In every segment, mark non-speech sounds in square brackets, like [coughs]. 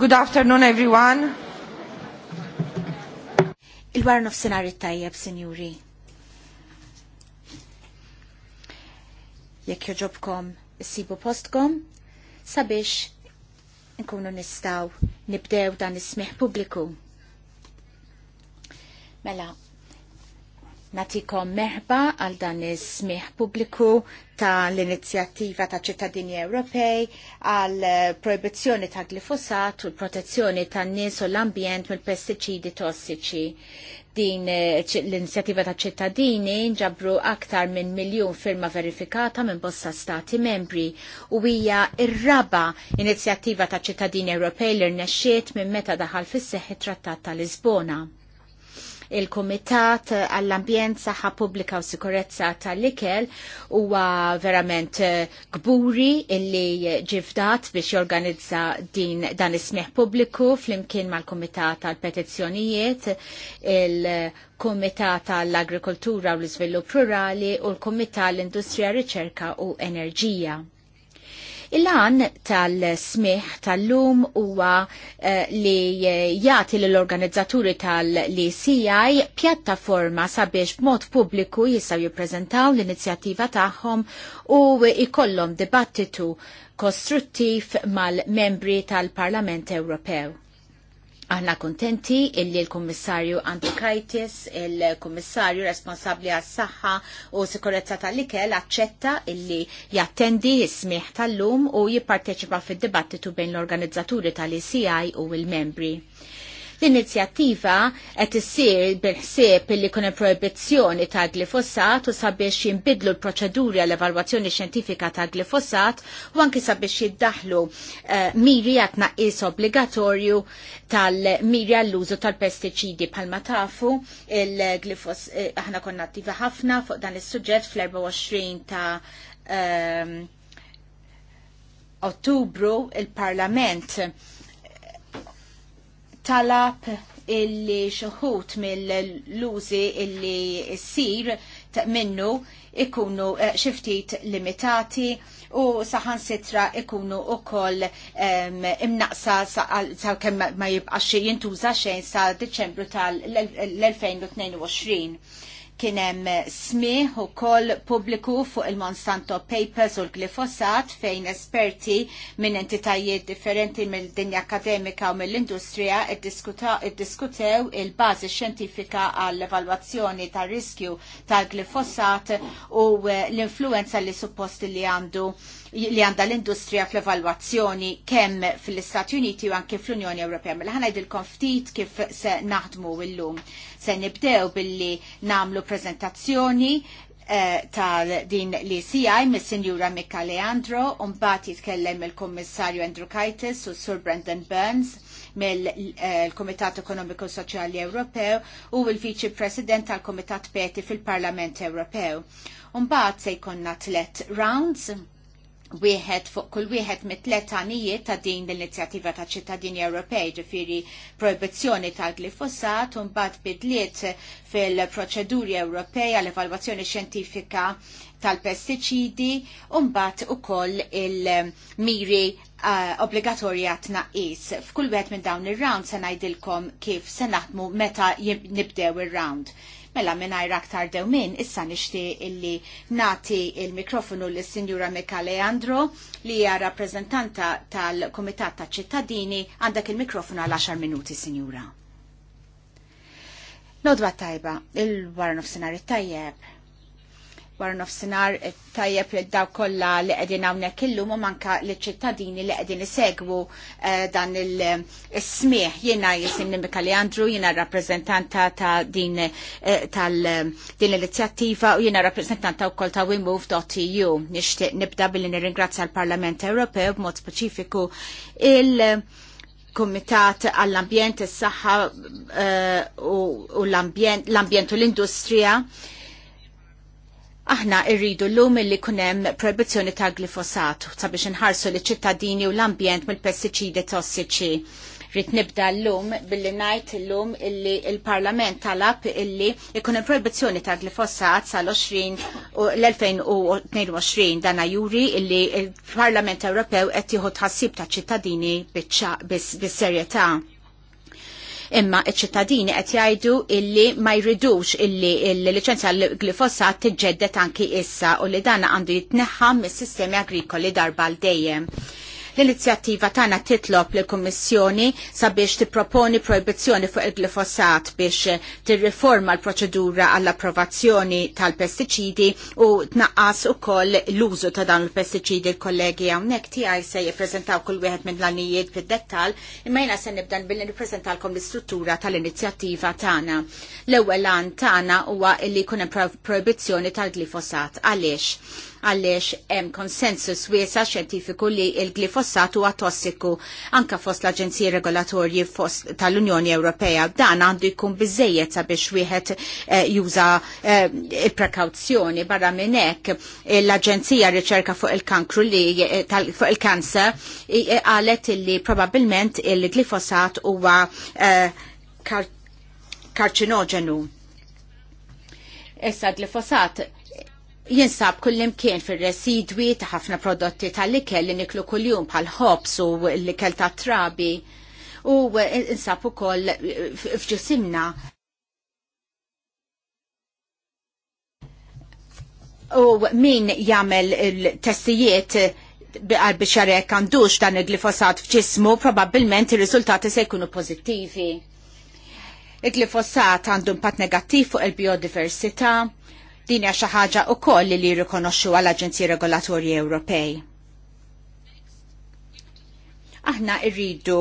Good afternoon, everyone. Il-war nofsenar it-tajjeb, senjuri. Jekk joġobkom issibu postkom sabiex nkunu nistaw nibdew dan is publiku. pubbliku. Mela, Natikom meħba għal dan is-smieħ pubbliku ta' l-inizjattiva ta' ċittadini Ewropej għal proibizzjoni ta' glifosat u protezzjoni ta' nies u l-ambjent mill pestiċidi tossiċi. Din eh, l-inizjattiva ta' ċittadini ġabru aktar minn miljun firma verifikata minn bosta stati membri u hija ir-raba inizjattiva ta' ċittadini Ewropej li rnexxiet minn meta daħal fis-seħħi trattat ta' Lisbona il-Komitat għall-Ambjent Saħħa Pubblika u Sikurezza tal-Ikel huwa verament eh, gburi illi ġifdat biex jorganizza din dan ismiħ pubbliku flimkien mal-Komitat tal-Petizzjonijiet il Komitat tal-Agrikoltura u l-Iżvilupp Rurali u l-Komitat l-Industrija, Riċerka u Enerġija. Il-għan tal-smiħ tal-lum huwa eh, li eh, jati l-organizzaturi tal-LCI pjattaforma sabiex b'mod pubbliku jisaw jippreżentaw l-inizjattiva tagħhom u ikollhom dibattitu kostruttiv mal-membri tal-Parlament Ewropew. Aħna kontenti illi l-Kommissarju Antikaitis, il-Kommissarju responsabli għas saħħa u sikurezza tal-ikel, accetta illi jattendi jismiħ tal-lum u jipparteċipa fid-dibattitu bejn l-organizzaturi tal ici u l membri L-inizjattiva qed issir bil-ħsieb li kun proibizzjoni ta' glifosat u sabiex jinbidlu l-proċeduri għall evalwazzjoni xjentifika ta' glifosat u anki sabiex jiddaħlu eh, miri għat naqis obbligatorju tal-miri għall-użu tal-pestiċidi bħalma tafu il-glifos eh, aħna konna attivi ħafna fuq dan is-suġġett fl-24 ta' ehm, Ottubru il-Parlament talab illi xoħut mill luzi illi sir minnu ikunu xiftit limitati u saħan sitra ikunu u koll um, imnaqsa sa' kemm ma jibqax jintuża xejn sa' Deċembru tal-2022 kienem smieħ u koll publiku fuq il-Monsanto Papers u l-glifosat fejn esperti minn entitajiet differenti mill-dinja akademika u mill-industrija id-diskutew il-bazi xjentifika għall-evalwazzjoni tal riskju tal-glifosat u l-influenza li supposti li għandu li għanda l-industrija fl-evalwazzjoni kemm fl-Istati Uniti u anke fl-Unjoni Ewropea. Mela il ftit kif se naħdmu illum. lum Se nibdew billi namlu prezentazzjoni eh, tal din li CI mis sinjura Mika Leandro, bat jitkellem il-Kommissarju Andrew Kaitis u Sir Brendan Burns mill-Komitat eh, Ekonomiku Soċjali Ewropew u il-Viċi President tal-Komitat Peti fil-Parlament Ewropew. bat se jkonna tlet rounds wieħed fuq kull wieħed mit-tlet ta' din l-inizjattiva ta' ċittadini Ewropej ġifiri proibizzjoni tal-glifosat un mbagħad bidliet fil-proċeduri Ewropej għal evalwazzjoni xjentifika tal-pestiċidi u mbagħad ukoll il-miri uh, obbligatorja tnaqqis. F'kull wieħed minn dawn ir-round se ngħidilkom kif se naħdmu meta nibdew ir-round. Mela mingħajr aktar dewmin, issa nishti illi nati il-mikrofonu l sinjura Mika Leandro li hija rappreżentanta tal-Kumitat ta' ċittadini għandak il-mikrofonu għal 10 minuti, sinjura. Nodwa tajba, il-wara nofsinhar it-tajjeb wara nofsinhar eh, tajjeb li daw kollha li qegħdin hawnhekk illum ma manka li ċittadini li qegħdin isegwu eh, dan il-smieħ eh, jiena jisimni Mikali Andru, jiena rappresentanta ta' din l-inizjattiva u jiena u wkoll ta' WeMove.eu. Nixtieq nibda billi nirringrazzja l-Parlament Ewropew b'mod speċifiku il- Kumitat għall-ambjent, is-saħħa u l-ambjent u l-industrija Aħna irridu l-lum li kunem proibizjoni ta' glifosat sabiex nħarsu li ċittadini u l-ambjent mill-pestiċidi tossiċi. Rrit nibda l-lum billi najt l-lum illi il-parlament talab illi ikun il-proibizjoni ta' glifosat sal-20 u l-2022 dana juri illi il-parlament Ewropew qed tħassib ta' ċittadini bis-serjetà. Imma iċ-ċittadini qed jgħidu illi ma jridux illi l-liċenzja ill glifosat tiġġeddet anki issa u li dan għandu jitneħħa mis-sistemi agrikoli darba l dejjem L-inizjattiva tagħna titlob lill kummissjoni sabiex tipproponi proibizzjoni fuq il-glifosat biex tirriforma l-proċedura għall-approvazzjoni tal-pestiċidi u tnaqqas ukoll l-użu ta' dawn il-pestiċidi l-kollegi hawnhekk tiegħi se jippreżentaw kull wieħed minn l-għanijiet fid-dettal imma jiena se nibda billi nippreżentawkom l-istruttura tal-inizjattiva tagħna. L-ewwel għan tagħna huwa li jkun hemm proibizzjoni tal-glifosat. Għaliex? għaliex hemm konsensus wiesa xjentifiku li l-glifossat huwa tossiku anka fost l-Aġenziji Regolatorji fost tal-Unjoni Ewropea. Dan għandu jkun biżejjed sabiex wieħed eh, juża eh, il-prekawzjoni barra minn hekk l-Aġenzija Riċerka fuq il-Kankru li eh, fuq il-kanser qalet li probabbilment il-glifosat huwa karċinogenu. Issa glifosat jinsab kullimkien fir residwi ta' ħafna prodotti tal-ikel li niklu kuljum bħal ħobs u l-ikel ta' trabi u u eh, ukoll eh, f'ġusimna. U min jagħmel il-testijiet għal biex għandux dan il-glifosat f'ġismu, probabbilment ir-riżultati se jkunu pożittivi il-glifosat għandu impatt negattiv fuq il-biodiversità, Din hija xi ħaġa wkoll li jirrikonoxxu għall aġenziji Regolatorji Ewropej. Aħna rridu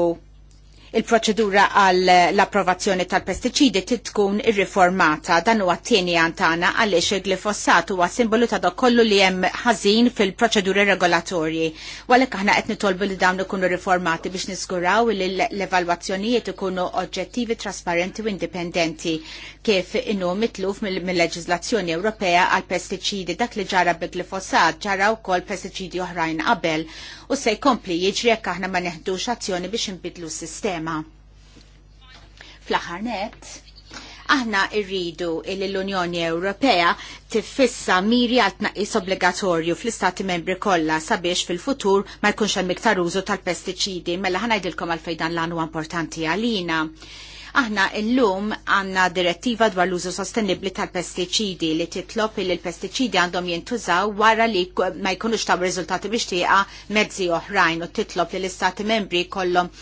il-proċedura għall l-approvazzjoni tal-pestiċidi tkun irriformata dan huwa t-tieni għantana għaliex il-glifosat huwa simbolu ta' dak kollu li hemm ħażin fil-proċeduri regolatorji. Għalhekk aħna qed nitolbu li dawn ikunu riformati biex niskuraw li l-evalwazzjonijiet ikunu oġġettivi, trasparenti u indipendenti kif inhu mitluf mill-leġiżlazzjoni Ewropea għal pestiċidi dak li ġara bil-glifosat ġara wkoll pestiċidi oħrajn qabel u se jkompli jiġri jekk aħna ma neħdux azzjoni biex nbidlu s-sistema. Fl-aħħar net, aħna irridu il l-Unjoni Ewropea tiffissa miri għal tnaqis obbligatorju fl-istati membri kollha sabiex fil-futur ma jkunx hemm iktar użu tal-pestiċidi mela ħanajdilkom għalfejn dan l-għanu importanti għalina. Aħna illum għanna direttiva dwar l-użu sostenibli tal-pestiċidi li titlob li l-pestiċidi għandhom jintużaw wara li ma jkunux taw riżultati biex mezzi oħrajn u titlob li l-istati membri kollhom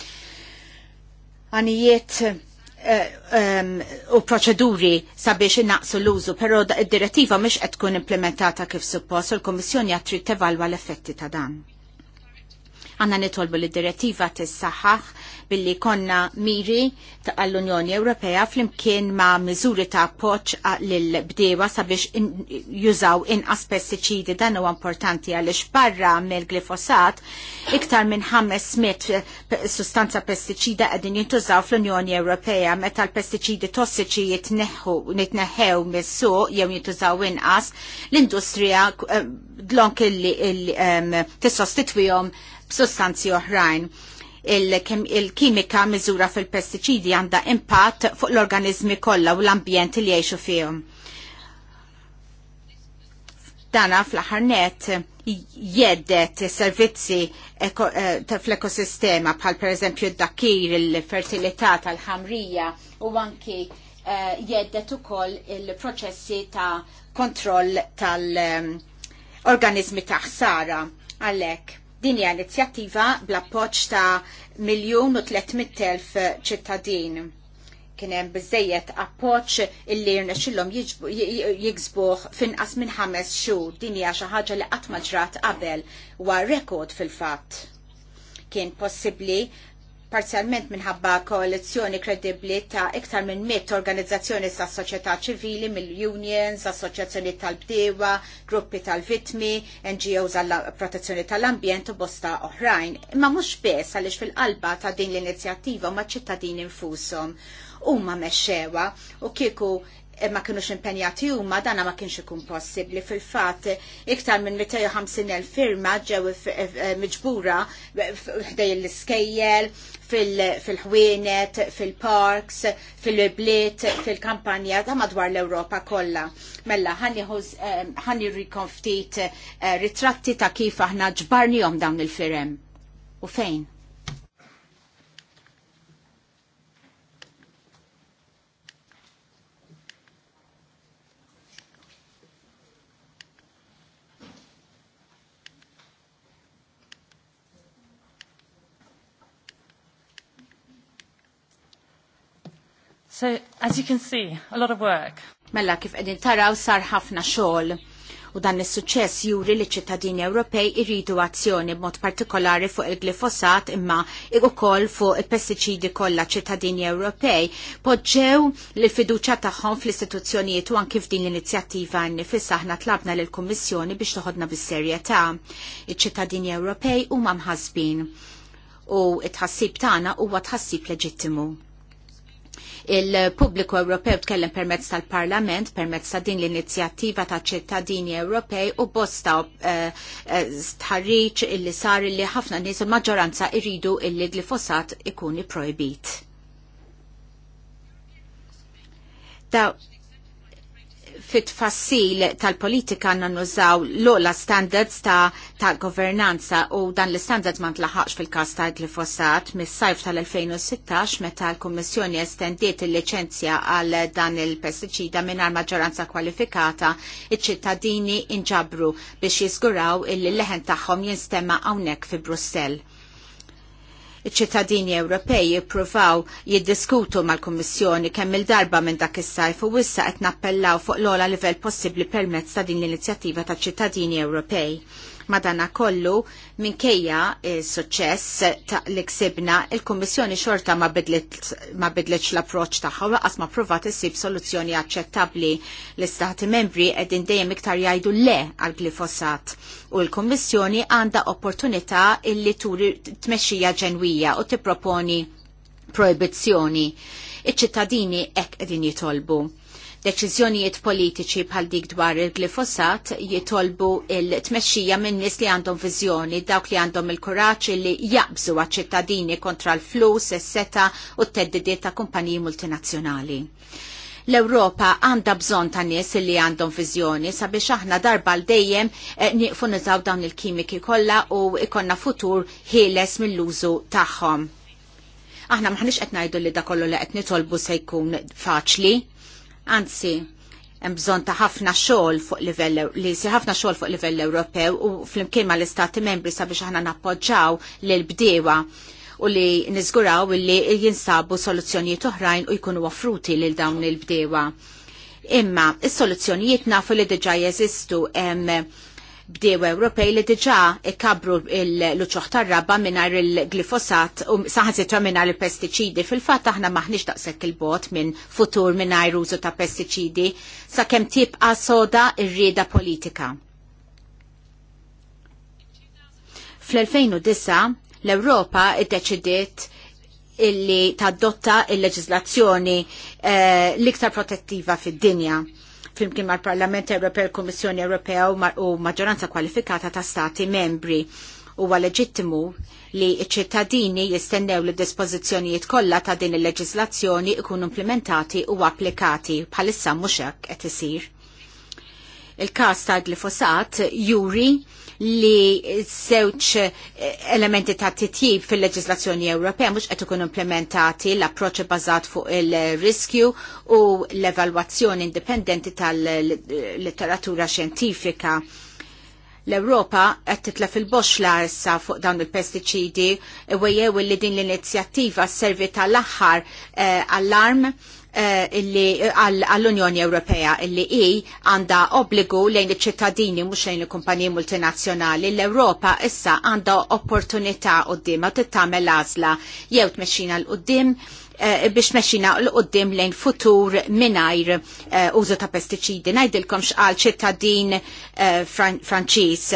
għanijiet eh, ehm, u proċeduri sabiex innaqsu l-użu, pero id-direttiva mhix qed tkun implementata kif suppost u l-Kummissjoni għatri tevalwa l-effetti ta' dan. Għanna nitolbu li direttiva t-saxħax billi konna miri għall-Unjoni Ewropea flimkien ma' miżuri ta' poċ lill-bdewa sabiex in jużaw inqas pestiċidi dan huwa importanti għaliex barra mill-glifosat iktar minn 500 sustanza pestiċida qegħdin jintużaw fl-Unjoni Ewropea meta l pesticidi tossiċi jitneħħu nitneħħew mis-suq jew jintużaw inqas l-industrija eh, dlonk illi tissostitwihom b'sostanzi oħrajn il-kimika miżura fil-pestiċidi għandha impatt fuq l-organizmi kollha u l-ambjent li jgħixu fihom. Dana fl-aħħar net jeddet servizzi eh, fl-ekosistema bħal pereżempju d-dakir, il-fertilità tal-ħamrija u anki eh, jeddet ukoll il-proċessi ta' kontroll tal-organizmi eh, ta' ħsara għalhekk Din hija inizjattiva bl-appoġġ ta' miljun u telf ċittadin. Kien hemm biżejjed appoġġ illi rnexxilhom jiksbuh finqas minn ħames xhur. Din hija xi ħaġa li qatt ma ġrat qabel wa rekord fil-fatt. Kien possibbli parzialment minħabba koalizzjoni kredibbli ta' iktar minn mitt organizzazzjoni sa' soċjetà ċivili, mill-unions, associazzjoni tal-bdewa, gruppi tal-vitmi, NGOs għall protezzjoni tal-ambjent u bosta oħrajn. Imma mhux biss għaliex fil-qalba ta' din l-inizjattiva ma' ċittadini infushom huma mexxewa u kieku Eh, ma kienux impenjati huma dana ma kienx ikun possibbli fil-fatt iktar minn 250.000 firma ġew eh, miġbura ħdej l-iskejjel fil-ħwienet, fil-parks, fil-bliet, fil-kampanja ta' madwar l-Ewropa kollha. Mella ħani eh, rikonftit ritratti ta' kif aħna ġbarnihom dawn il-firem. U fejn? So, as you can see, a lot of work. Mella kif qegħdin taraw sar ħafna xogħol u dan is-suċċess juri li ċittadini Ewropej irridu azzjoni b'mod partikolari fuq il-glifosat imma ukoll fuq il-pestiċidi kollha ċittadini Ewropej poġġew l fiduċja tagħhom fl-istituzzjonijiet u anke f'din l-inizjattiva nifissa aħna tlabna lill kummissjoni biex toħodna bis-serjetà. Iċ-ċittadini Ewropej huma mħassbin u t tħassib tagħna huwa tħassib leġittimu il-pubbliku Ewropew tkellem permezz tal-Parlament, permezz ta' din l-inizjattiva ta' ċittadini Ewropej u bosta eh, eh, tħarriċ illi sar illi ħafna nies il-maġġoranza irridu illi glifosat ikun iprojbit. Da' fit fassil tal-politika għanna nużaw l-ola standards ta', ta governanza u dan l-standard ma tlaħax fil-kas ta' glifosat mis sajf tal-2016 meta l-Kommissjoni estendiet il-licenzja għal dan il-pesticida minar maġġoranza kwalifikata iċ-ċittadini inġabru biex jizguraw il-leħen tagħhom jinstema' hawnhekk fi Brussell iċ-ċittadini Ewropej jippruvaw jiddiskutu mal-Kummissjoni kemm il-darba minn dak is-sajf u issa qed nappellaw fuq l ogħla livell possibbli permezz ta' din l-inizjattiva ta' ċittadini Ewropej dana kollu minkejja suċċess ta' li ksibna il-Kummissjoni xorta ma bidletx l-approċ tagħha waqas ma provat issib soluzzjoni aċċettabbli l-istati membri qegħdin dejjem iktar jgħidu le għal glifosat u l-Kummissjoni għandha opportunità illi turi tmexxija ġenwija u tipproponi proibizzjoni. Iċ-ċittadini hekk qegħdin jitolbu Deċiżjonijiet politiċi bħal dik dwar il-glifosat jitolbu il-tmexxija minn nies li għandhom viżjoni dawk li għandhom il-kuraġġ li jaqbżu għaċ-ċittadini kontra l-flus, is-seta u t-teddidiet ta' kumpaniji multinazzjonali l-Europa għanda bżon ta' nies li għandhom viżjoni sabiex aħna darba l dejjem eh, nieqfu nizaw dawn il-kimiki kollha u ikonna futur ħieles mill-użu tagħhom. Aħna maħniex qed ngħidu li dakollu kollu li qed nitolbu se jkun faċli, Anzi, hemm bżonn ta' ħafna xogħol fuq livell li jsir ħafna xogħol fuq livell Ewropew u flimkien mal-Istati Membri sabiex aħna nappoġġaw lil bdiewa u li niżguraw li jinsabu soluzzjonijiet oħrajn u jkunu offruti lil dawn il-bdiewa. Imma, is-soluzzjonijiet nafu li diġà jeżistu hemm bdew Ewropej li diġà ikabru l-uċuħ tar-rabba mingħajr il-glifosat u saħansitra mingħajr il-pestiċidi. Fil-fatt aħna maħniex daqshekk il-bot minn futur mingħajr użu ta' pestiċidi sakemm tibqa' soda r-rieda politika. Fl-2009 l-Ewropa iddeċidiet illi tadotta il leġiżlazzjoni eh, l-iktar protettiva fid-dinja flimkien mal-Parlament Ewropew, Kummissjoni Ewropew u maġġoranza kwalifikata ta' stati membri huwa leġittimu li ċittadini jistennew li dispożizzjonijiet kollha ta' din il-leġislazzjoni ikun implementati u applikati bħalissa mhux hekk qed isir. Il-każ tal-glifosat juri li żewġ eh, elementi ta' titjib fil-leġislazzjoni Ewropea mhux qed ikun implementati l-approċċ bażat fuq il-riskju u l-evalwazzjoni indipendenti tal-litteratura xjentifika l-Europa qed titla fil-boxla issa fuq dawn il-pestiċidi u e jew li din l-inizjattiva servi tal-aħħar eh, allarm Eh, għall-Unjoni Ewropea illi i għanda obbligu lejn iċ-ċittadini mhux lejn il-kumpaniji multinazzjonali l-Ewropa issa għanda opportunità qudiema tittamel għażla jew tmexxina l qudiem eh, biex meċina l qudiem lejn futur mingħajr eh, użu ta' pestiċidi. Ngħidilkom xqal ċittadin Franċiż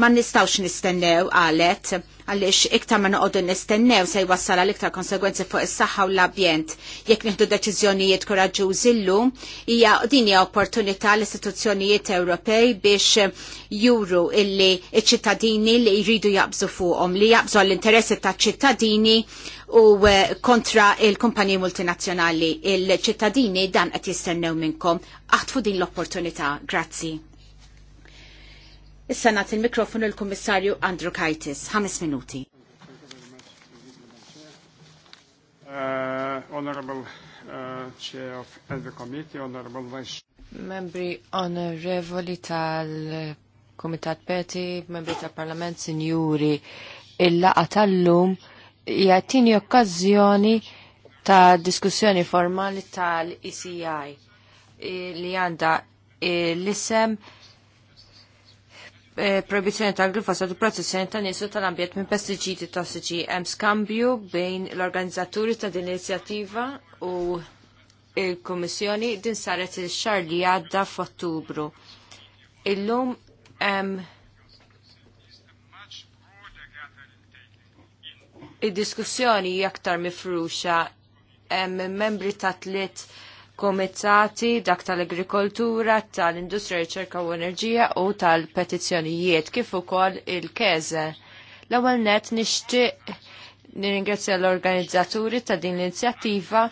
ma nistawx nistennew għalet għalix iktar ma noqogħdu nistennew se jwassal għal iktar konsegwenzi fuq is-saħħa u l-ambjent. Jekk nieħdu deċiżjonijiet koraġġuż illum, hija din hija opportunità l-istituzzjonijiet Ewropej biex juru illi iċ-ċittadini li jridu jaqbżu fuqhom, li jaqbżu għall-interessi taċ-ċittadini u eh, kontra il-kumpaniji multinazzjonali. Il-ċittadini dan qed jistennew minnkom. Aħtfu din l-opportunità. Grazzi. Issa nat il-mikrofonu l-Kummissarju Andrew Kaitis, ħames minuti. Uh, honorable uh, Chair of the Committee, Honorable Vice Membri onorevoli tal-Komitat Peti, membri tal-Parlament, Sinjuri, il-laqa tal-lum jgħatini okkazjoni ta' diskussjoni formali tal-ECI eh, li għanda eh, l-isem Eh, proibizjoni tal-glifosat u protezzjoni ta' nisu tal-ambjent minn pestiċidi tossiċi hemm skambju bejn l-organizzaturi ta' din inizjattiva u il-Kummissjoni din saret il-xar li għadda f'Ottubru. Illum hemm id-diskussjoni aktar mifruxa hemm membri ta' tliet komitati dak tal-agrikoltura, tal-industrija, riċerka u enerġija u tal-petizzjonijiet kif ukoll il-keze. L-ewwel net nixtieq nirringrazzja l-organizzaturi ta' din l-inizjattiva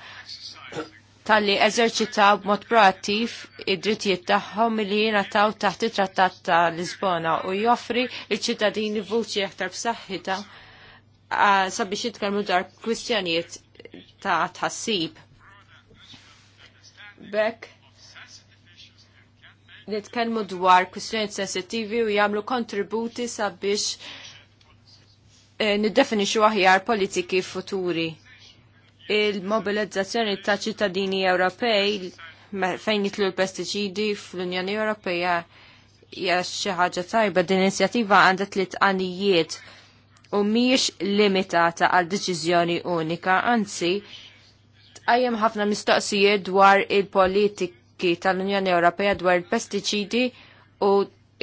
tal-li eżerċitaw b'mod proattiv id-drittijiet tagħhom li jingħataw taħt it-Trattat ta' Lisbona u joffri l-ċittadini vuċi aktar b'saħħitha sabiex jitkellmu dwar kwistjonijiet ta' tħassib bekk nitkellmu dwar kwistjonijiet sensittivi u jagħmlu kontributi sabiex eh, niddefinixxu aħjar politiki futuri. Il-mobilizzazzjoni ta' ċittadini Ewropej fejn jitlu l-pestiċidi fl-Unjoni Ewropea hija xi ħaġa tajba din inizjattiva għandha tliet għanijiet u mhijiex limitata għal deċiżjoni unika, anzi għajem ħafna mistoqsijiet dwar il-politiki tal-Unjoni Ewropea dwar il-pestiċidi u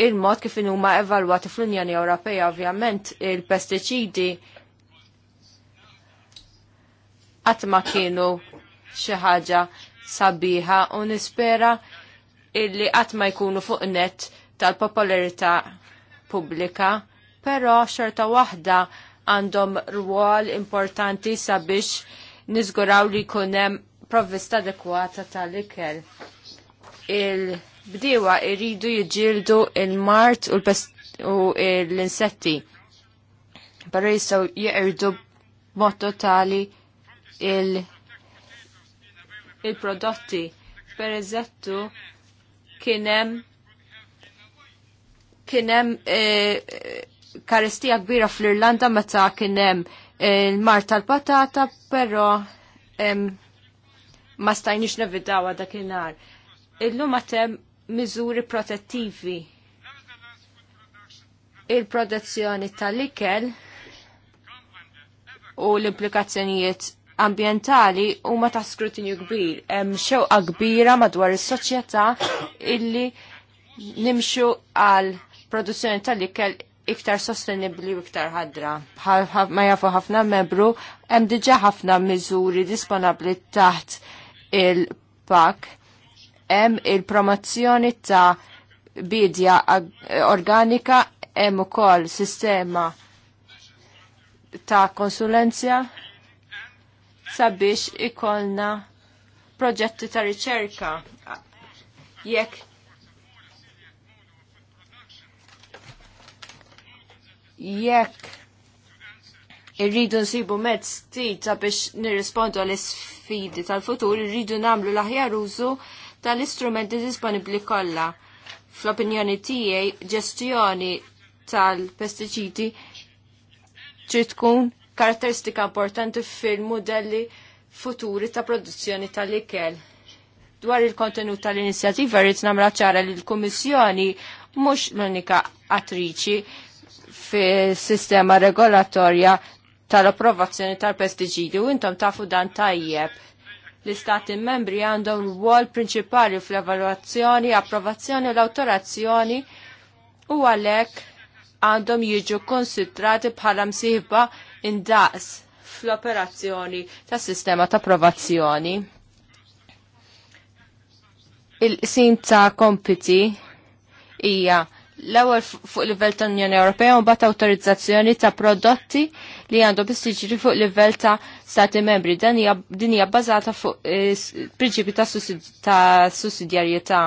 il-mod kif huma evalwati fl-Unjoni Ewropea ovvjament il-pestiċidi qatt ma kienu xi ħaġa sabiħa u nispera illi qatt ma jkunu fuq net tal-popolarità pubblika, però xorta waħda għandhom rwol importanti sabiex niżguraw li jkun hemm provvista adekwata tal-ikel. il bdiwa jridu jiġildu il-mart u l-insetti. Barra jistaw jgħirdu motto totali il-prodotti. per eżettu, kienem kienem eh, karestija kbira fl-Irlanda meta kienem il-mar tal-patata, però ma stajniex nevidaw dak il-nar. Illum għatem miżuri protettivi. Il-protezzjoni tal-ikel u l-implikazzjonijiet ambientali huma ta' skrutinju kbir. Hemm xewqa kbira madwar is-soċjetà illi nimxu għal produzzjoni tal-ikel iktar sostenibli u iktar ħadra. Ma jafu ħafna membru, hemm diġà ħafna miżuri disponibbli taħt il-pak, hemm il-promozzjoni ta' bidja organika, hemm ukoll sistema ta' konsulenzja sabiex ikolna proġetti ta' riċerka. Jekk jekk irridu nsibu mezz tita biex nirrispondu għal sfidi tal-futur, irridu namlu l-aħjar użu tal-istrumenti disponibli kollha. Fl-opinjoni tiegħi ġestjoni tal-pestiċidi trid tkun karatteristika importanti fil-modelli futuri ta' produzzjoni tal-ikel. Dwar il-kontenut tal-inizjattiva rrid namra ċara li l-Kummissjoni mhux l-unika attriċi fil-sistema regolatorja tal-approvazzjoni tal-pestiġidi u intom tafu dan tajjeb. L-istati membri għandhom rwol prinċipali fl-evaluazzjoni, approvazzjoni u l-autorazzjoni u għalek għandhom jiġu konsidrati bħala msiħba indaqs fl-operazzjoni tas sistema ta' approvazzjoni. il sinta ta' kompiti hija l-ewwel fuq livell tal-Unjoni Ewropea u bat awtorizzazzjoni ta' prodotti li għandhom biss jiġri fuq livell ta' stati membri. din hija bbażata fuq eh, prinċipju ta' sussidjarjetà.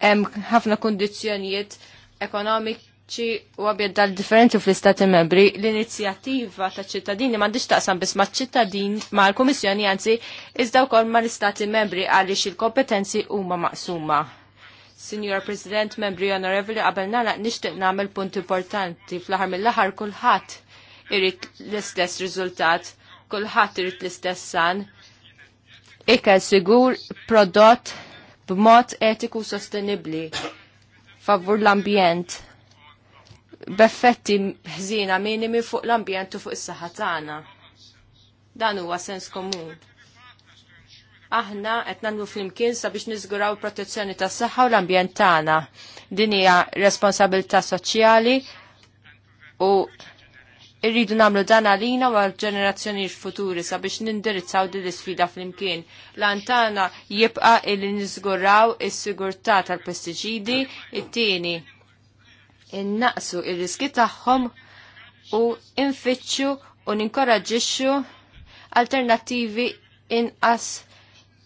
Hemm ħafna kundizzjonijiet ekonomiċi u għabjeddal differenti fl-istati membri, l-inizjattiva ta' ċittadini m'għandix taqsam biss ma' ċittadin ma' l-Komissjoni anzi iżda wkoll ma' l-istati membri għaliex il-kompetenzi huma maqsuma Signor President, membri onorevoli, qabel nara nixtieq nagħmel punt importanti fl-aħħar mill-aħħar kulħadd irid l-istess riżultat, kulħadd irid l-istess san. Ikel sigur prodott b'mod etiku sostenibbli favur l-ambjent b'effetti ħzina minimi fuq l-ambjent u fuq is-saħħa tagħna. Dan huwa sens komun aħna qed nagħmlu flimkien sabiex niżguraw protezzjoni tas-saħħa u l-ambjent tagħna. Din hija responsabilità soċjali u irridu nagħmlu dan għalina u għal ġenerazzjonijiet futuri sabiex nindirizzaw din l-isfida flimkien. Lantana tagħna jibqa' illi niżguraw is-sigurtà tal-pestiċidi, it-tieni innaqsu ir-riski tagħhom u infittxu u ninkoraġġixxu alternattivi inqas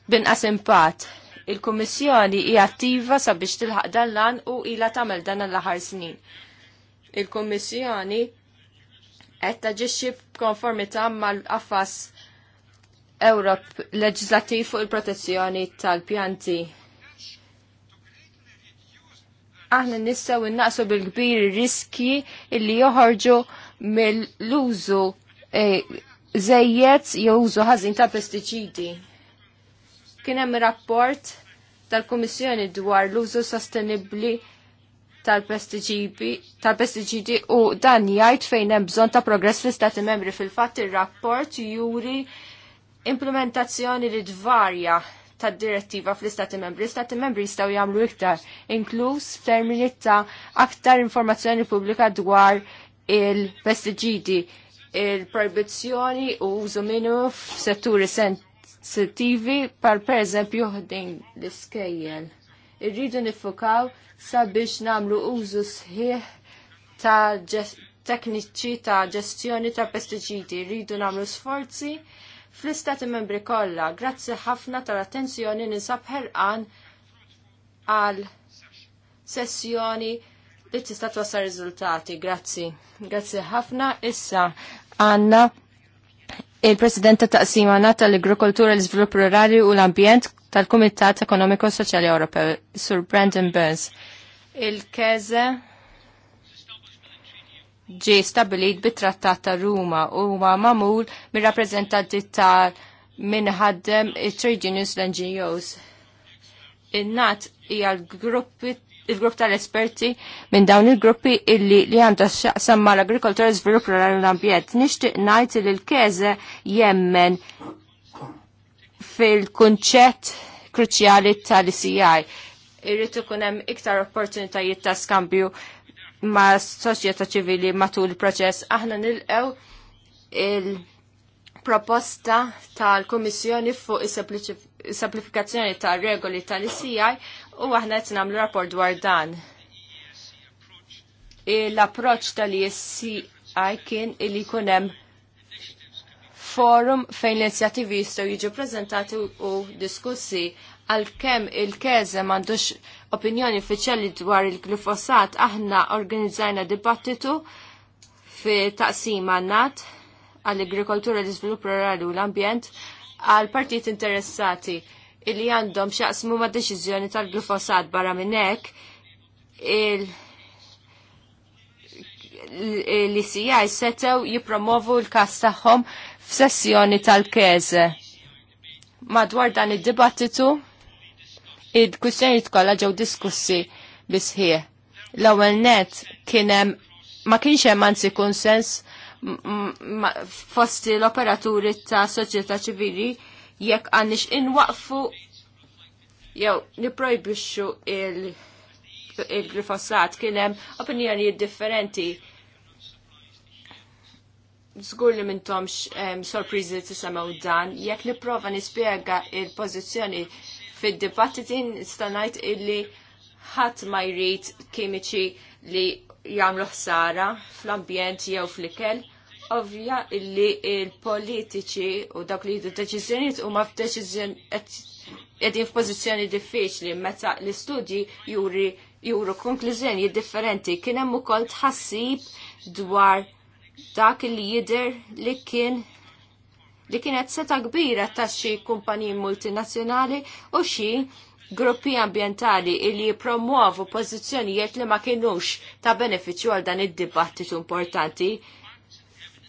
binqas impatt. Il-Kummissjoni hija attiva sabiex tilħaq dan lan u ila tagħmel dan l-aħħar snin. Il-Kummissjoni qed taġixxi b'konformità mal-qafas Ewrop leġislattiv fuq il-protezzjoni tal-pjanti aħna nistgħu innaqsu bil-kbir riski illi joħorġu mill-użu e, eh, zejjed jew użu ħażin ta' pestiċidi. Kien hemm rapport tal-Kummissjoni dwar l-użu sostenibbli tal-pestiċidi u dan jgħid fejn hemm bżonn ta' progress fl-Istati Membri. Fil-fatt ir-rapport juri implementazzjoni li tvarja tad direttiva fl-istati membri. L-istati membri jistgħu jagħmlu iktar, inkluż termini ta' aktar informazzjoni pubblika dwar il-pestiġidi, il-proibizzjoni u użu minnu f'setturi sittivi par pereżempju ħdejn l-iskejjel. Irridu nifukaw sabiex namlu użu sħiħ ta' tekniċi ta' ġestjoni ta' pestiċidi. Irridu namlu sforzi fl-istati membri kollha. Grazzi ħafna tal-attenzjoni ninsab ħerqan għal sessjoni li tista' twassal riżultati. Grazzi. Grazzi ħafna issa għandna il-President ta' taqsima nata l-Agrikoltura, l-Izvilupp Rurali u l-Ambjent tal-Kumitat Ekonomiko Soċjali Ewropew, Sur Brandon Burns. Il-Keze ġi stabilit bit-Trattat ta' Ruma u ma mamul mir-rappreżentanti tal minħaddem il-Trade Unions l-NGOs. In-nat hija l-gruppi il-grupp tal-esperti minn dawn il-gruppi illi li għandha samma l agrikoltura żvilupp rurali l-ambjent. Nixtieq ngħid li l-keze jemmen fil-kunċett kruċjali tal-ICI. Irrid ikun hemm iktar opportunitajiet ta' skambju ma' soċjetà ċivili matul il-proċess. Aħna nilqew il-proposta tal-Kummissjoni fuq is-semplifikazzjoni tal-regoli tal-ICI u aħna qed nagħmlu rapport dwar dan. L-approċċ tal isci kien li jkun hemm forum fejn l-inizjattivi jistgħu jiġu prezentati u diskussi għalkemm il-keze m'għandux opinjoni uffiċjali dwar il-glifosat aħna organizzajna dibattitu fi taqsim nat għall-agrikoltura l-iżvilupp rurali u l-ambjent għal partijiet interessati illi għandhom xaqsmu ma' deċiżjoni tal-glifosat barra minnek il- li CI setew jipromovu l-kas tagħhom f'sessjoni tal-keze. Madwar dan id-dibattitu, id-kwistjoni kollha ġew diskussi bisħieħ. L-ewwel net kienem ma kienx hemm anzi konsens fosti l-operaturi ta' soċjetà ċivili jekk għannix inwaqfu jew niprojbixxu il-glifosat il kien hemm opinjonijiet differenti. Żgur li mintomx um, sorpriżi tisemgħu dan, jekk nipprova nispjega il-pożizzjoni fid-dibattiti stanajt ngħid illi ħadd ma jrid kimiċi li jagħmlu ħsara fl-ambjent jew fl-ikel ovvja illi il-politiċi u dak li jiddu deċizjoniet u ma f'deċizjoni f'pożizzjoni diffiċli meta l-istudji juri juru konklużjoni differenti kien hemm ukoll tħassib dwar dak li jidher li kien li kienet seta kbira ta' xi kumpaniji multinazzjonali u xi gruppi ambientali li jipromuovu pożizzjonijiet li ma kienux ta' benefiċċju għal dan id-dibattitu importanti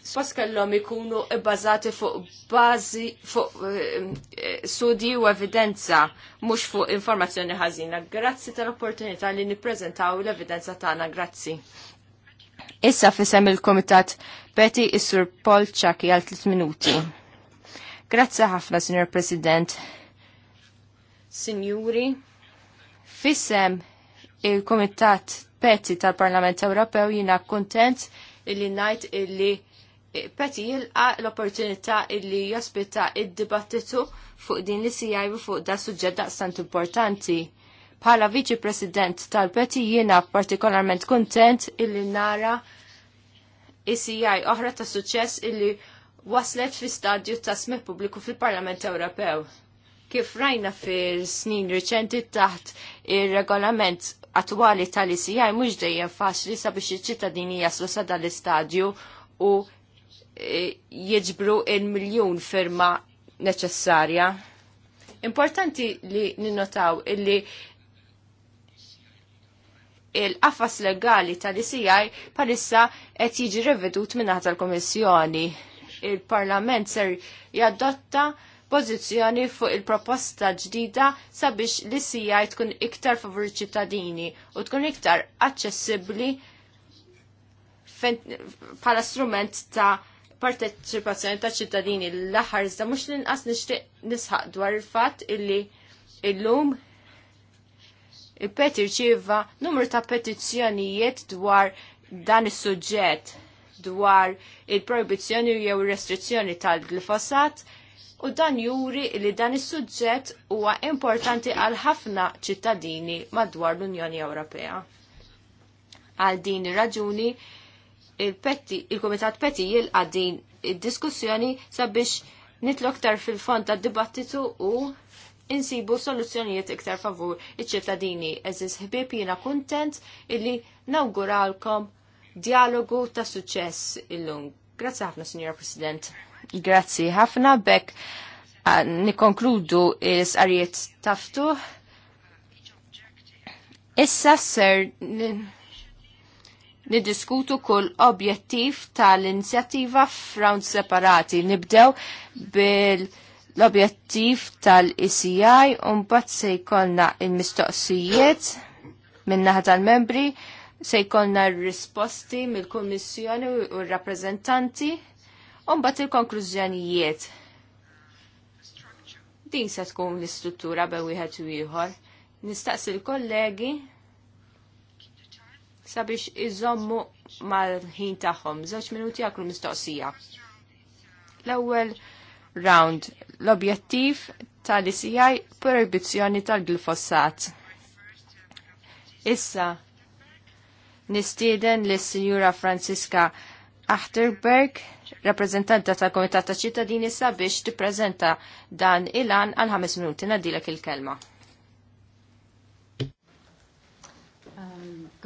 spas kellhom ikunu bazati fuq bażi fuq eh, eh, studi u evidenza mhux fuq informazzjoni ħażina. Grazzi tal-opportunità li nippreżentaw l-evidenza tagħna, grazzi. Issa fissem il-Komitat Betty Issur Polċak għal 3 minuti. Grazzi ħafna, Signor President. Signuri, fissem il-Komitat Peti tal-Parlament Ewropew jina kontent illi najt illi Peti jilqa l-opportunità illi jospita id-dibattitu fuq din li jajru fuq da suġġed daqstant importanti. Bħala viċi president tal-Peti jiena partikolarment kontent illi nara ICI oħra ta' suċċess illi waslet fi stadju ta' smih pubbliku fil-Parlament Ewropew. Kif rajna fil-snin riċenti taħt il-regolament attwali tal-ICI mhux dejjem faċli sabiex iċ-ċittadini jaslu sa dal l-istadju u jiġbru il miljon firma neċessarja. Importanti li ninnotaw illi il-qafas legali tal-ICI palissa qed jiġi revedut minnaħ tal-Komissjoni. Il-Parlament ser jadotta pożizzjoni fuq il-proposta ġdida sabiex l-ICI tkun iktar favur ċittadini u tkun iktar aċċessibbli bħala strument ta' Partecipazzjoni ta' ċittadini l-aħħar iżda mhux l-inqas nixtieq nisħaq dwar il-fatt illi illum il-peti rċieva numru ta' petizzjonijiet dwar dan is-suġġett dwar il-proibizzjoni jew restrizzjoni tal-glifosat u dan juri li dan is-suġġett huwa importanti għal ħafna ċittadini madwar l-Unjoni Ewropea. Għal din ir-raġuni il-Komitat Peti jilqa din id-diskussjoni sabiex nitlu aktar fil-fond tad dibattitu u insibu soluzzjonijiet iktar favur iċ-ċittadini. Eżis ħbib jiena kuntent illi nawguralkom dialogu ta' suċess illum. Grazzi ħafna, Signor President. Grazzi ħafna, bekk nikonkludu is sarjiet taftu. Issa ser niddiskutu kull objettiv tal-inizjattiva f'round separati. Nibdew bil- l-objettiv tal-ECI bat se jkollna il-mistoqsijiet minnaħa tal-membri, se jkollna risposti mill-Kummissjoni u r-rappreżentanti bat il-konklużjonijiet. Din se tkun l-istruttura bew wieħed u ieħor. Nistaqsi l-kollegi sabiex iżommu mal-ħin tagħhom. Żewġ minuti għaklu mistoqsija. L-ewwel round l-objettiv tal-ICI proibizzjoni tal-glifossat. Issa nistieden lis sinjura Franziska Achterberg, rappresentanta tal komitat ta' ċittadini sabiex tippreżenta dan il-an għal ħames minuti nadilek il-kelma.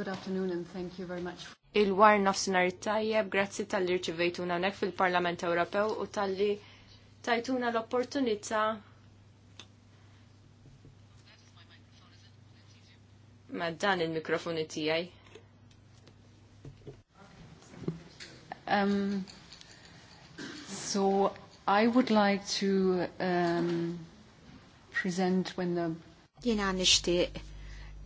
Good afternoon and thank you very much. Il-war nafsinar tajjeb, grazzi tal-li rċivejtuna nek fil-Parlament Ewropew u tal-li tajtuna l opportunita ma dan il-mikrofoni tijaj. Um, so I would like to um, present when the... Jena nishtiq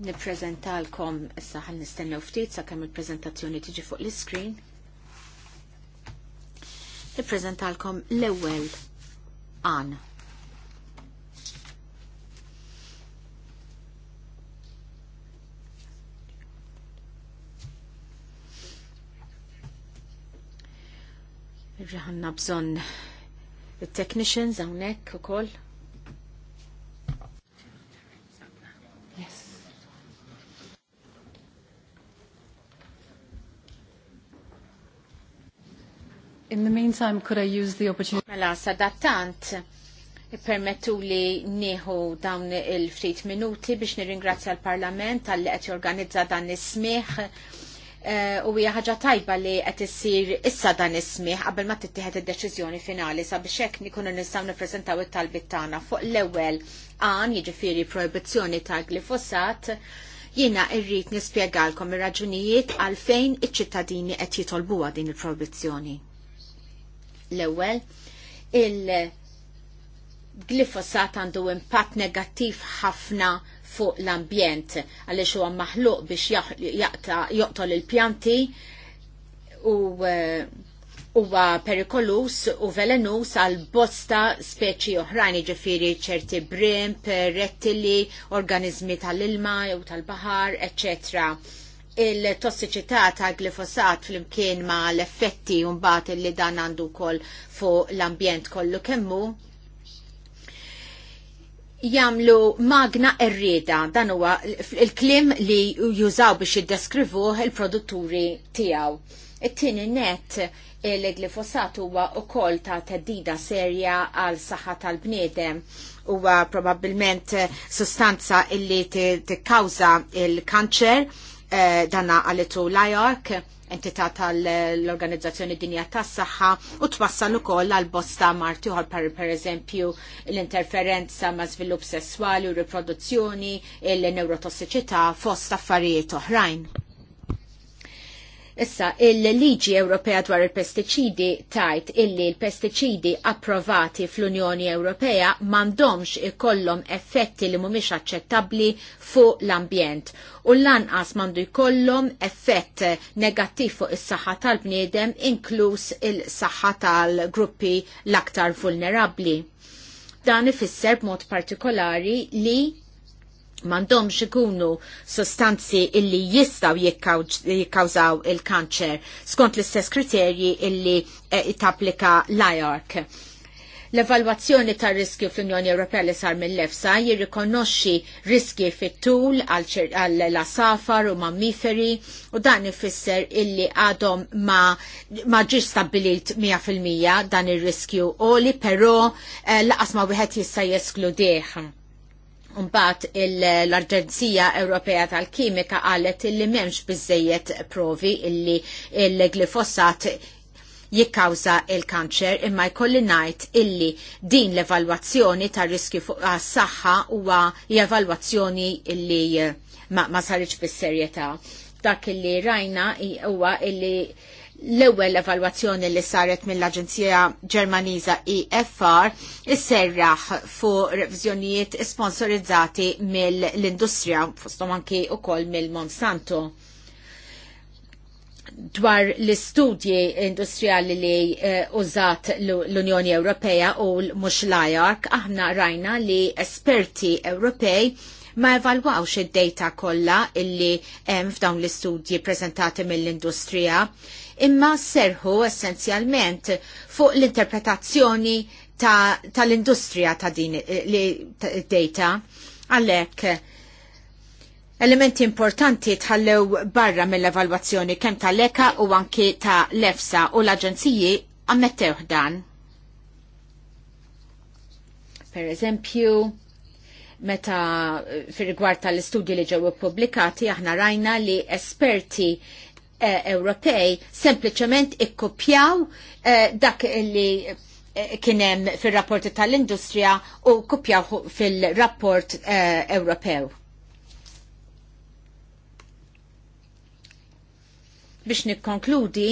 Nipprezentalkom issa ħal nistennew ftit sakemm il-preżentazzjoni tiġi fuq l iscreen Nipprezentalkom l-ewwel għan. Ġaħanna bżon il-technicians għonek u koll. In the meantime, could I use the opportunity? Mela, sadattant, permettu li nieħu dawn il-frit minuti biex nirringrazzja l-Parlament għalli qed jorganizza dan is eh, u hija ħaġa tajba li qed issir issa dan is-smieħ qabel ma tittieħed id-deċiżjoni finali sabiex hekk nikunu nistgħu nippreżentaw it-talbit tagħna fuq l-ewwel għan jiġifieri proibizzjoni tal-glifosat jiena rrid nispjegalkom ir-raġunijiet għalfejn iċ-ċittadini qed jitolbuha din il-proibizzjoni. L-ewwel il-glifosat għandu impatt negattiv ħafna fuq l-ambjent għaliex huwa maħluq biex joqtol il-pjanti u eh, huwa perikolus u velenus għal bosta speċi oħrajn ġifiri ċerti brimp, rettili, organizmi tal-ilma u tal-bahar, eccetera il-tossiċità tal glifosat fl-imkien ma l-effetti un-bat li dan għandu kol fuq l-ambjent kollu kemmu jamlu magna errida dan huwa il-klim li jużaw biex jiddeskrivu il-produtturi tiegħu. It-tieni net il-glifosat huwa ukoll ta' teddida serja għal saħħa tal-bniedem huwa probabbilment sustanza illi tikkawża il-kanċer Eh, danna għalitu l-IARC, entità tal-Organizzazzjoni Dinja tas-Saħħa u twassal ukoll għal bosta marti uħal per, pereżempju l-interferenza ma' żvilupp sesswali u riproduzzjoni, il-neurotossiċità fost affarijiet oħrajn. Issa, il-liġi Ewropea dwar il-pestiċidi tajt illi l-pestiċidi approvati fl-Unjoni Ewropea mandomx ikollom effetti li mhumiex aċċettabbli fuq l-ambjent u l lanqas mandu jkollhom effett negattiv fuq is-saħħa tal-bniedem inkluż il-saħħa tal-gruppi l-aktar vulnerabbli. Dan ifisser b'mod partikolari li mandomx ikunu sostanzi illi jistaw jikkawżaw il-kanċer skont l-istess kriterji illi eh, tapplika l-IARC. L-evalwazzjoni ta' riskju fl-Unjoni Ewropea li sar mill-EFSA jirrikonoxxi riskji fit-tul għall-asafar u mammiferi u dan ifisser illi għadhom ma, ma ġiġ stabilit 100% dan ir-riskju u li però eh, laqas ma wieħed jista' jeskludih Mbagħad l-Aġenzija Ewropea tal-Kimika qalet li m'hemmx biżejjed provi illi l-glifosat jikkawża il-kanċer imma jkolli ngħid illi din l-evalwazzjoni tar-riskju fuq għas-saħħa huwa evalwazzjoni illi ma, ma saritx bis-serjetà. Dak illi rajna huwa illi l-ewwel evalwazzjoni li saret mill-Aġenzija Ġermaniża EFR isserraħ fuq revizjonijiet sponsorizzati mill-industrija fosthom anki ukoll mill-Monsanto dwar l-istudji industrijali li eh, użat l-Unjoni Ewropea u l l Lajark, aħna rajna li esperti Ewropej ma evalwawx id-data kollha illi hemm f'dawn l-istudji preżentati mill-industrija, imma serħu essenzjalment fuq l-interpretazzjoni tal-industrija ta', ta, ta din data għalhekk Elementi importanti tħallew barra mill-evalwazzjoni kemm tal-EKA u anki ta' lefsa efsa u l-Aġenziji ammettew dan. Per eżempju, meta eh, fir-rigward tal-istudji li ġew ippubblikati aħna rajna li esperti eh, Ewropej sempliċement ikkopjaw eh, dak li kienem fil-rapporti tal-industrija u kopjaw fil-rapport Ewropew. Biex nikkonkludi,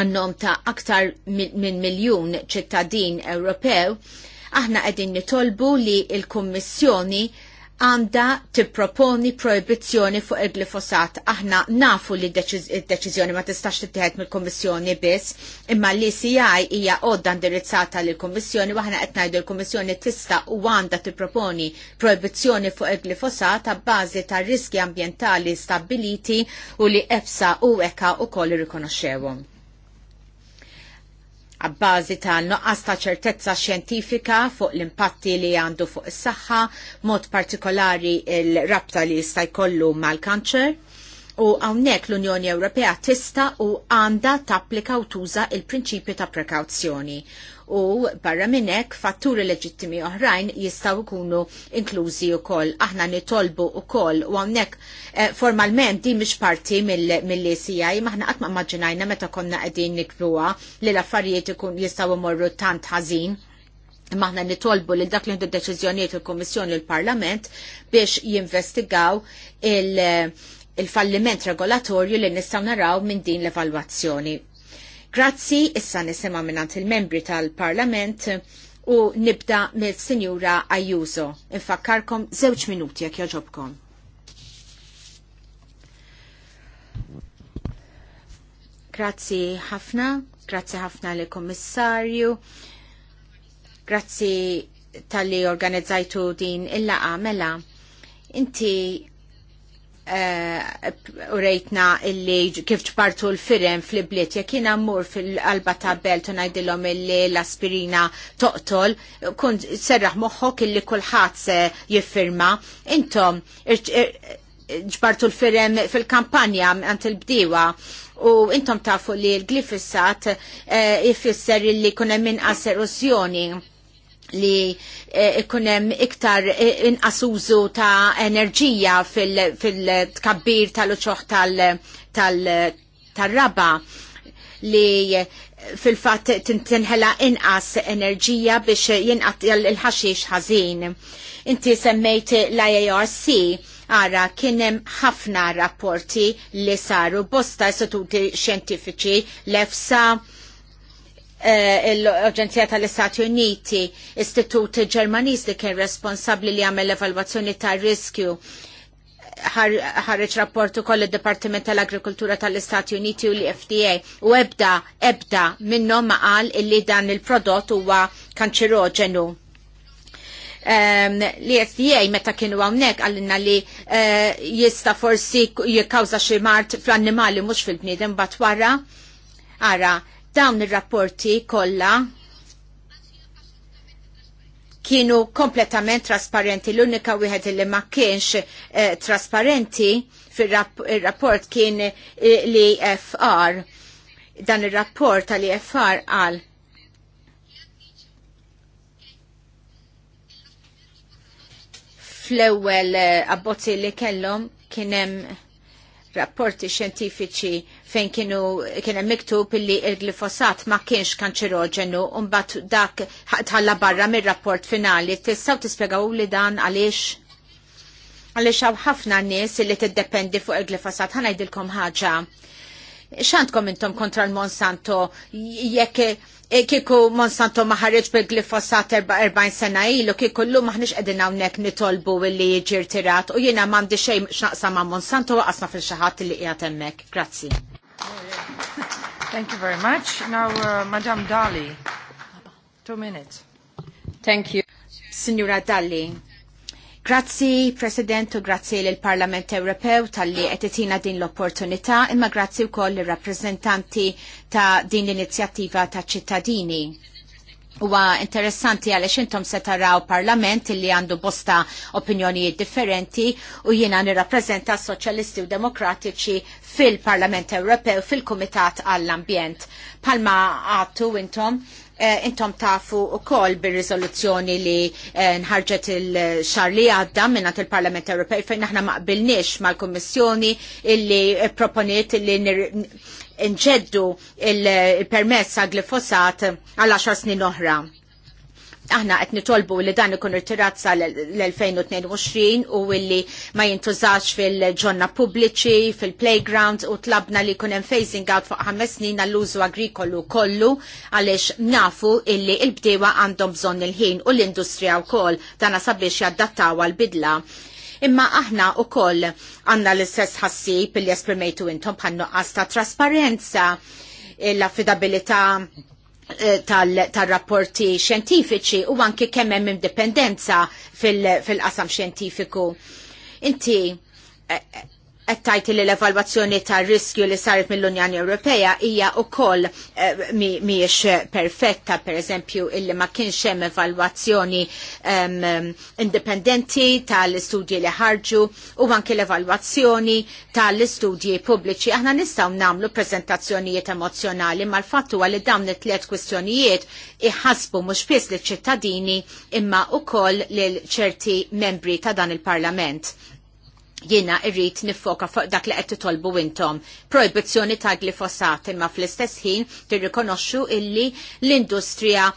għannom ta' aktar minn miljun ċittadin Ewropew, Aħna qegħdin nitolbu li l-Kummissjoni għanda tipproponi proibizzjoni fuq il-glifosat. Aħna nafu li d-deċizjoni ma tistax tittieħed mill-Kommissjoni biss, imma l-ECI hija għodda indirizzata lill-Kommissjoni waħna qed ngħidu l-Kommissjoni tista' u għandha tipproponi proibizjoni fuq il-glifosat ta' bażi ta' riski ambjentali stabiliti u li EFSA u EKA ukoll irrikonoxxewhom għabbażi ta' noqqas ta' ċertezza xjentifika fuq l-impatti li għandu fuq is-saħħa, mod partikolari il-rabta li jista' jkollu mal-kanċer. U hawnhekk l-Unjoni Ewropea tista' u għandha tapplika u tuża il-prinċipju ta' prekawzjoni u barra minnek fatturi leġittimi oħrajn jistaw kunu inklużi u koll. Aħna nitolbu u koll u għamnek eh, formalment di mish parti mill-ECI maħna għatma maġinajna meta konna għedin nikruwa li l-affarijiet jistaw morru tant ħazin maħna nitolbu li dak li għandu deċizjoniet il-Komissjoni l-Parlament biex jinvestigaw il- il-falliment regolatorju li nistaw naraw minn din l-evalwazzjoni. Grazzi, issa nisema minnant il-membri tal-Parlament u nibda mill-Sinjura Ayuso. Infakkarkom zewċ minuti jek joġobkom. Grazzi ħafna, grazzi ħafna li kommissarju, grazzi tal-li organizzajtu din il-laqa mela. Inti Eh, u rejtna illi kif ġbartu l-firem fl-bliet, jek jina fil-qalba ta' belt u najdilom illi l-aspirina toqtol, kun serraħ moħħok illi kullħat se jiffirma. Intom, ġbartu l-firem fil-kampanja għant il-bdiwa u intom tafu li l-glifissat jifisser eh, illi kunem minn qas erosjoni li eh, ikunem iktar eh, inqasużu ta' enerġija fil-tkabbir tal-uċoħ tal-raba li eh, fil-fat tinħela inqas enerġija biex jinqat il-ħaxix ħażin. Inti semmejt l-IARC ara kienem ħafna rapporti li saru bosta istituti xjentifiċi l-EFSA Eh, l-Aġenzija tal-Istati Uniti, Istitut Ġermaniż li kien responsabbli li għamel evalwazzjoni tar riskju ħarriċ rapport koll id-Dipartiment tal-Agrikoltura tal-Istati Uniti u l-FDA u ebda ebda minnhom ma qal illi dan il-prodott huwa kanċiroġenu. Um, ehm, li FDA meta kienu hawnhekk għallinna li uh, jista forsi jikkawża xi mart fl-annimali mhux fil-bniedem bat wara. Ara, Dawn ir-rapporti kollha kienu kompletament trasparenti. L-unika wieħed li ma kienx eh, trasparenti fil-rapport kien eh, li FR. Dan il-rapport tal FR għal fl-ewwel eh, abbozzi li kellhom kien hemm rapporti xjentifiċi fejn kienu kien hemm miktub li il-glifosat ma kienx kanċeroġenu u mbagħad dak tħalla barra mir-rapport finali. Tistgħu tispjegaw li dan għaliex għaliex hawn ħafna nies li tiddependi fuq il-glifosat. Ħanajdilkom ħaġa. X'għandkom intom kontra l-Monsanto jekk kiku Monsanto maħarġ bil-glifosat 40 sena ilu, kiku l-lum maħnix edin għawnek nitolbu li jġir tirat u jena mandi xej xnaqsa ma' Monsanto għasna fil-xaħat li jgħatemmek. Grazzi. Thank you very much. Now, uh, Madame Dali, two minutes. Thank you. Signora Dali, Grazzi, President, u grazzi l-Parlament Ewropew tal-li etetina din l-opportunità, imma grazzi u koll l-rappresentanti ta' din l-inizjattiva ta' ċittadini. Huwa interessanti għaliex intom se taraw parlament li għandu bosta opinjonijiet differenti u jiena nirrappreżenta soċjalisti u demokratiċi fil-Parlament Ewropew fil-Kumitat għall-Ambjent. Palma għattu intom eh, intom tafu u kol bil-rizoluzzjoni li eh, nħarġet il-xar li għadda minnat il-Parlament Ewropew fejn aħna maqbilniex mal-Kommissjoni illi eh, proponiet illi nċeddu il-permess għal glifosat għal 10 snin oħra. Aħna qed nitolbu li dan ikun irtirat l-2022 u illi ma jintużax fil-ġonna pubbliċi, fil-playground u tlabna li jkun hemm phasing out fuq ħames snin għall-użu agrikolu kollu għaliex nafu illi l-bdewa għandhom bżonn il-ħin u l-industrija wkoll dana sabiex jaddattaw għal-bidla imma aħna u koll għanna l-istess ħassib li esprimejtu intom bħannu ta' trasparenza l-affidabilità eh, tal-rapporti tal xjentifiċi u anki kemmem indipendenza fil-qasam fil xjentifiku. Inti, eh, eh, qed li l-evalwazzjoni tar riskju li saret mill-Unjoni Ewropea hija wkoll eh, mhijiex perfetta, pereżempju illi ma kienx hemm evalwazzjoni indipendenti tal-istudji li ħarġu u anki l-evalwazzjoni tal-istudji pubbliċi. Aħna nistgħu nagħmlu prezentazzjonijiet emozjonali mal-fatt huwa li dawn it-tliet kwistjonijiet iħasbu mhux biss liċ ċittadini imma wkoll lil ċerti membri ta' dan il-Parlament jiena irrit nifoka fuq dak li qed titolbu intom. Proibizzjoni ta' glifosat imma fl-istess ħin tirrikonoxxu illi l-industrija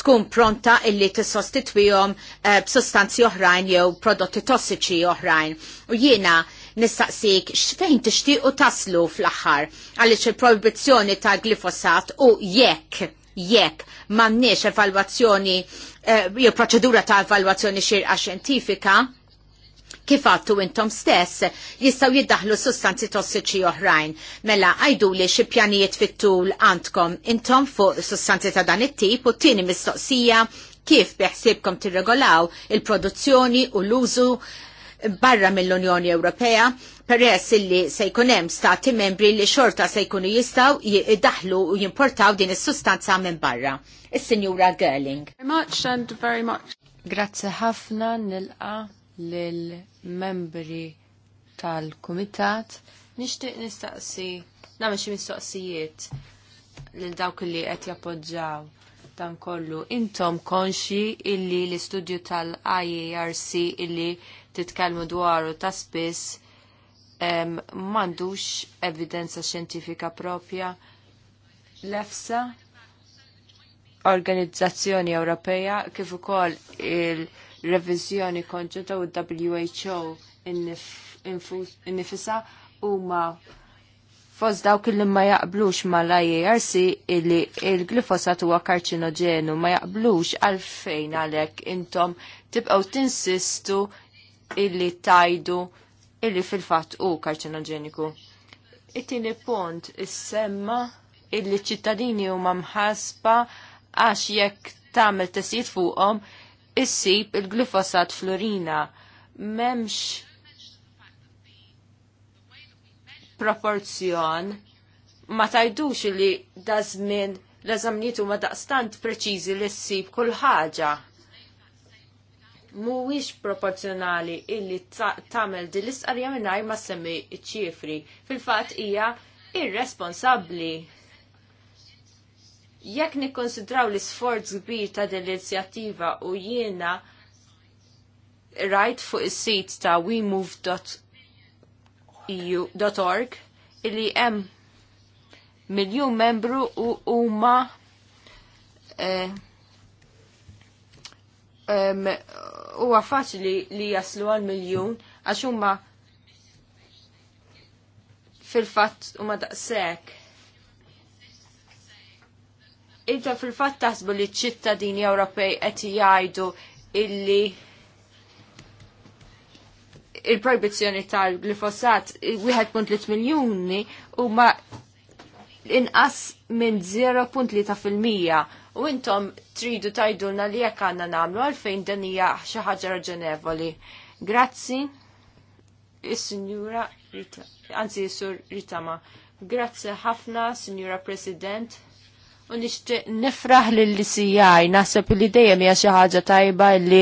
tkun pronta illi tissostitwihom uh, eh, b'sustanzi oħrajn jew prodotti tossiċi oħrajn. U jiena nistaqsik x'fejn tixtiequ taslu fl-aħħar għaliex il-proibizzjoni ta' glifosat u jekk jekk m'għandniex evalwazzjoni eh, jew proċedura ta' evalwazzjoni xirqa xjentifika kif għattu intom stess jistaw jiddaħlu sustanzi tossiċi oħrajn. Mela, għajdu li xie pjanijiet fit-tul għandkom intom fuq sustanzi ta' dan it-tip u t-tini mistoqsija kif biħsibkom tirregolaw il-produzzjoni u l-użu barra mill-Unjoni Ewropea peress illi se jkun hemm stati membri li xorta se jkunu jistgħu jiddaħlu u jimportaw din is-sustanza minn barra. Is-Sinjura Gerling. Grazie Grazzi ħafna nilqa' lill-membri tal-kumitat nixtieq nistaqsi nagħmel xi mistoqsijiet lil dawk li qed jappoġġaw dan kollu. Intom konxi illi l-istudju tal-IARC illi titkellmu dwaru ta' spiss m'għandux evidenza xjentifika propja l-EFSA organizzazzjoni Ewropea kif ukoll il- revizjoni konġunta u WHO innifisa huma fost dawk li ma jaqblux mal-IARC illi il-glifosat huwa karċinoġenu ma jaqblux għalfejn għalhekk intom tibqgħu tinsistu illi tajdu illi fil-fatt u karċinoġeniku. It-tieni punt is-semma illi ċittadini huma mħasba għax jekk tagħmel tesijiet fuqhom issib il-glifosat florina memx proporzjon ma tajdux li dażmin l-eżamnietu ma daqstant preċiżi li ssib kull ħaġa. Mhuwiex proporzjonali illi tagħmel din l-istqarrija mingħajr ma semmi ċifri. Fil-fatt hija irresponsabbli Jekk nikkonsidraw l-isforz kbir ta' din l-inizjattiva u jiena rajt fuq is-sit ta' wemove.eu.org illi hemm miljun membru u huma eh, huwa faċli li jaslu għal miljun għax huma fil-fatt huma daqshekk Inta fil-fatt taħsbu li ċittadini Ewropej qed jgħidu illi il-proibizzjoni tal-glifosat li miljuni huma inqas minn 0.3 u intom tridu tajdulna li jekk għandna nagħmlu għalfejn dan hija xi ħaġa raġonevoli. Grazzi is-Sinjura Rita, anzi is-Sur Ritama. Grazzi ħafna, Sinjura President u nixtieq nifraħ lill-CI naħseb li dejjem hija xi ħaġa tajba li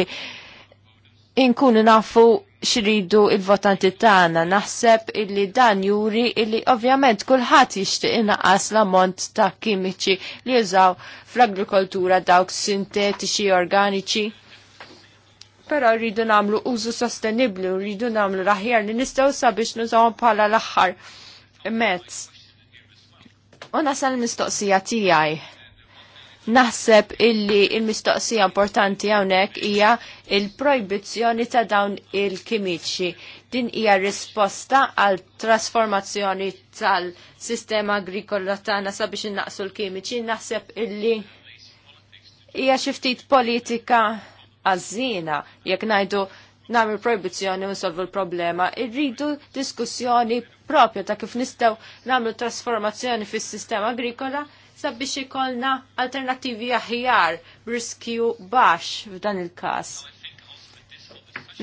inkunu nafu xridu il-votanti tagħna naħseb illi dan juri illi ovvjament kulħadd jixtieq inaqas l-ammont ta' kimiċi li jużaw fl-agrikoltura dawk sintetiċi organiċi. Però rridu nagħmlu użu sostenibbli u rridu nagħmlu raħjar li nistgħu sabiex nużaw bħala l-aħħar mezz U nasal mistoqsija tiegħi. Naħseb illi il-mistoqsija importanti hawnhekk hija il-projbizzjoni ta' dawn il-kimiċi. Din hija risposta għal trasformazzjoni tal-sistema agrikola tagħna sabiex innaqsu l-kimiċi. Naħseb illi hija xi ftit politika għażina jekk ngħidu namlu proibizjoni unsolvu l-problema. Irridu diskussjoni propju ta' kif nistaw namlu trasformazzjoni fis sistema agrikola sabiex ikolna alternativi aħjar riskju baxx f'dan il-każ.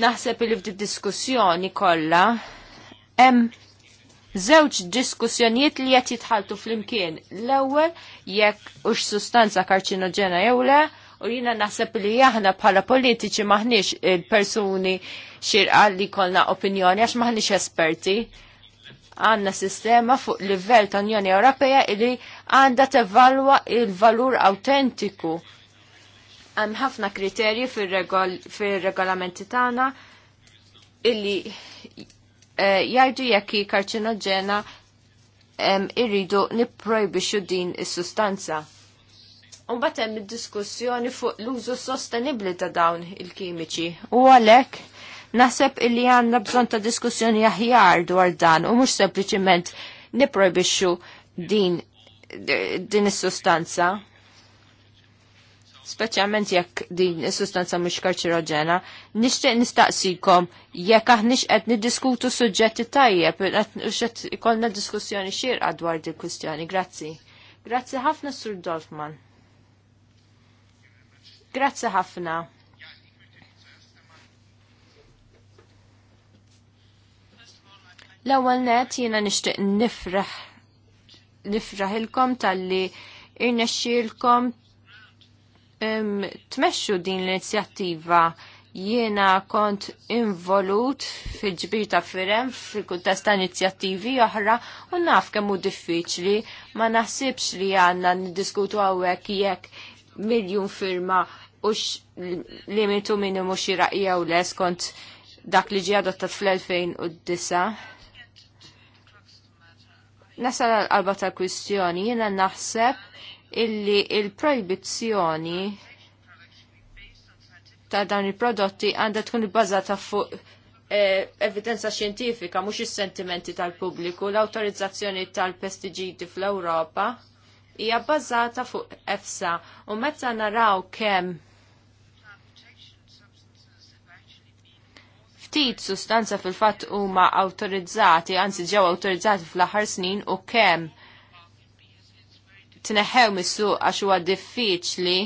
Naħseb li f'di diskussjoni kollha em żewġ diskussjonijiet li qed jitħaltu flimkien. L-ewwel jekk ux sustanza karċinoġena jew le, U jina naħseb li jahna bħala politiċi maħniex il-persuni eh, xirqa li kolna opinjoni, għax maħniex esperti. Għanna sistema fuq livell ta' Unjoni Ewropea li għanda tevalwa il-valur autentiku. Għan ħafna kriterji fil-regolamenti tagħna illi eh, jgħidu jekk karċinoġena irridu nipprojbixu din is-sustanza un hemm id-diskussjoni fuq l-użu sostenibbli ta' dawn il-kimiċi. U għalhekk naħseb illi għandna bżonn ta' diskussjoni aħjar dwar dan u mhux sempliciment niprojbixxu din din is-sustanza. Speċjalment jekk din is-sustanza mhux karċiroġena, nixtieq nistaqsikom jekk aħniex qed niddiskutu suġġetti tajjeb, qed ikollna diskussjoni xierqa dwar din kwistjoni. Grazzi. Grazzi ħafna Sur Dolfman. Grazzi ħafna. L-ewwel net jiena nixtieq nifraħ nifraħ ilkom tal-li irnexxielkom tmexxu din l-inizjattiva jiena kont involut fil-ġbir ta' firem fil-kuntest ta' inizjattivi oħra u naf kemm hu diffiċli ma naħsibx li għandna niddiskutu hawnhekk jekk miljun firma u limitu minimu xi jiraqija u les kont dak li ġie adottat fl-2009. Nasal għalba qalba tal-kwistjoni, jiena naħseb illi il-proibizzjoni ta' dawn il-prodotti għandha tkun ibbażata fuq eh, evidenza xjentifika mhux is-sentimenti tal-pubbliku, l-awtorizzazzjoni tal-pestiġiti fl-Ewropa hija bbażata fuq EFSA u meta naraw kemm ftit sustanza fil-fatt huma awtorizzati, anzi ġew awtorizzati fl-aħħar snin u kemm tneħħew mis-suq għax huwa diffiċli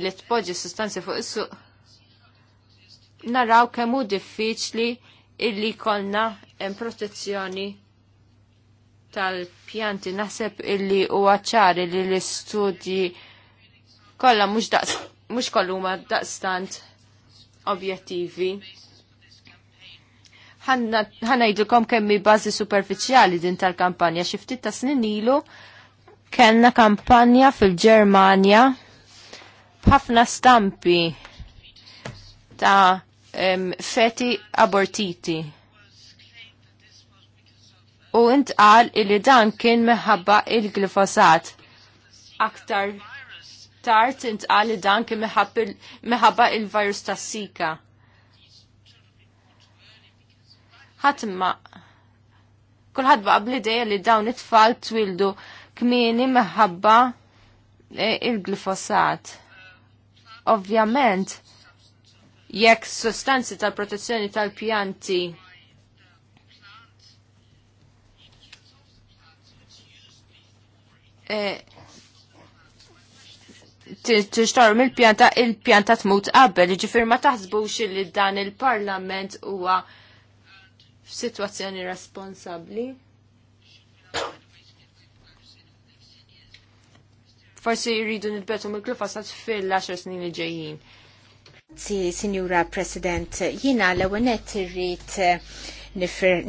li tpoġġi sustanzi fuq is-suq naraw kemm hu diffiċli illi jkollna hemm protezzjoni tal-pjanti naħseb illi huwa ċari li l-istudji kollha mhux daqs mhux kollu huma daqstant objettivi. Ħanajdilkom kemmi bażi superfiċjali din tal-kampanja. Xi ftit ta' snin ilu kellna kampanja fil-Ġermanja b'ħafna stampi ta' feti abortiti. U intqal li dan kien meħabba il-glifosat aktar tard intqali dan kien meħabba il-virus tas-sika. Ħadd imma kulħadd baqa' bl-idea li dawn it-tfal twildu kmieni minħabba eh, il-glifosat. Ovvjament, jekk sostanzi tal-protezzjoni tal-pjanti eh, t tixtaru mill-pjanta il-pjanta t-mut għabbel, ġifir ma taħsbux li dan il-parlament huwa f-situazzjoni responsabli. Forsi jiridu nitbetu mill-glifosat fil-10 snin li ġejjin. Grazzi, Signora President. Jina l-ewenet irrit eh,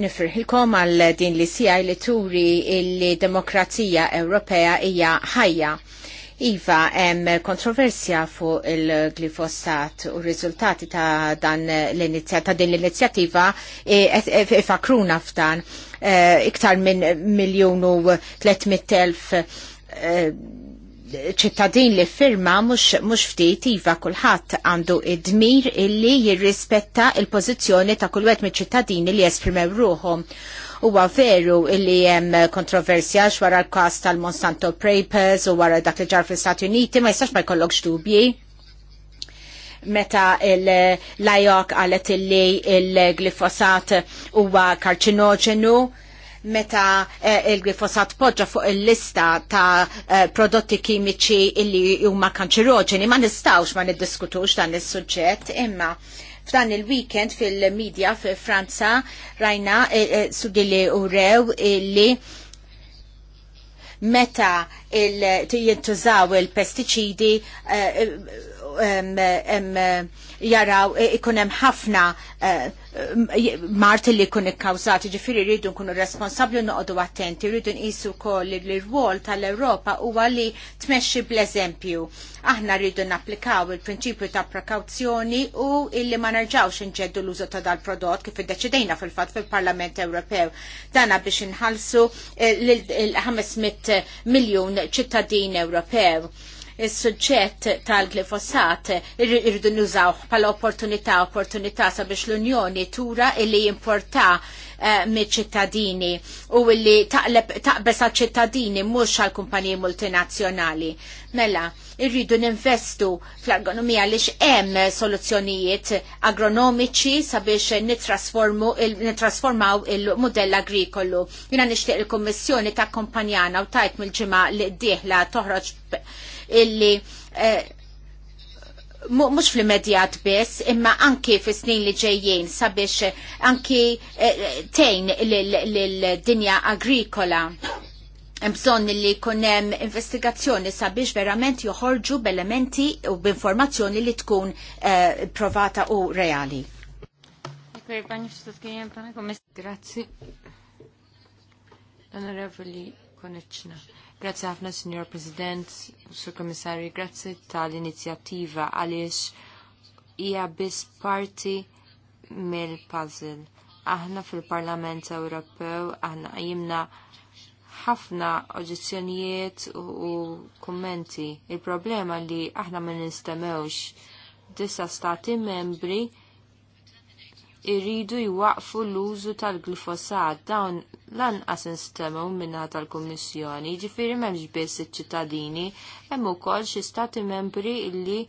nifirħilkom għal din li sija il turi il-demokrazija Ewropea hija ħajja Iva, hemm kontroversja fuq il-glifosat u r-riżultati ta' dan l-inizjattiva din l-inizjattiva ifakruna e, e, e, f'dan iktar minn miljonu 300.000 ċittadin li firma mhux ftit iva kulħadd għandu id-dmir illi jirrispetta il-pożizzjoni ta' kull wieħed miċ-ċittadini li jesprimew ruħhom Huwa veru li hemm kontroversja xwara l-każ tal-Monsanto Papers u wara dak li ġar fl-Stati Uniti ma jistax ma jkollokx dubji meta l-lajok għalet illi il-glifosat huwa karċinoġenu, meta eh, il-glifosat poġġa fuq il-lista ta' eh, prodotti kimiċi illi huma kanċeroġeni, ma nistawx ma niddiskutux dan is-suġġett, imma F'dan il-weekend fil-medja fil-Franza rajna eh, eh, sudili u rew li meta jintużaw il-pesticidi eh, jaraw ikunem ħafna uh, Marti li kun ikkawżati ġifiri rridu nkunu responsabli noqdu attenti, rridu nqisu li l rwol tal-Europa u li tmexxi bl-eżempju. Aħna rridu napplikaw il-prinċipju ta' prekawzjoni u illi ma nerġawx nġeddu l-użu ta' dal-prodott kif iddeċidejna fil-fatt fil-Parlament Ewropew. Dana biex inħalsu l-500 miljon ċittadin Ewropew is-suġġett tal-glifosat irridu nużawh bħala opportunità opportunità sabiex l-Unjoni tura illi jimporta eh, mill-ċittadini u illi taqbes għal-ċittadini mhux għal-kumpaniji multinazzjonali. Mela, irridu ninvestu fl agronomija li hemm soluzzjonijiet agronomiċi sabiex nitrasformaw il-modell agrikollu. Jina nixtieq il-Kummissjoni ta' kompanjana u tajt mill-ġimgħa li d toħroġ illi eh, mux fl-immedjat biss, imma anki fi snin li ġejjien sabiex eh, anki eh, tejn l-dinja agrikola. Mbżon li kunem investigazzjoni sabiex verament joħorġu b'elementi u b'informazzjoni li tkun provata u reali. Grazie Onorevoli Konečna. Grazzi ħafna, Signor President, Sur Komissarju, grazzi tal-inizjattiva għaliex hija biss parti mill-puzzle. Aħna fil-Parlament Ewropew, aħna jimna ħafna oġezzjonijiet u kummenti. Il-problema li aħna ma nistemewx disa stati membri iridu jwaqfu l-użu tal-glifosat dawn lanqas instemgħu minna tal-Kummissjoni, jiġifieri m'hemmx biss iċ-ċittadini, hemm ukoll xi stati membri illi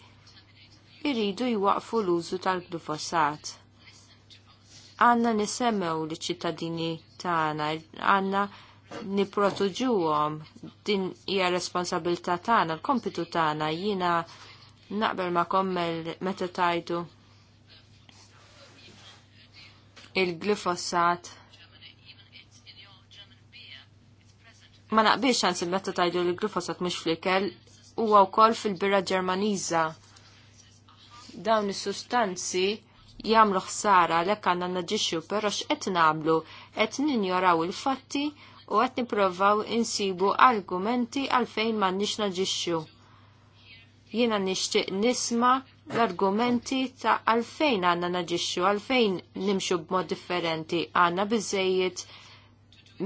jridu jwaqfu l-użu tal-glifosat. Għanna nisemmew liċ ċittadini tagħna, għanna niprotuġuhom din hija responsabilità tagħna, l-kompitu tagħna jiena naqbel ma kommel meta tajdu il-glifosat ma naqbiex għan meta tajdu il glifosat mhux flikel huwa wkoll fil-birra Ġermaniża. Dawn is-sustanzi jagħmlu ħsara għalhekk għandna naġixxu però x'qed nagħmlu qed ninjoraw il-fatti u qed nipprovaw insibu argumenti għalfejn m'għandniex naġixxu. Jiena nixtieq nisma' l-argumenti ta' għalfejn għanna naġixxu, għalfejn nimxu b'mod differenti, għanna bizzejiet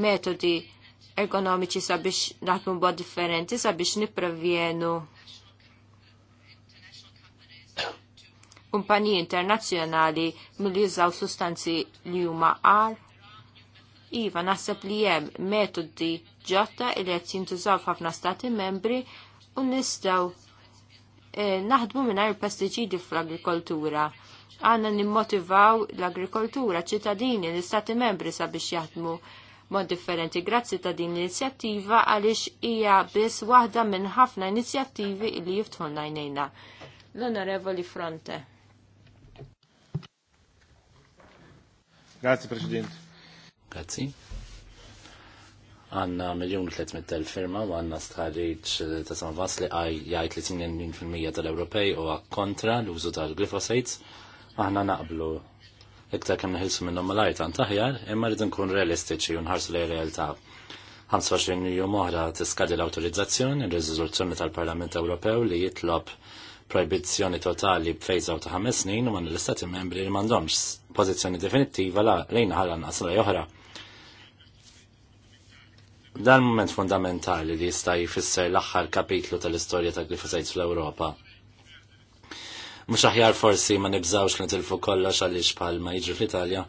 metodi ekonomiċi sabiex naħdmu b'mod differenti, sabiex niprevjenu kumpaniji internazzjonali mill jużaw sustanzi li huma għar. Iva, naħseb li jem metodi ġotta il-għet jintużaw f'ħafna stati membri u nistaw Eh, naħdmu mingħajr pestiċidi fl-agrikoltura. Għanna nimmotivaw l-agrikoltura, ċittadini, l-istati membri sabiex jaħdmu mod differenti grazzi ta' din l-inizjattiva għaliex hija biss waħda minn ħafna inizjattivi li jiftħolna jnejna. L-Onorevoli Fronte. Grazie Presidente. Grazie għanna miljon 300.000 firma u għanna stħarriċ eh, ta' San li għaj jgħaj 30% tal-Ewropej u kontra l-użu tal-glifosajt, aħna naqblu iktar kemm neħilsu minnhom malajr għan taħjar imma rrid kun realistiċi u li lejn realtà. 25 jum oħra tiskadi l-awtorizzazzjoni, ir-riżoluzzjoni tal-Parlament Ewropew li jitlob proibizzjoni totali b'fejza ta' ħames snin u għan l-istati membri li m'għandhomx pożizzjoni definittiva la lejn ħalan asla joħra. Dan moment fundamentali li jista' jfisser l-aħħar kapitlu tal-istorja ta' glifosajt fl-Ewropa. Mhux aħjar forsi ma nibżawx li tilfu kollox għaliex palma jiġri fl-Italja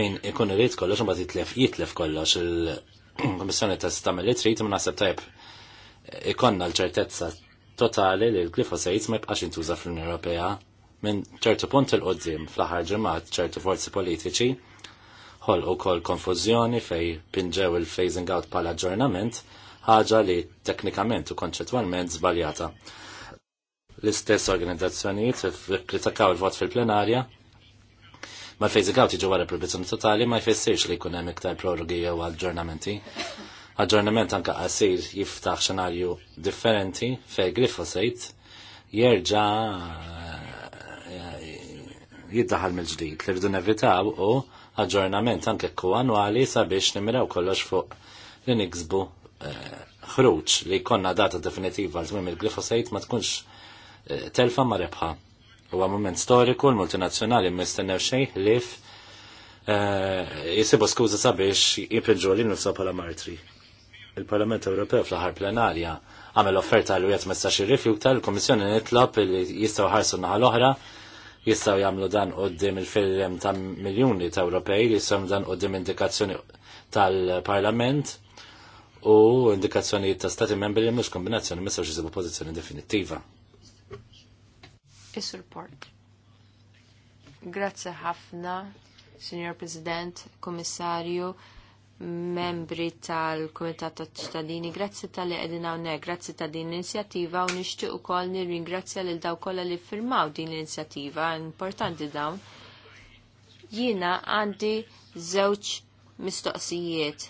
min ikun irid kollox imbagħad jitlef jitlef kollox il-Kummissjoni tagħmel li trid imma naħseb tajb ikonna l-ċertezza totali li l-glifosajt ma jibqax intuża fl-Unjoni Ewropea minn ċertu punt il-qoddim fl-aħħar ġimgħat ċertu forzi politiċi ħol u kol konfuzjoni fej pinġew il-phasing out pala ġornament, ħaġa li teknikament u konċetwalment zbaljata. L-istess organizzazzjonijiet kritakaw il-vot fil-plenarja, ma l-phasing out iġu wara l-probizzjoni totali ma jfessirx li jkun hemm iktar prorogi jew aġġornamenti. Aġġornament anka qasir jiftaħ xenarju differenti fej glifosajt, jerġa' jiddaħal mill-ġdid li rridu nevitaw u aġġornament anke kku annwali sabiex nimiraw kollox fuq li niksbu eh, ħruġ li konna data definitiva għal żmiem il-glifosajt ma tkunx eh, telfa ma rebħa. Huwa moment storiku l-multinazzjonali mistennew xejn ħlief eh, jisibu skuża sabiex jipinġu li nifsa bħala martri. Il-Parlament Ewropew fl-aħħar plenarja għamel offerta l wiet messax irrifjuta l-Komissjoni nitlob li jistgħu ħarsu naħa l-oħra jistaw jamlu dan qoddim il firrem ta' miljoni ta' Ewropej li jistaw dan qoddim indikazzjoni tal-Parlament u indikazzjoni ta' stati membri li mux kombinazzjoni mis sawx jizibu pozizjoni definittiva. Isur Park. Grazie ħafna, Signor President, Komissarju membri tal-Kumitat ta' ċittadini, grazzi tal-li għedin għawnek, grazzi ta' din l-inizjattiva u nishtiq u kol nir-ringrazzja kollha daw kolla li firmaw din l-inizjattiva, importanti dawn. Jina għandi zewċ mistoqsijiet.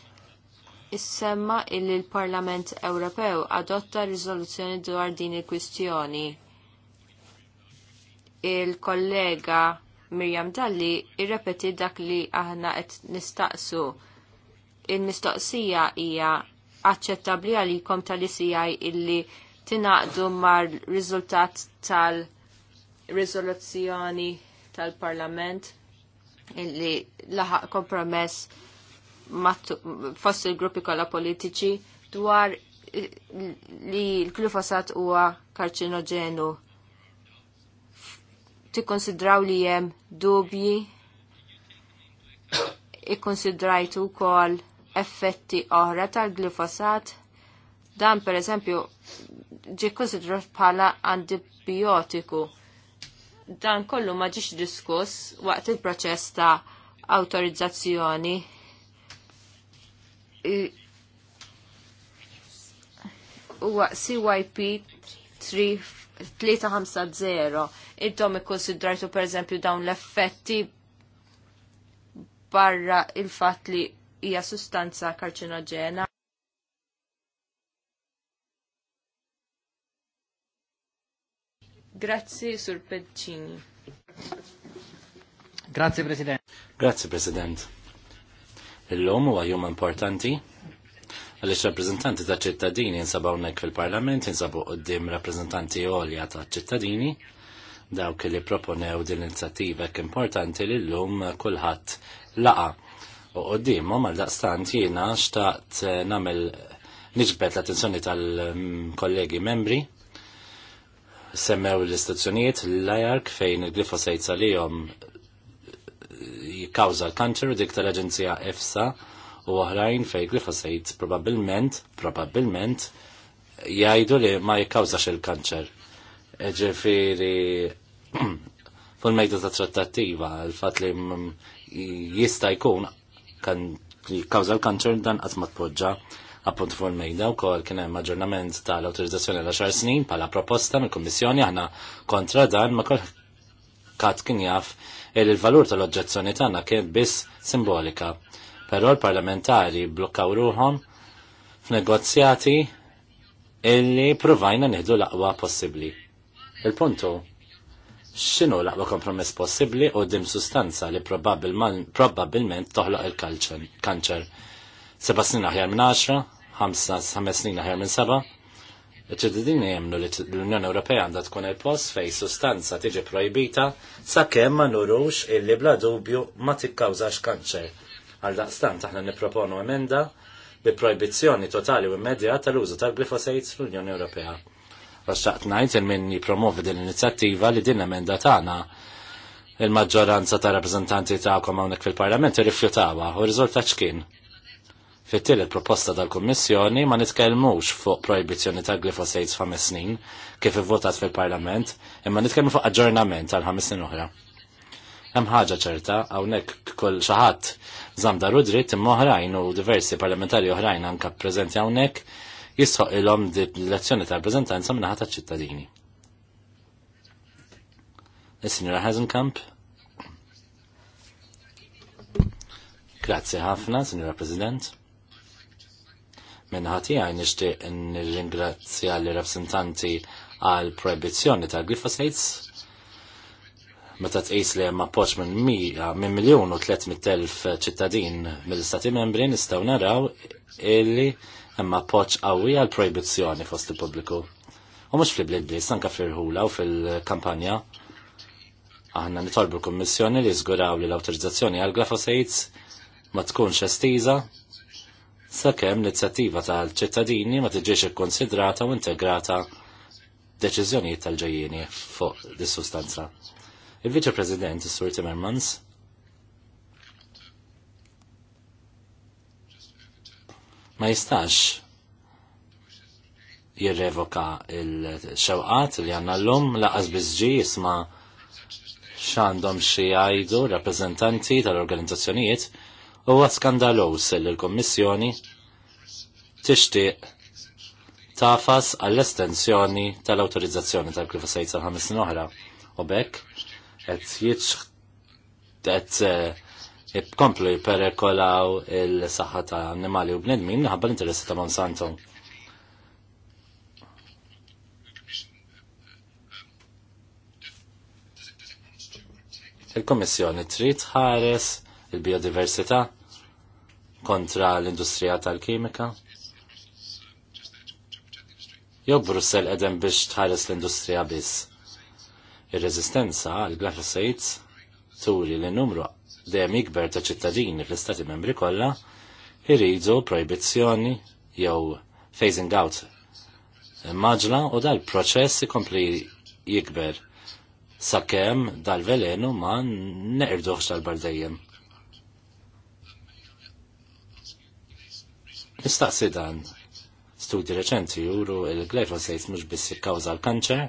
Issemma il l-Parlament Ewropew adotta rizoluzzjoni dwar din il-kwistjoni. Il-kollega Mirjam Dalli irrepeti dak li aħna qed nistaqsu il-mistoqsija hija aċċettabbli għalikom tal-ICI illi tinaqdu mar riżultat tal-riżoluzzjoni tal-Parlament illi laħaq kompromess fost il-gruppi kollha politiċi dwar li l klufasat huwa karċinoġenu. Tikkonsidraw li hemm dubji ikkonsidrajtu wkoll effetti oħra tal-glifosat dan per eżempju ġi konsidru bħala antibiotiku. Dan kollu ma ġiex diskuss waqt il-proċess ta' autorizzazzjoni. Huwa CYP 350. Intom ikkonsidrajtu per eżempju dawn l-effetti barra il-fat li hija sustanza karċinoġena. Grazzi, Sur Pedcini. Grazzi, President. Grazzi, President. Illum huwa jum importanti għaliex rappreżentanti ta' ċittadini nsabaw hawnhekk fil-Parlament, insabu qudiem rappreżentanti għolja ta' ċittadini dawk li proponew din l-inizjattiva importanti li l-lum kulħadd laqa u qoddimhom għal daqstant jiena xtaqt eh, nagħmel niġbet l-attenzjoni tal-kollegi membri semmew l istazzjoniet l-lajark fejn il-glifosajt salijom jikkawza l-kanċer dik tal-Aġenzija EFSA u oħrajn fejn glifosajt probabilment, probabilment jgħidu li ma jikkawżax il-kanċer. Ġifiri, [clears throat] fil-mejda ta' trattattiva, l-fat li jista' jkun kan kawza l-kanċer dan qatt ma tpoġġa appunt fuq il-mejda wkoll kien hemm aġġornament tal-awtorizzazzjoni għal xar snin bħala proposta mill-Kummissjoni aħna kontra dan ma kol kat kien jaf il l-valur tal-oġġezzjoni tagħna kien biss simbolika. Però l-parlamentari blokkaw ruhom f'negozjati illi provajna nieħdu l-aqwa possibbli. Il-puntu x'inhu l-aqwa kompromess possibbli u dim sustanza li probabbilment toħloq il-kanċer. Seba' snin aħjar minn 10, ħames snin aħjar minn seba', iċ-ċittadini jemnu li l-Unjoni Ewropea għandha tkun il-post fej sustanza tiġi projbita sakemm ma nurux illi bla dubju ma tikkawżax kanċer. Għal daqstant aħna nipproponu emenda bi projbizzjoni totali u immedjata tal-użu tal glifosajt fl-Unjoni Ewropea. Faxxaqt ngħid il-min jipromovi din l-inizjattiva li din emenda tagħna il-maġġoranza ta' rappreżentanti tagħkom hawnhekk fil-Parlament irrifjutawha u riżultat x'kien. fit il proposta tal-Kummissjoni ma nitkellmux fuq projbizzjoni ta' glifosejt fa' snin kif ivvotat fil-Parlament, imma nitkellmu fuq aġġornament tal ħames snin oħra. Hemm ħaġa ċerta hawnhekk kull xi ħadd żamdar u dritt imma oħrajn u diversi parlamentari oħrajn anke preżenti hawnhekk il ilhom l elezzjoni ta' rappresentanza minna ħata ċittadini. Is-Sinjora eh, Hazenkamp. Grazzi ħafna, Sinjora President. għaj nishti nixtieq nirringrazzja l-rappresentanti għal proibizjoni ta' glifosates meta tqis li hemm appoġġ minn minn miljun u tliet mit-telf ċittadin mill-Istati Membri nistgħu naraw illi imma poċ qawwi għal proibizjoni fost il-pubbliku. U mhux fl-ibliet biss anke firħula u fil-kampanja. Aħna nitolbu l-Kummissjoni li zguraw li l-awtorizzazzjoni għal glifosate ma tkunx estiża sakemm l-inizjattiva tal-ċittadini ma tiġiex ikkonsidrata u integrata deċiżjonijiet tal-ġejjieni fuq dis-sustanza. Il-Viċe President, Sur Timmermans, ma jistax jirrevoka il-xewqat li għanna l-lum laqas bizġi jisma xandom xie għajdu rappresentanti tal-organizzazzjonijiet u għat skandalos il-Kommissjoni tixtieq tafas għall-estensjoni tal-autorizzazzjoni tal-glifosajt tal-ħamis oħra u bekk għet qed eh, komplu jiperekolaw il-saħħa ta' annimali u bnedmin minħabba l-interessi ta' Monsanto. il komissjoni trid ħares il-biodiversità kontra l-industrija tal-kimika. Jew Brussel edem biex tħares l-industrija biss. Ir-reżistenza għal glyphosates turi l numru dejjem ikber ta' ċittadini fl-istati membri kollha iridu proibizzjoni jew phasing out maġla u dal-proċess ikompli jikber sakemm dal-velenu ma neqirduħx tal-bardejjem. Nistaqsi dan, studji reċenti juru il glyphosate mhux biss jikkawża l-kanċer,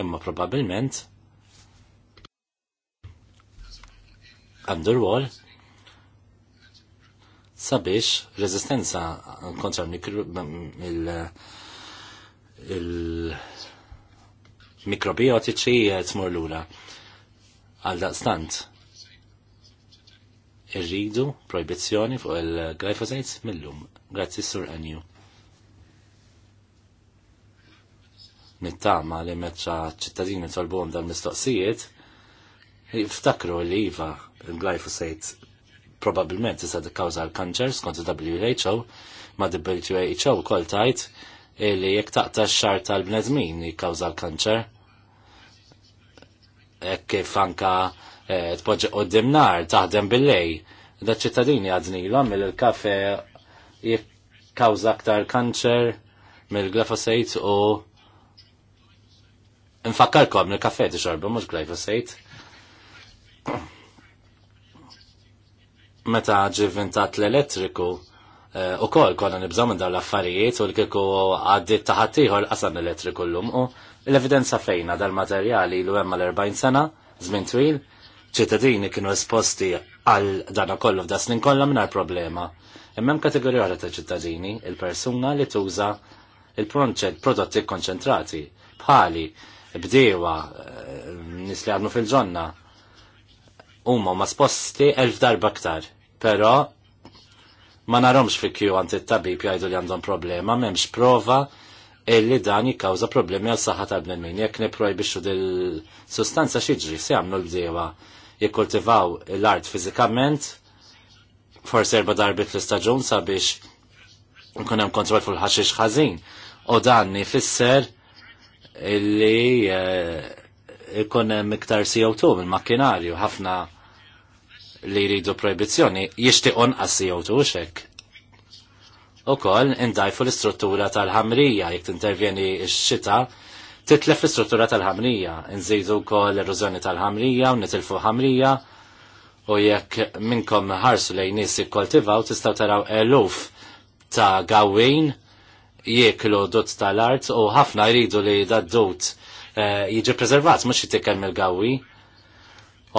imma probabbilment underwall sabiex rezistenza kontra il-mikrobiotiċi il tmur lura għal daqstant irridu proibizzjoni fuq il-glyphosate millum. Grazzi sur għanju. Nittama li meċċa ċittadini tolbom dal-mistoqsijiet, jiftakru li jiva il-glyphosate probabilment tista' tikkawża l-kanċer skont il-WHO ma' WHO wkoll tajt li jekk taqta x-xar tal-bnedmin jikkawża l-kanċer. Hekk kif anke eh, tpoġġi qudiem nar taħdem billej. Da ċittadini għadnilhom mill-kafe jikkawża aktar kanċer mill glyfosate u Nfakkarkom li kafe tixorbu mhux glyfosate meta ġivintat l-elettriku eh, u kol konna nibżaw minn dal l-affarijiet u l-kiku għaddi taħatiħor qasam elettriku l-lum u l-evidenza fejna dal-materjali l hemm l-40 sena, żmien twil, ċittadini kienu esposti għal dana kollu f'dasnin kollha mingħajr problema. Imma kategorija oħra ta' ċittadini, il-persuna li tuża il-pronċed prodotti konċentrati bħali bdiewa eh, nis li fil-ġonna huma ma sposti elf darba aktar però ma naromx fi kju għant it-tabib jgħidu li għandhom problema, memx prova illi dan jikkawża problemi għal saħħa tal-bnedmin. Jekk nipprojbixxu dil-sustanza xiġri se jagħmlu l-bdiewa jikkultivaw l-art fiżikament forsi erba' darbit l-istaġun sabiex nkun hemm kontroll fuq ħaxix ħażin. U dan ifisser illi eh, ikun hemm iktar CO2 mill-makkinarju ħafna li jridu proibizjoni jishtiq onqas CO2 xek. Ukoll indajfu l-istruttura tal-ħamrija jekk intervjeni x-xita titlef l-istruttura tal-ħamrija, nżidu wkoll l-erużjoni tal-ħamrija u nitilfu ħamrija u jekk minnkom ħarsu lejn nies koltivaw, tistaw taraw eluf ta' gawin jieklu dut tal-art u ħafna jridu li dad dut eh, jiġi preservat mhux jitikel mill-gawi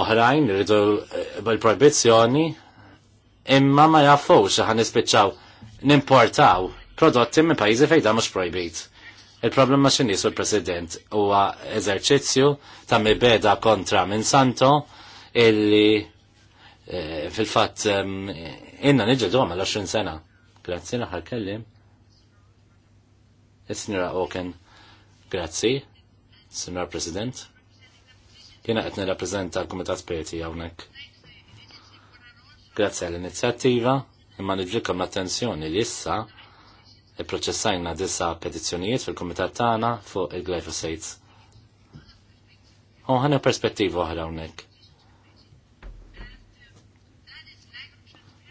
oħrajn rridu eh, bil-proibizzjoni imma ma jaffux ħan nispiċċaw nimportaw prodotti minn pajjiżi fejn dan mhux projbit. Il-problema x'inhi sur President huwa eżerċizzju ta' mibeda kontra minn Santo illi eh, fil-fatt inna niġġedu għamal 20 sena. Grazzi naħar kellim. Is-Sinjora Oken, grazzi, Sinjora President. Jiena qed rappresenta l-Kumitat Peti hawnhekk. Grazzi għall-inizjattiva, imma nibġilkom l-attenzjoni li issa proċessajna disa petizzjonijiet fil-Kumitat Tana fuq il glyphosates U ħana perspettiva oħra hawnhekk.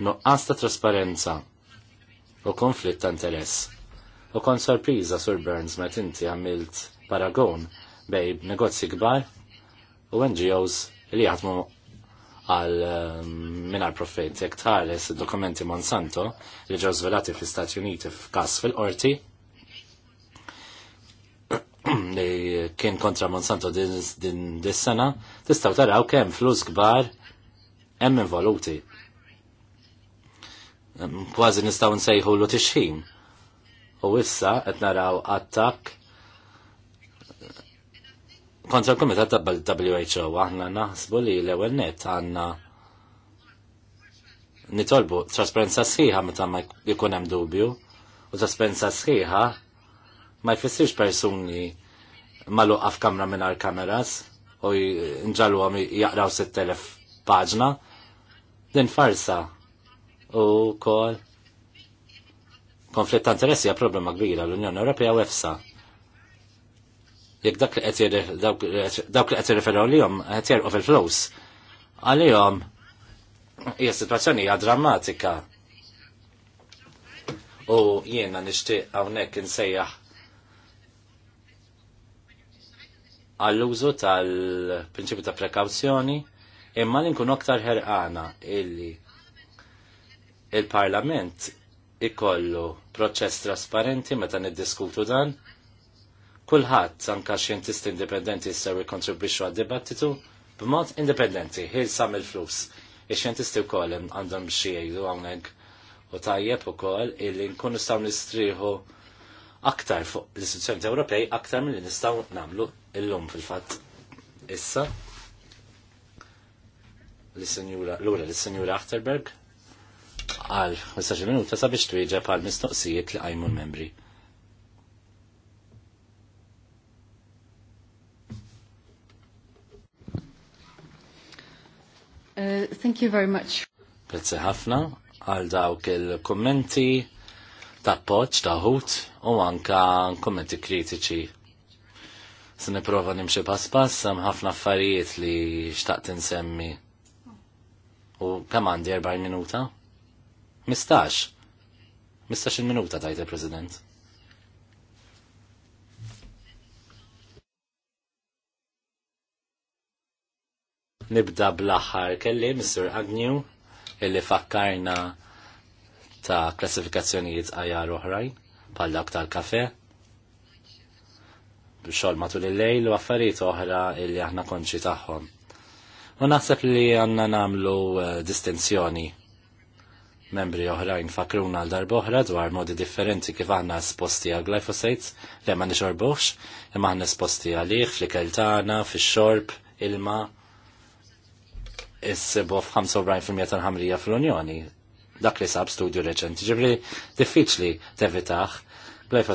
Nuqqas ta' trasparenza u konflitt ta' interess. U kon sorpriza, Sur Burns meta inti għamilt paragon bej negozji kbar u NGOs li jaħdmu għal ehm, minar profit jek tħares dokumenti Monsanto li ġew zvelati fl-Istati Uniti f'kas fil-qorti [clears throat] li kien kontra Monsanto din dis-sena tistgħu taraw kemm flus kbar hemm involuti. Ehm, kważi nistgħu nsejħu l tixħim. U issa qed naraw attakk kontra l-Komitat WHO aħna naħsbu li l ewel net għandna nitolbu trasparenza sħiħa meta ma jkun hemm dubju u trasparenza sħiħa ma jfissirx persuni maluqa f'kamra mingħajr kameras u nġalluhom jaqraw 6000 paġna din farsa u kol konflitt ta' interessi hija problema kbira l-Unjoni Ewropea u EFSA jekk dak li qed dawk li qed jirreferu lihom qed jerqu fil-flus. Għalihom hija sitwazzjoni hija drammatika. U jiena nixtieq hawnhekk insejjaħ għall-użu tal-prinċipju ta' prekawzjoni imma li nkun aktar ħerqana illi il-Parlament ikollu proċess trasparenti meta niddiskutu dan Kulħadd anka xjentisti indipendenti jistgħu jikkontribwixxu għad-dibattitu b'mod indipendenti, ħil sam il-flus. Ix-xjentisti wkoll għandhom xi jgħidu hawnhekk u tajjeb ukoll illi nkunu nistgħu nistrieħu aktar fuq l-istituzzjoni Ewropej aktar milli nistgħu nagħmlu illum fil-fatt. Issa l-Sinjura l-ura l-Sinjura Achterberg għal 15 minuta sabiex twieġeb għal mistoqsijiet li għajmu l-membri. Uh, thank you very much. Grazie ħafna għal dawk il-kommenti ta' poċ, ta' hut u anka kommenti kritiċi. Se niprofa nimxi pas-pas, hemm ħafna affarijiet li xtaqt insemmi. U kemm għandi 40 minuta? Mistax. Mistax il-minuta tajt il-President. Nibda bl-aħħar kelli Mr. Agnew illi fakkarna ta' klassifikazzjonijiet għajar oħrajn bħal dawk tal-kafe xol matul il-lejl u affarijiet oħra illi aħna konċi tagħhom. U naħseb li għanna namlu eh, distinzjoni membri oħrajn fakruna għal oħra dwar modi differenti kif aħna sposti għal glyphosate li ma nixorbuħx, imma aħna esposti għalih fl keltana fix-xorb, ilma, issibu f'45% tal-ħamrija fl-Unjoni. Dak li sab studju reċenti, ġibri diffiċli tevitaħ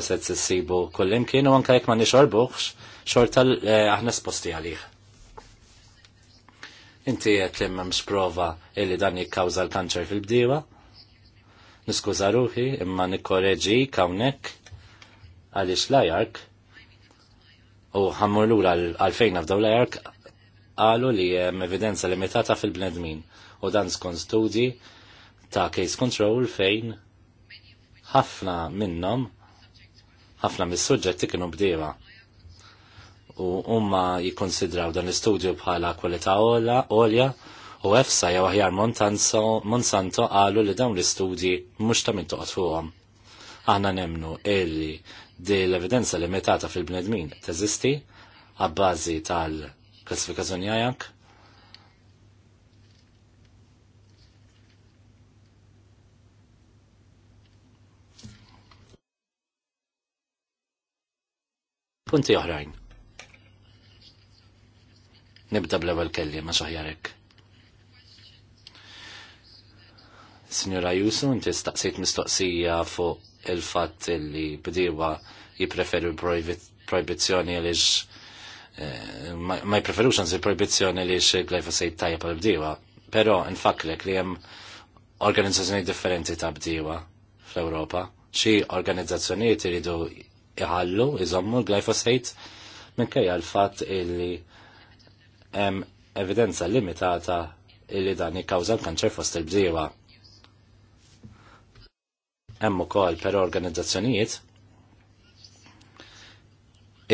set s-sibu kullimkien u anka jek ma nixorbuħx, xort tal-aħna eh, sposti għalih. Inti jett li m'hemmx prova illi dan jikkawża l-kanċer fil-bdiewa? Niskuża ruħi imma nikkoreġi hawnhekk għaliex l-ajark u ħammur lura għalfejn f'daw lajark qalu li hemm evidenza limitata fil-bnedmin u dan skont studji ta' case control fejn ħafna minnhom ħafna mis-suġġetti kienu bdieva. U huma jikkonsidraw dan l-istudju bħala kwalità għolja u EFSA jew aħjar Monsanto qalu li dawn l-istudji mhux ta' min toqgħod fuqhom. Aħna nemnu illi di l-evidenza limitata fil-bnedmin teżisti għabbażi tal- klassifikazzjoni għajak. Punti oħrajn. Nibda bl-ewwel kelli ma soħjarek. Signora Jusu, inti staqsejt mistoqsija fuq il-fatt li bdiewa jipreferu proibizzjoni għaliex Eh, ma jpreferux għanzi proibizjoni li xil glifosate tajja pal bdiwa. pero nfakrek li jem organizzazzjoni differenti ta' bdiewa fl-Europa, xie organizzazzjoniet iridu iħallu, iżommu l-glifosate minn kajja l-fat illi jem evidenza limitata illi dan jikkawza l-kanċer fost il bdiwa Hemm ukoll però organizzazzjonijiet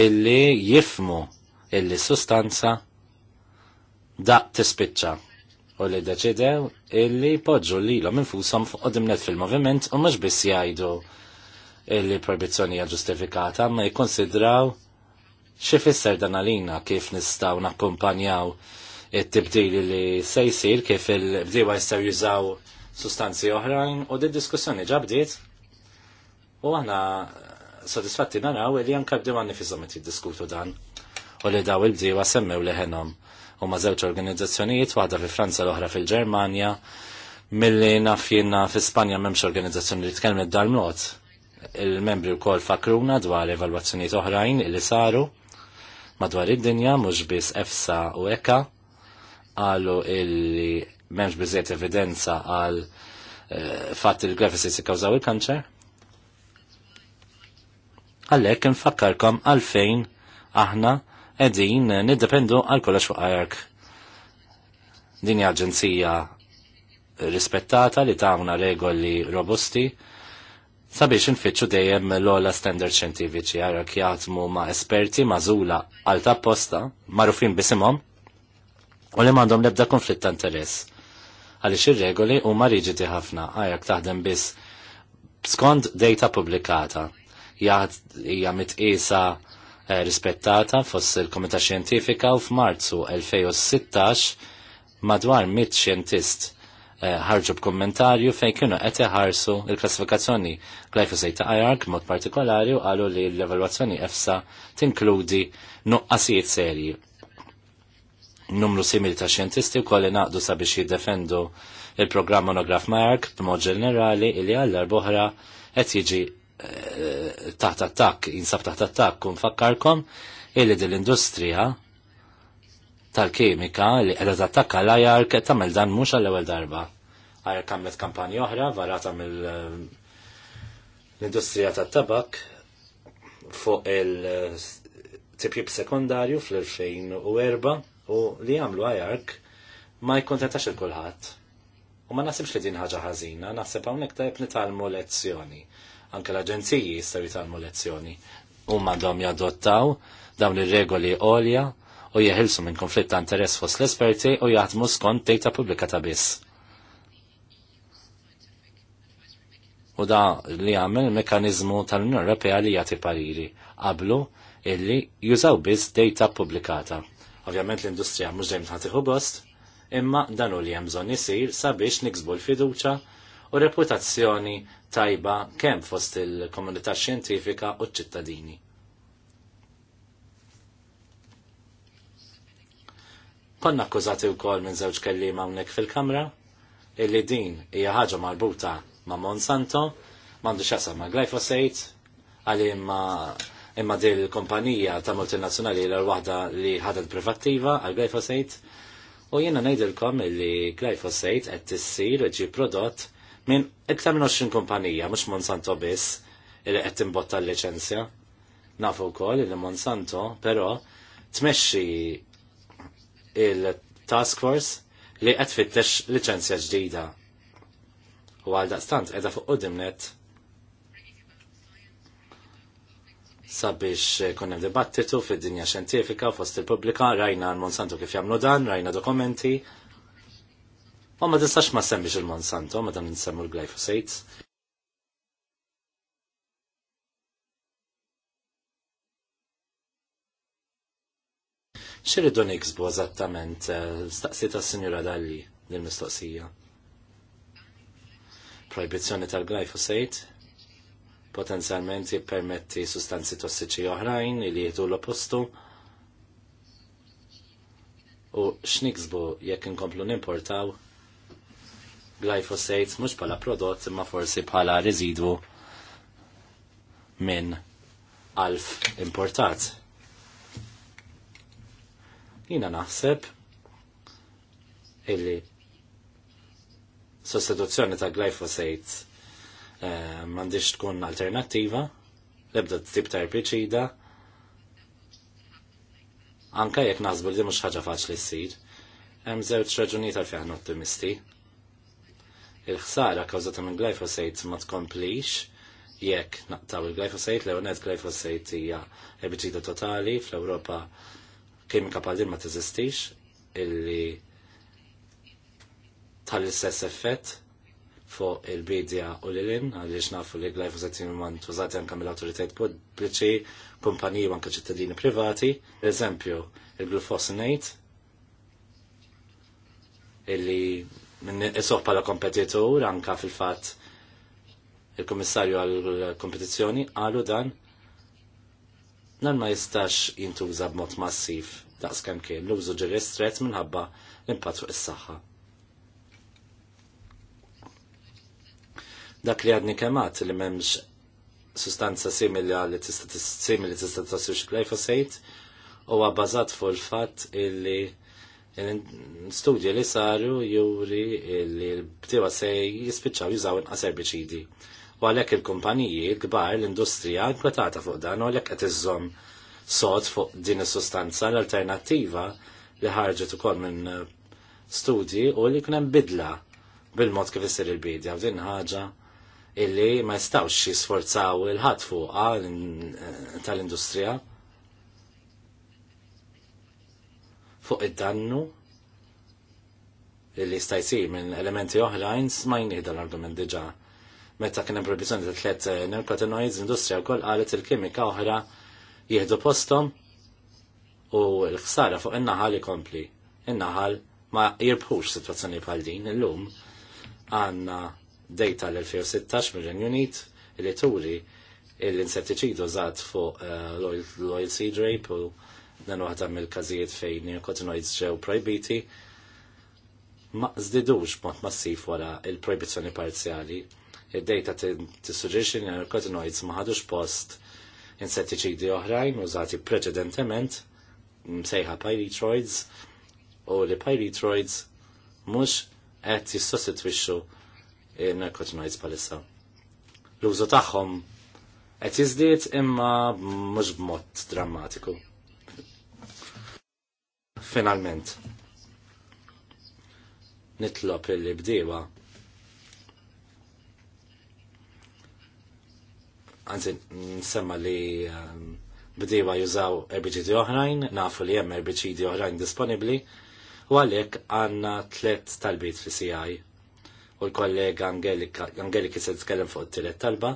illi jifmu illi sustanza daq tispiċċa u li deċidew illi poġġu li l-om infusom fuq dimnet fil-moviment u mux biss jajdu illi proibizzjonija ġustifikata ma jikonsidraw xie fisser dan għalina kif nistaw nakkumpanjaw it-tibdili li se jisir kif il-bdiwa jistaw jużaw sustanzi oħrajn u di diskussjoni ġabdiet u għana sodisfatti naraw li janka bdiwa nifizzom diskutu dan u li daw il bdiwa semmew leħenhom. Huma żewġ organizzazzjonijiet waħda fi Franza l-oħra fil-Ġermanja milli naf jiena fi Spanja m'hemmx organizzazzjoni li tkellmet dal-mod. Il-membri wkoll fakruna dwar evalwazzjonijiet oħrajn li saru madwar id-dinja mhux biss EFSA u EKA qalu illi m'hemmx biżejjed evidenza għal eh, fatt il-glyphosate ikkawżaw il-kanċer? Għallek nfakkarkom għalfejn aħna edin niddependu għal kollox fuq IARC. Dini aġenzija rispettata li tagħmuna regoli robusti sabiex nfittxu dejjem l-ola standard xjentifiċi għarak jgħatmu ma' esperti mażula għal ta' posta marufin bisimhom u li m'għandhom l-ebda konflitt ta' interess. Għaliex ir-regoli huma riġidi ħafna għarak taħdem biss skont data publikata hija mitqisa Eh, rispettata fost il-Komita Xjentifika u f'Marzu 2016 madwar mit xjentist eh, ħarġu b'kommentarju fejn kienu qed iħarsu l-klassifikazzjoni glyfosate ta' IARC mod partikolari u qalu li l-evalwazzjoni EFSA tinkludi nuqqasijiet serji. Numru simili ta' xjentisti wkoll naqdu sabiex jiddefendu il-programm monograf Mark b'mod ġenerali li għall boħra qed jiġi taħt attak, jinsab taħt attakk kun fakkarkom illi dil-industrija tal kemika li qiegħda tattakka la jark tagħmel dan mhux għall-ewwel darba. Għar kammet kampanja oħra varata mill eh, l-industrija tat-tabak fuq il-tipjib sekundarju fl-2004 u li għamlu ajark ma jkontentax il-kulħadd. U ma nasibx li din ħaġa ħażina, naħseb hawnhekk tajb nitalmu lezzjoni. Anke l-aġenziji jistgħu jitalmu lezzjoni. Huma għandhom jadottaw dawn ir-regoli għolja u jeħilsu minn konflitt ta' interess fost l-esperti u jaħdmu skont data publika ta' biss. U da li għamil il-mekanizmu tal-Unjoni Ewropea li jagħti pariri qablu illi jużaw biss data publikata. Ovvjament l-industrija mhux dejjem tħatiħu bost, imma dan u li hemm bżonn isir sabiex niksbu l-fiduċja u reputazzjoni tajba kemm fost il-komunità xjentifika u ċ-ċittadini. Konna akkużati wkoll minn żewġ kelliem hawnhekk fil-Kamra illi din hija ħaġa marbuta ma' Monsanto, m'għandu xasa ma' glyphosate, għal imma imma dil kompanija ta' multinazzjonali l waħda li ħadet privattiva għal glyfosate u jiena ngħidilkom illi glyfosate qed tissir ġi prodott minn iktar minn 20 kumpanija, mhux Monsanto biss, li qed timbotta l-liċenzja. Nafu wkoll il Monsanto, però tmexxi il-task force li qed fittex liċenzja ġdida. U għal daqstant qiegħda fuq qudimnet sabiex kun hemm dibattitu fid-dinja xjentifika fost il-pubblika rajna l-Monsanto kif jagħmlu dan, rajna dokumenti, Ma ma tistax ma semmix il-Monsanto, ma dan nsemmu l-glyfosate. ċirridu niksbu eżattament eh, staqsiet tas sinjura Dalli din mistoqsija Proibizzjoni tal-glyfosate potenzjalment jippermetti sustanzi tossiċi oħrajn li jieħdu l-oppostu u x'niksbu jekk inkomplu nimportaw glyphosate mhux bħala prodott imma forsi bħala residwu minn alf importat. Jina naħseb illi sostituzzjoni ta' glyphosate eh, mandiġ tkun alternativa, lebda tip ta' erbiċida, anka jekk naħsbu li mhux ħaġa faċli ssir, hemm żewġ raġunijiet għalfejn ottimisti il-ħsara kawżata minn glyphosate ma tkomplix jekk naqtaw il glyphosate l-eonet glyphosate hija erbiċida totali fl-Ewropa kimika bħal din ma teżistix illi tal-istess effett fuq il-bidja u l-ilin, għaliex nafu li glyphosate jimman tużati anka mill-autoritet pubbliċi, kumpaniji anka ċittadini privati, eżempju il-glufosinate, illi minn isoħ pala kompetitur anka fil-fat il-Komissarju għal-Kompetizzjoni għalu dan nan ma jistax jintuża b'mod massiv daqs kemm kien l-użu ġi minħabba l-impatt fuq is-saħħa. Dak li għadni kemat li m'hemmx sustanza simili li tista' simili tista' tasir glifosate huwa bbażat fuq il-fatt illi Studji li saru juri li l-btiwa se jispiċċaw jużaw inqas erbiċidi. U għalhekk il-kumpaniji l-kbar l-industrija nkwetata fuq dan u għalek qed iżżomm sod fuq din is-sustanza l-alternattiva li ħarġet ukoll minn eh, studji u li kien hemm bidla bil-mod kif isir il-bidja u din ħaġa illi ma jistawx jisforzaw il-ħat fuqa eh, tal-industrija. fuq id-dannu li stajsi minn elementi oħrajn smajni dan l-argument diġa. Meta kien hemm produzzjoni ta' tliet eh, neokotinoids, l-industrija wkoll qalet il-kimika oħra jieħdu postom u l-ħsara fuq in-naħal ikompli. In-naħal ma jirbħux sitwazzjoni bħal din illum għandna data l-2016 mill renju Unit li turi l-insettiċidu żgħat fuq eh, l-oil seed rape u dan waħda mill-każijiet fejn nikotinoids ġew projbiti ma żdidux mod massiv wara il-projbizzjoni parzjali. Id-dejta tissuġġerixxi li nikotinoids ma ħadux post insettiċidi oħrajn użati preċedentement msejħa pyretroids u li pyretroids mhux qed jissostitwixxu narkotinoids palissa. L-użu tagħhom qed jiżdied imma mhux b'mod drammatiku finalment. Nitlob illi bdiewa għanzi nsemma li ehm, bdiewa jużaw erbiċidi oħrajn, nafu li hemm erbiċidi oħrajn disponibli, u għalhekk għandna tliet talbit fi CI. U l-kollega Angelika se tkellem fuq it tlet talba,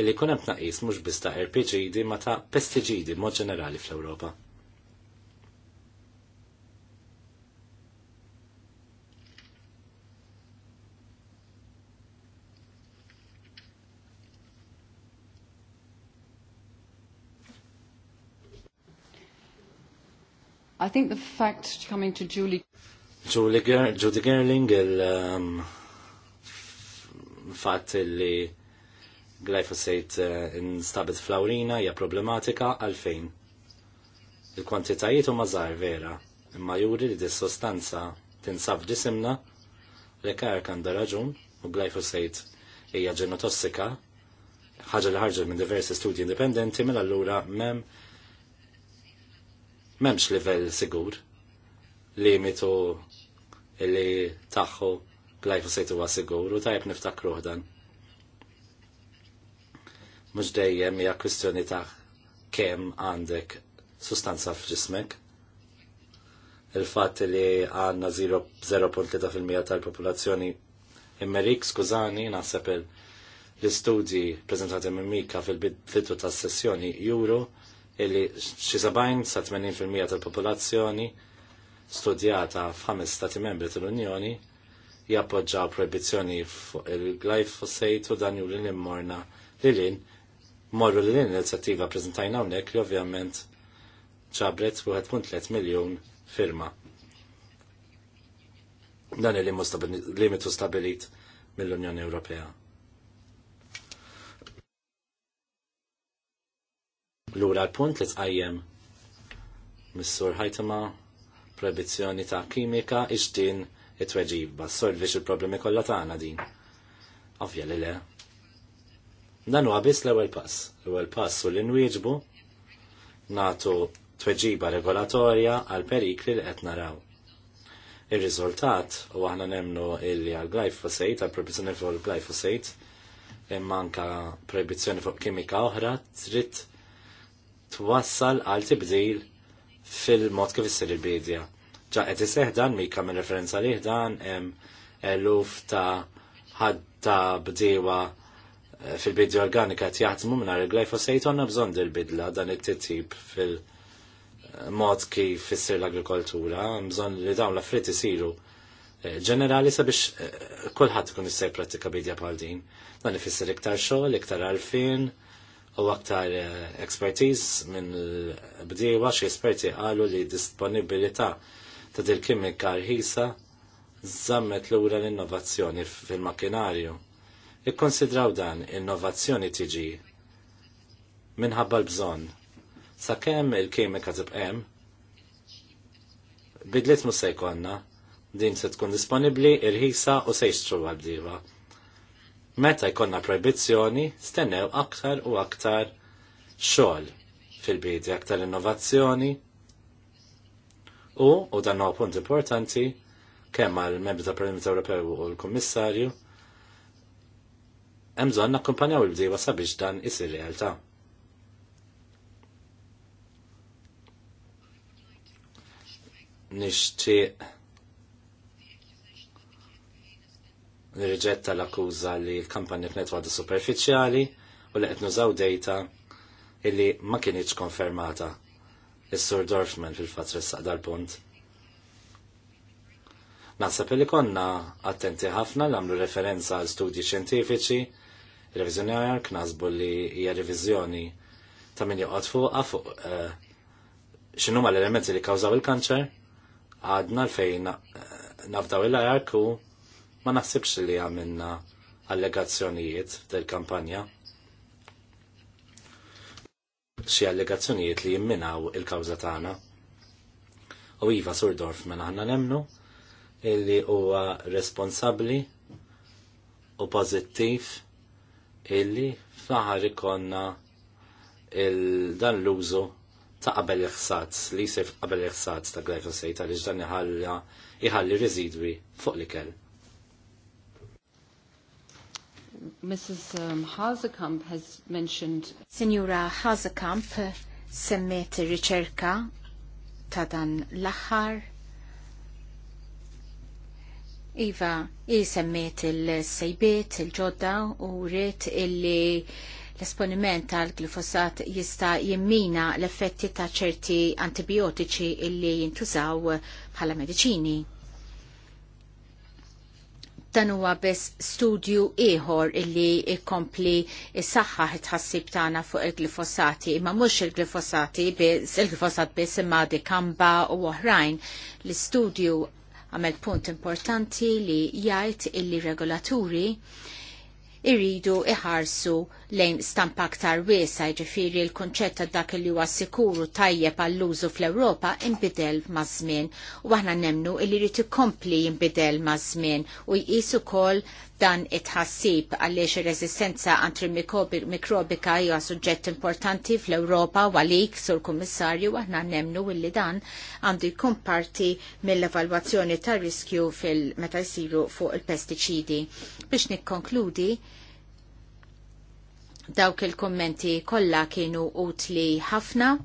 illi kun hemm tnaqis mhux biss ta' erbiċidi ma ta' pestiġidi mod ġenerali fl-Ewropa. I think the fact coming to Julie Julie, Ger Julie Gerling il um, fatt li glyfosate uh, eh, stabet flawrina hija problematika għalfejn. Il-kwantitajiet huma żgħar vera, imma juri li dis-sostanza tinsab ġisimna l-ekar għandha raġun u glyfosate hija ġenotossika ħaġa li ħarġet minn diversi studji indipendenti mill mela allura mem memx livell sigur limitu illi taħħu sejtu għas sigur u tajb niftakru ħdan. Mhux dejjem hija kwistjoni ta' kemm għandek sustanza f'ġismek. Il-fatt li għandna 0.3% tal-popolazzjoni immerik, skużani, naħseb l-istudji prezentati minn Mika fil-bidu tas-sessjoni juru illi xi 70 sa 80% tal-popolazzjoni studjata f'ħames stati membri tal-Unjoni jappoġġaw proibizzjoni fuq il-glyphosate u dan juri l-immorna li lin morru li lin l-inizjattiva preżentajna hawnhekk li ovvjament ġabret 1.3 miljun firma. Dan il-limitu stabilit mill-Unjoni Ewropea. L-ura l-punt li tqajjem Missur ħajtama proibizzjoni ta' kimika iġtin it-tweġiba, solvix il-problemi kollha tagħna din. Ovvja li le. Dan huwa biss l-ewwel pass. L-ewwel pass u li nwieġbu nagħtu tweġiba regolatorja għal perikli li qed naraw. Ir-riżultat u aħna nemnu illi għal glyfosate għal proibizzjoni fuq glyfosate, glifosate imma anka proibizzjoni fuq kimika oħra trid twassal għal tibdil fil-mod kif issir il-bidja. Ġa qed iseħ dan mi kamil referenza liħ dan hemm eluf ta' ħadda bdiewa eh, fil-bidja organika qed jaħdmu mingħajr il glyfosate għandna bżonn dil-bidla dan it-titjib fil-mod eh, kif issir l-agrikoltura, bżonn li dawn l affrit isiru eh, ġenerali sabiex kulħadd ikun jista' pratika bidja bħal din. Dan ifisser iktar xogħol, iktar għalfin, u aktar ekspertiz eh, minn bdiewa xi esperti qalu li disponibilità ta' dil kimika rħisa l lura l-innovazzjoni fil-makinarju. Ikkonsidraw dan innovazzjoni tiġi minħabba l-bżonn. Sakemm il-kimika tibqem, bidliet mhux se jkollna, din se tkun disponibbli irħisa u se għal bdiewa. Meta jkonna proibizzjoni, stennew aktar u aktar xogħol fil-bidi, aktar innovazzjoni. U, u dan huwa punt importanti, kemm għal membri ta' Parlament Ewropew u l-Kummissarju, hemm bżonn nakkumpanjaw il-bdiewa sabiex dan isir realtà. Nixtieq nirriġetta l-akkuża li l-kampanja kienet waħda superfiċjali u li qed nużaw data illi ma kienitx konfermata. Is-Sur Dorfman fil-fatt ressaq dal-punt. Naħseb li konna attenti ħafna li għamlu referenza għal studji xjentifiċi, revizjonjar knażbu li hija reviżjoni ta' min joqgħod fuqha fuq eh, x'inhuma l-elementi li kawżaw il-kanċer, għadna l fejn eh, nafdaw il-ajarku ma naħsibx li għamilna allegazzjonijiet del kampanja xi allegazzjonijiet li jimminaw il-kawża tagħna. U iva Surdorf mela aħna nemnu illi huwa responsabbli u pożittiv illi faħar ikonna il dan l-użu ta' qabel iħsat, li jsir qabel iħsat ta' glifosate għaliex dan iħalla iħalli residwi fuq l-ikel. Mrs. Um, Hazekamp has mentioned. Signora Hazekamp semmet riċerka ta' dan l-aħħar. Iva, i semmet il-sejbiet, il-ġodda u rrit illi l-esponiment tal-glifosat jista' jimmina l-effetti ta' ċerti antibiotiċi illi jintużaw bħala mediċini dan huwa biss studju ieħor illi jkompli saħħa tħassib tagħna fuq il-glifosati, imma mhux il-glifosati biss il-glifosat biss imma dikamba u oħrajn. L-istudju għamel punt importanti li jgħid illi regolaturi irridu iħarsu lejn stampa aktar wiesa ġifiri l-konċett ta' dak li huwa sikuru tajjeb għall-użu fl-Ewropa inbidel maż-żmien u aħna nemnu li jrid ikompli jinbidel maż-żmien u jqisu kol dan it-ħassib għaliex ir-reżistenza antimikrobika hija suġġett importanti fl-Ewropa u għalik sur kummissarju aħna nemnu illi dan għandu jkun parti mill-evalwazzjoni tar riskju fil-meta jsiru fuq il-pestiċidi. Biex nikkonkludi, dawk il-kommenti kollha kienu utli ħafna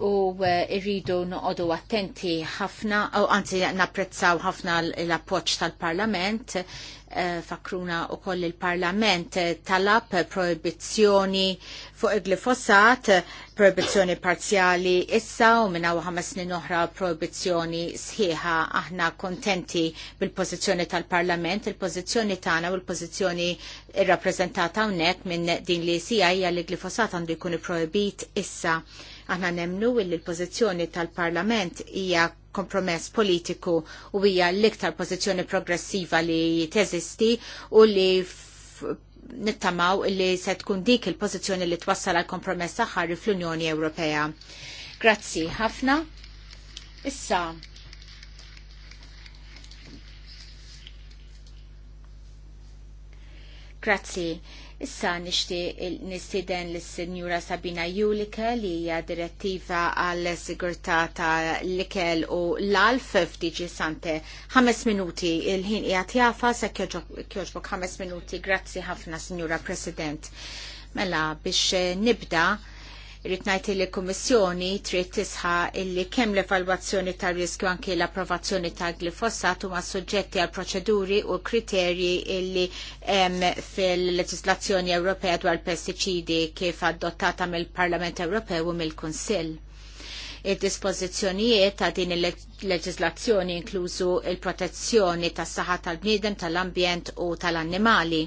u eh, irridu noqodu attenti ħafna, u anzi napprezzaw ħafna l-appoċ tal-Parlament, eh, fakruna u koll il-Parlament talab proibizjoni fuq il-glifosat, proibizjoni parzjali issa u minna u ħames snin oħra proibizjoni sħiħa. Aħna kontenti bil-pozizjoni tal-Parlament, il-pozizjoni tagħna u l-pozizjoni irrappreżentata hawnhekk minn din li sija hija li glifosat għandu jkun proibit issa Aħna nemnu illi l-pożizzjoni tal-Parlament hija kompromess politiku u hija l-iktar pożizzjoni progressiva li teżisti u li nittamaw illi se tkun dik il-pożizzjoni li twassal għal kompromess aħħar fl-Unjoni Ewropea. Grazzi ħafna. Issa, Grazzi. Issa nixtieq nistieden lis-Sinjura Sabina Julika li hija direttiva għal sigurtà ta' l-ikel u l-alf ftiġi sante. Ħames minuti il-ħin qiegħed tjafa se kjoġbok ħames minuti. Grazzi ħafna, Sinjura President. Mela biex nibda Irrit ngħid li kummissjoni trid tisħa illi kemm l-evalwazzjoni tar riskju anke l-approvazzjoni tal glifosat huma suġġetti għal proċeduri u kriterji illi hemm fil-leġislazzjoni Ewropea dwar pestiċidi kif adottata mill-Parlament Ewropew u mill-Kunsill il-dispozizjonijiet ta' din il-leġislazzjoni inklużu il-protezzjoni tas saħħa tal-bniedem, tal-ambjent u tal-annimali.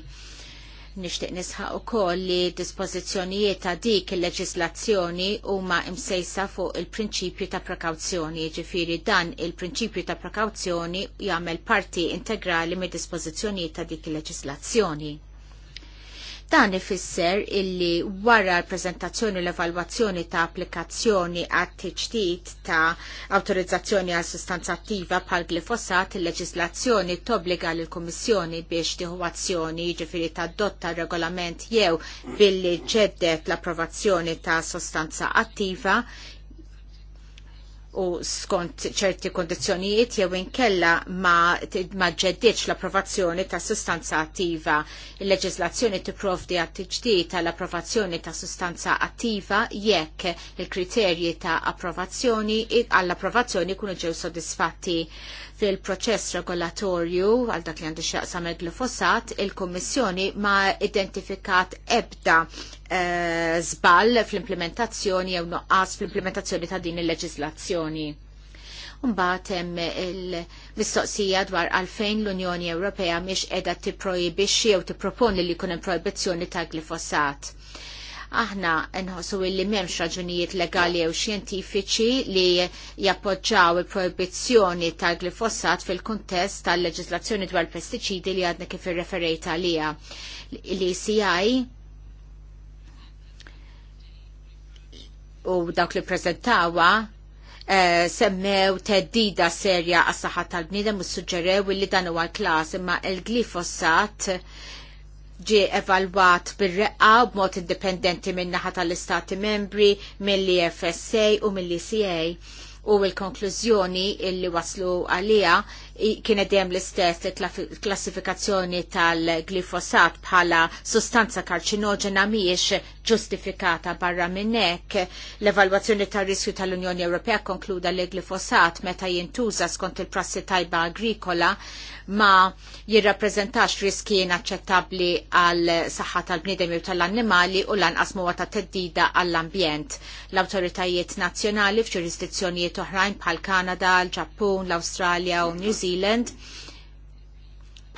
Nixtieq nisħaq ukoll li dispożizzjonijiet ta' dik il-leġislazzjoni huma msejsa fuq il-prinċipju ta' prekawzjoni, ġifiri dan il-prinċipju ta' prekawzjoni jagħmel parti integrali mid dispozizjonijiet ta' dik il-leġislazzjoni. Dan ifisser illi wara l-prezentazzjoni u l-evalwazzjoni ta' applikazzjoni għat tiġdid ta' autorizzazzjoni għal sustanza attiva bħal glifosat, il-leġislazzjoni tobbliga l kummissjoni biex tieħu azzjoni jiġifieri tadotta regolament jew billi ġeddet l-approvazzjoni ta' sostanza attiva u skont ċerti kondizjonijiet jew inkella ma, ma ġeddiċ l-approvazzjoni ta' sustanza attiva. Il-leġislazzjoni tipprovdi għat ġdid tal-approvazzjoni ta' sustanza attiva jekk il-kriterji ta' approvazzjoni għall-approvazzjoni kunu ġew sodisfatti fil-proċess regolatorju għal dak li għandu xaqsam il-glifosat, il-Kommissjoni ma identifikat ebda eh, zbal fl-implementazzjoni jew noqqas fl-implementazzjoni ta' din il-leġislazzjoni. Mbagħad hemm il-mistoqsija dwar għalfejn l-Unjoni Ewropea mhix qiegħda tipprojbixxi jew tipproponi li jkun hemm projbizzjoni ta' glifosat Aħna nħossu illi m'hemmx raġunijiet legali jew xjentifiċi li jappoġġaw il-proibizzjoni tal-glifosat fil-kuntest tal-leġislazzjoni dwar pestiċidi li għadna kif irreferejt għalija. L-ECI u dawk li prezentawa eh, semmew teddida serja għas saħħa tal-bniedem u s-sugġerew li dan huwa klas imma l-glifosat ġie evalwat bir-reqqa b'mod indipendenti min-naħa tal-Istati membri, mill-EFSA u mill-ECA u l-konklużjoni illi waslu għalija kienet dejjem l-istess klassifikazzjoni tal-glifosat bħala sostanza karċinoġena mhijiex ġustifikata barra minn hekk. L-evalwazzjoni tar-riskju tal-Unjoni Ewropea konkluda li glifosat meta jintuża skont il-prassi tajba agrikola ma jirrappreżentax riski inaċċettabbli għal saħħa tal bnidem u tal-annimali u lanqas huwa ta' teddida għall-ambjent. L-awtoritajiet nazzjonali f'ġurisdizzjonijiet oħrajn bħal Kanada, l-Ġappun, l-Awstralja u New Zealand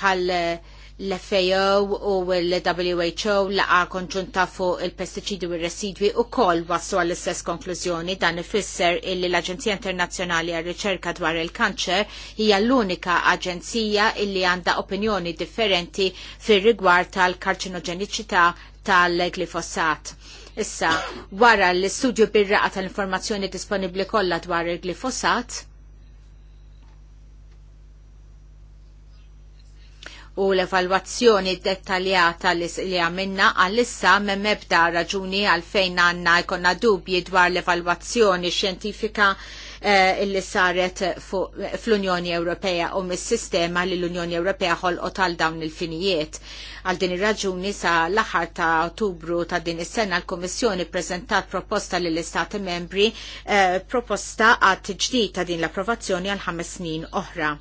bħal l-FAO u l-WHO laqa konġunta fuq il-pesticidi u residwi u kol wassu għall-istess konklużjoni dan ifisser illi l-Aġenzija Internazzjonali għal riċerka dwar il-kanċer hija l-unika aġenzija illi għandha opinjoni differenti fir-rigward tal-karċinoġeniċità tal-glifosat. Issa, wara l-istudju bir-raqa tal-informazzjoni disponibbli kollha dwar il-glifosat, u l-evalwazzjoni dettaljata li għamilna għall-issa me ebda raġuni għalfejn għanna jkonna dubji dwar l-evalwazzjoni xjentifika eh, illi saret fl-Unjoni Ewropea u mis-sistema li l-Unjoni Ewropea ħolqot għal dawn il-finijiet. Għal din ir-raġuni sa l-aħħar ta' Ottubru ta' din is-sena l-Kummissjoni preżentat proposta lill istati membri eh, proposta għat ġdid ta' din l-approvazzjoni għal ħames snin oħra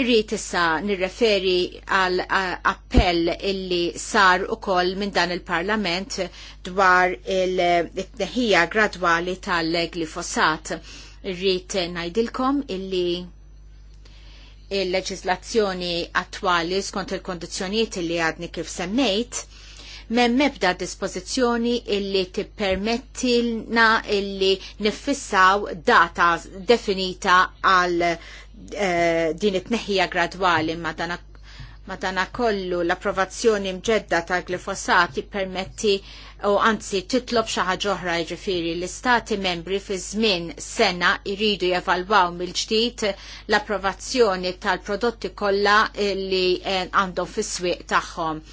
Irrid issa nirreferi għal appell illi sar ukoll minn dan il-Parlament dwar il-tneħija gradwali tal-glifosat. Irrit ngħidilkom illi il-leġislazzjoni attwali skont il-kondizzjonijiet illi għadni kif semmejt Mem mebda dispozizjoni illi tippermettilna illi niffissaw data definita għal Eh, din it-tneħħija gradwali madana, madana kollu l-approvazzjoni mġedda ta' glifosat permetti u anzi titlob xi ħaġa oħra jiġifieri l-istati membri fi żmien sena jridu jevalwaw mill-ġdid l-approvazzjoni tal-prodotti kollha li eh, għandhom fis-swieq tagħhom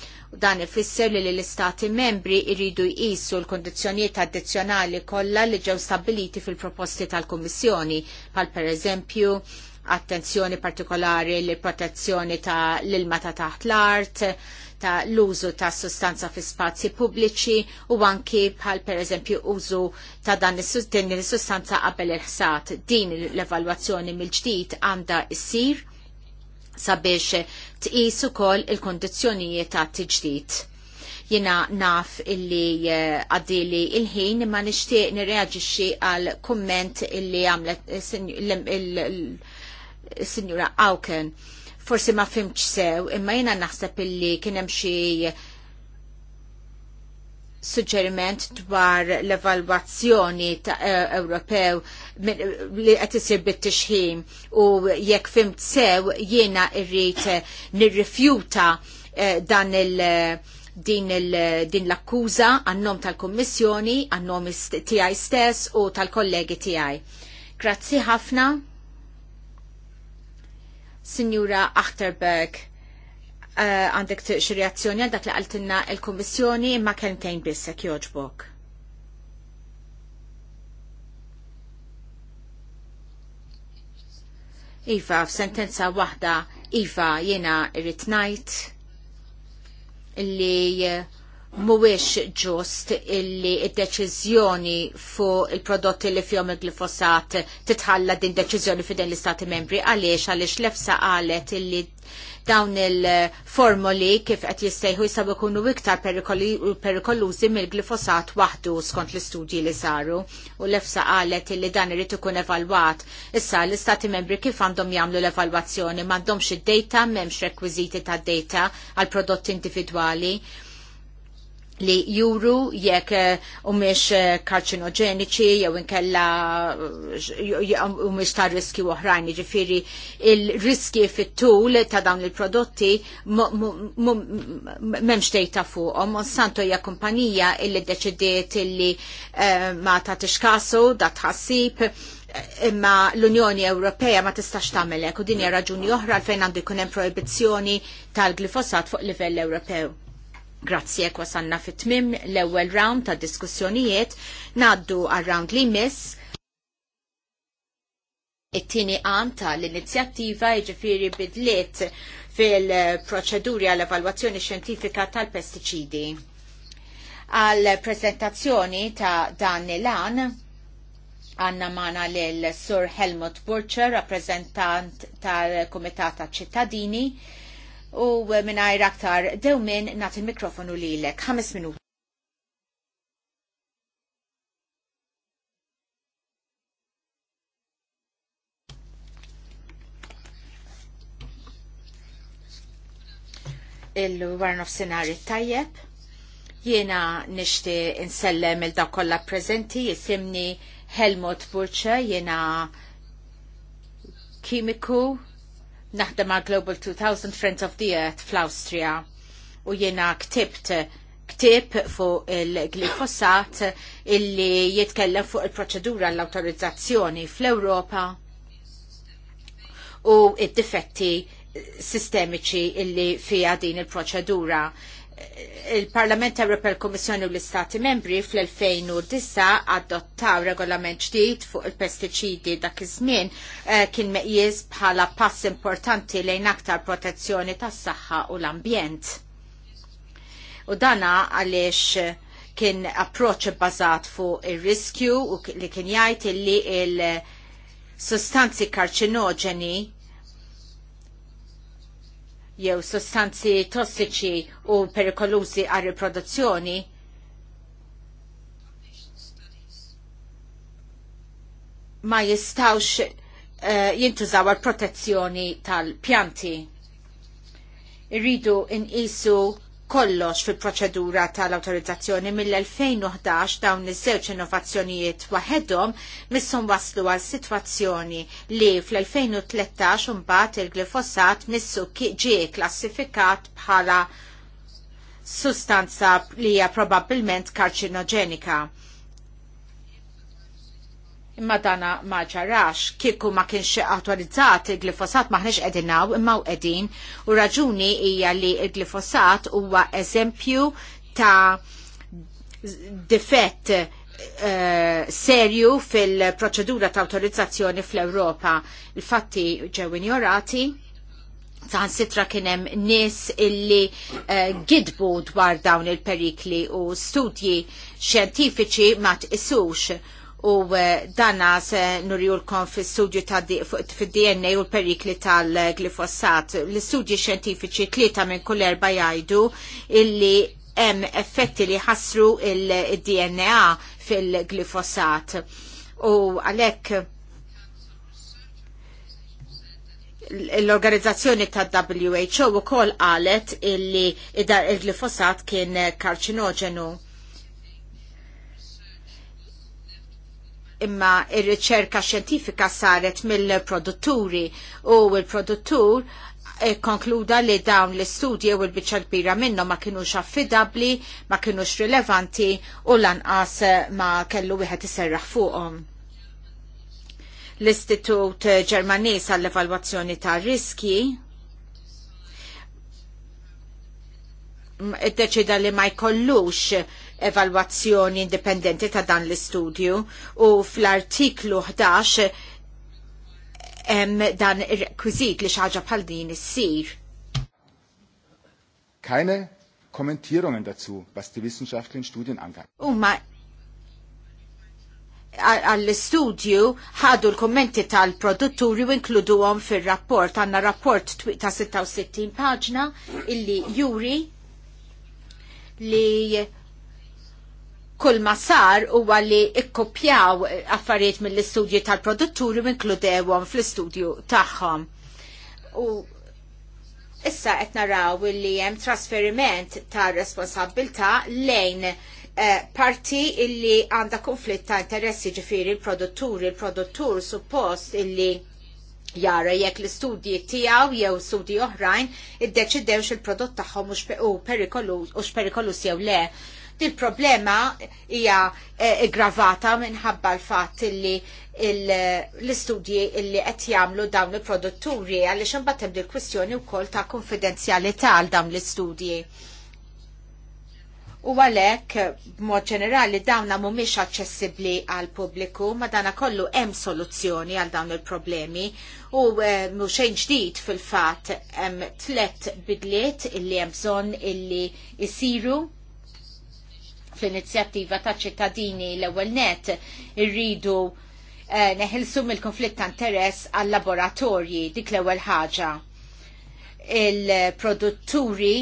dan ifisser li l-istati membri iridu jqisu l-kondizjonijiet addizzjonali kollha li ġew stabiliti fil-proposti tal-Kummissjoni, bħal pereżempju attenzjoni partikolari li protezzjoni ta' l-ilma ta' taħt l-art, ta' l-użu ta' sostanza fi spazi pubbliċi u anki bħal per eżempju użu ta' dan il sustanza qabel il-ħsat. Din l-evalwazzjoni mill-ġdid għandha issir sabiex tqis ukoll il-kondizzjonijiet ta' tiġdid. Jina naf illi eh, għaddili il-ħin imma nixtieq nirreaġixxi għal kumment illi għamlet il eh, Signora Auken. Forsi ma fimx sew, imma jina naħseb illi kienem xie suġġeriment dwar l-evalwazzjoni ta' e, Ewropew li qed isir bit-tixħim u jekk fimt sew jiena irrid nirrifjuta e, dan il- din, din l-akkuża għannom tal-Kommissjoni, għannom tiegħi stess u tal-kollegi tiegħi. Grazzi ħafna. Signora Achterberg, eh, għandek uh, xi reazzjoni għal dak li qaltilna l-Kummissjoni imma kentejn bissek jogħġbok. Iva, f'sentenza waħda, Iva, jena irrit ngħid illi Mhuwiex ġust illi id-deċiżjoni fuq il-prodotti li fihom il-glifosat titħalla din deċiżjoni din l-Istati membri għaliex għaliex lefsa qalet illi dawn il-formuli kif qed jistejħu jistgħu jkunu iktar perikolużi mill-glifosat waħdu skont l-istudji li saru u lefsa qalet illi dan irid ikun evalwat. Issa l-Istati membri kif għandhom jagħmlu l-evalwazzjoni m'għandhomx id-data m'hemmx rekwiżiti tad-data għal prodotti individwali li juru jekk eh, umiex eh, karċinogeniċi jew inkella eh, umiex ta' riski oħrajn, ġifiri il-riski fit-tul ta' dawn il-prodotti memx dejta fuqhom. Monsanto hija kumpanija illi deċidiet illi ma ta' tixkasu da tħassib imma l-Unjoni Ewropea ma tistax tagħmel hekk u din hija raġuni oħra għalfejn għandu jkun hemm proibizzjoni tal-glifosat fuq livell Ewropew. Grazzi ekwa sanna fit-tmim l-ewwel round ta' diskussjonijiet naddu għal round li miss it-tieni ta l inizjattiva jiġifieri bidliet fil-proċeduri għall evalwazzjoni xjentifika tal-pestiċidi. Għal prezentazzjoni ta' dan il-għan għanna maħna l-Sur Helmut Burcher, rappresentant tal-Komitata ċittadini, u eh, mingħajr aktar dew minn nagħti il-mikrofonu lilek. Ħames minuti. il-warn of senari tajjeb. Jiena nishti insellem il dak kollha prezenti jisimni Helmut Burċa jiena kimiku naħdem għal Global 2000 Friends of the Earth fl-Austria u jiena ktibt ktib fuq il-glifosat illi jitkellem fuq il-proċedura l-autorizzazzjoni fl-Europa u id-difetti sistemiċi illi fija din il-proċedura il-Parlament Ewropew il-Kommissjoni u l-Istati Membri fl-2009 adottaw regolament ġdid fuq il-pestiċidi dak iż-żmien eh, kien meqjies bħala pass importanti lejn aktar protezzjoni tas-saħħa u l-ambjent. U dana għaliex eh, kien approċċ bbażat fuq ir-riskju u li kien jgħid illi il-sustanzi karċinoġeni jew sostanzi tossiċi u perikolużi għar riproduzzjoni ma jistawx uh, jintużaw għal protezzjoni tal-pjanti. Irridu isu kollox fil-proċedura tal-autorizzazzjoni mill-2011 dawn iż-żewġ innovazzjonijiet waħedhom misson waslu għal sitwazzjoni li fl-2013 mbagħad il-glifosat missu ġie klassifikat bħala sustanza li hija probabbilment karċinoġenika. Imma dana ma ġarax, kieku ma kienx attualizzat il-glifosat maħnex edinaw imma u edin u raġuni hija li il-glifosat huwa eżempju ta' difett uh, serju fil-proċedura ta' autorizzazzjoni fl-Europa. Il-fatti ġew ignorati, taħan sitra kienem nis illi uh, gidbu dwar dawn il-perikli u studji xjentifiċi ma tqisux u eh, danna se nurjulkom fil-studju fil-DNA u l-perikli tal-glifosat. l studju xjentifiċi tlieta minn kull erba jgħidu illi hemm effetti li ħassru il-DNA fil-glifosat. U għalhekk l-organizzazzjoni ta' WHO u kol għalet illi il-glifosat kien karċinogenu. imma ir-riċerka xjentifika saret mill-produtturi u l-produttur eh, konkluda li dawn l-istudji u l-bicċa kbira minnhom ma kienu affidabli, ma kienux rilevanti u lanqas eh, ma kellu wieħed iserraħ fuqhom l-Istitut Ġermaniż għall-Evalwazzjoni tar Riski id-deċida li ma jkollux evalwazzjoni indipendenti ta' dan l-istudju u fl-artiklu 11 hemm dan ir-rekwiżit li xaġa bħal din issir. Keine Kommentierungen dazu, was die wissenschaftlichen Studien angeht. Umma għall-istudju ħadu l-kommenti tal-produtturi u inkluduhom fil-rapport. Għanna rapport ta' 66 paġna illi juri li kull ma sar u għalli ikkopjaw affarijiet mill-istudju tal-produtturi minkludewhom fl-istudju tagħhom. U issa qed naraw li hemm trasferiment ta' responsabilità lejn eh, parti illi għandha konflitt ta' interessi ġifiri l produtturi il-produttur suppost illi jara jekk l-istudji tiegħu jew studji oħrajn iddeċidew il-prodott tagħhom u x'perikolus jew le Dil problema hija eh, aggravata minħabba l-fatt li l-istudji illi qed jagħmlu dawn il-produtturi għaliex imbagħad tibdi il-kwistjoni wkoll ta' konfidenzjalità għal dawn l-istudji. U għalhekk b'mod ġenerali dawn mhumiex aċċessibbli għal pubbliku, ma dana kollu hemm soluzzjoni għal dawn il-problemi u eh, mhu xejn ġdid fil-fatt hemm tliet bidliet illi hemm bżonn illi jsiru fl-inizjattiva ta' ċittadini l-ewwel net irridu eh, neħilsu mill-konflitt ta' interess għal laboratorji dik l-ewwel ħaġa. Il-produtturi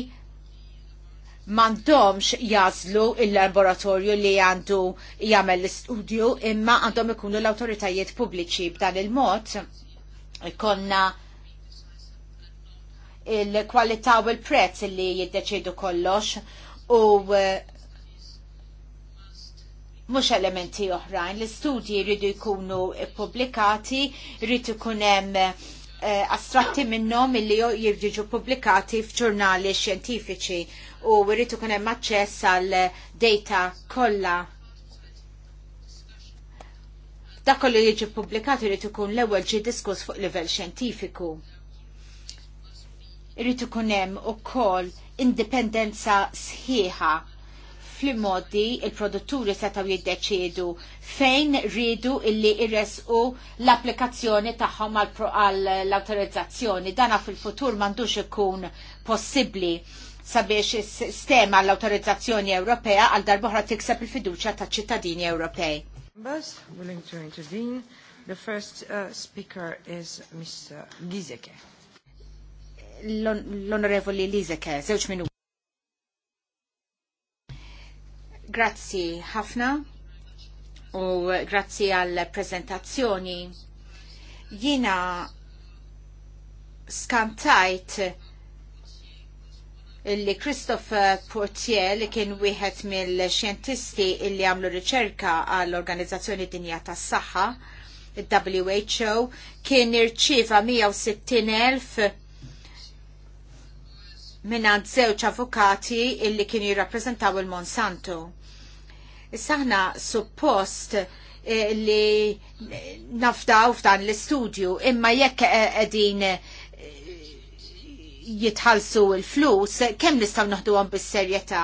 mandomx jazlu il-laboratorju li għandu jagħmel l-istudju imma għandhom ikunu l-awtoritajiet pubbliċi b'dan il-mod ikonna il-kwalità u l-prezz li jiddeċidu kollox u eh, mux elementi oħrajn. L-istudji rridu jkunu publikati, rridu kunem eh, astratti minnom illi jirġiġu publikati f'ġurnali xjentifiċi u rridu kunem maċċess għal data kolla. Dak li jiġi publikati rrid ikun l-ewwel ġi diskuss fuq livell xjentifiku. Irrid ikun hemm ukoll indipendenza sħiħa fl-modi il-produtturi setaw jiddeċiedu fejn ridu illi irresqu l-applikazzjoni tagħhom għall-autorizzazzjoni. Dana fil-futur mandux ikun possibbli sabiex is-sistema l-autorizzazzjoni Ewropea għal darbohra tikseb il-fiduċja taċ ċittadini Ewropej. Bas, willing to intervene. The first uh, speaker is Mr. Gizeke. L-Onorevoli Lizeke, zewċ minu. Grazzi ħafna u grazzi għall prezentazzjoni Jina skantajt illi Christopher Portier li kien wieħed mill-xjentisti illi għamlu riċerka għall-Organizzazzjoni Dinja tas-Saħħa, il-WHO, kien irċiva 160.000 minn għand żewġ avukati illi kien jirrappreżentaw il-Monsanto. Issa suppost eh, li nafdaw f'dan l-istudju imma jekk eh, qegħdin eh, jitħalsu l flus kemm nistgħu naħduhom bis-serjetà?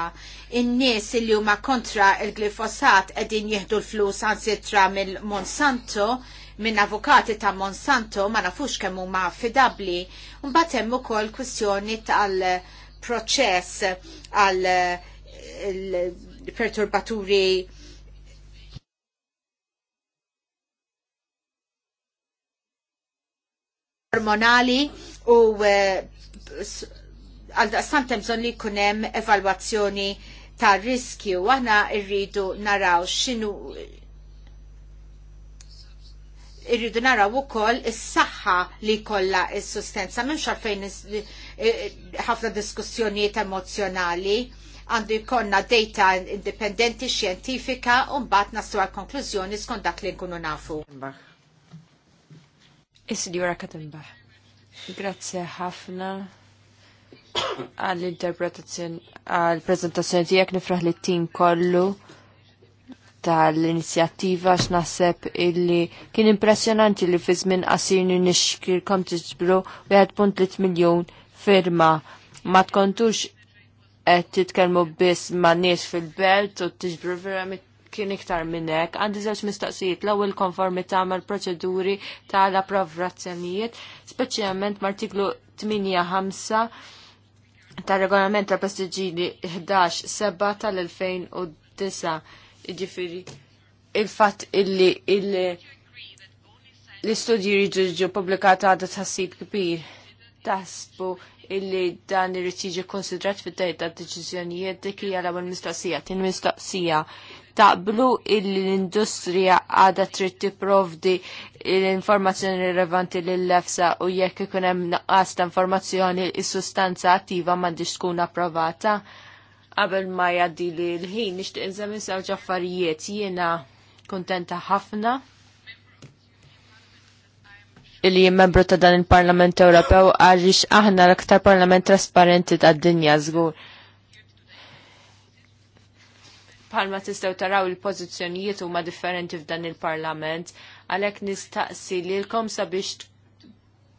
In-nies li huma kontra il-glifosat qegħdin jieħdu l-flus ansitra mill-Monsanto, minn avukati ta' Monsanto ma nafux kemm huma fidabli, Mbagħad hemm ukoll kwistjoni tal-proċess għal perturbaturi ormonali u eh, għal-daqstant bżon li kunem evalwazzjoni ta' riskju. Aħna irridu naraw xinu irridu naraw ukoll is-saħħa li kolla s-sustenza minn xarfejn eh, ħafna diskussjonijiet emozjonali għandu jkollna data indipendenti xjentifika u mbagħad naslu għal konklużjoni skont dak li nkunu nafu. Is-Sinjura Katimbaħ. Grazzi ħafna għall-interpretazzjoni għall-prezentazzjoni tiegħek nifraħ li tim kollu tal-inizjattiva x'naħseb illi kien impressjonanti li fi żmien qasir nixkilkom tiġbru 1.3 miljun firma. Ma tkontux qed titkellmu biss ma' nies fil-belt u tiġbru vera kien iktar minn hekk. Għandi żewġ mistaqsijiet l-ewwel konformità mal-proċeduri tal-approvazzjonijiet, speċjalment mal-artiklu 8.5 tar-regolament tal pestiġini 11-7 tal-2009. Iġifiri, il-fatt illi l-istudji jriġu publikata għadha tħassib kbir. Tasbu illi dan irid jiġi konsidrat fit-tejt ta' deċiżjonijiet dik hija l-ewwel mistoqsija. Tin mistoqsija taqblu illi l-industrija għada trid tipprovdi l-informazzjoni rilevanti lill-lefsa u jekk ikun hemm naqqas ta' informazzjoni is-sustanza attiva m'għandix tkun approvata qabel ma jgħaddi li l-ħin nixtieq inżamm insaw ġaffarijiet jiena kuntenta ħafna li membru ta' dan il-Parlament Ewropew għaliex aħna l-aktar parlament trasparenti ta' dinja zgur. Palma tistgħu taraw il-pożizzjonijiet huma differenti f'dan il-Parlament, għalhekk nistaqsi lilkom sabiex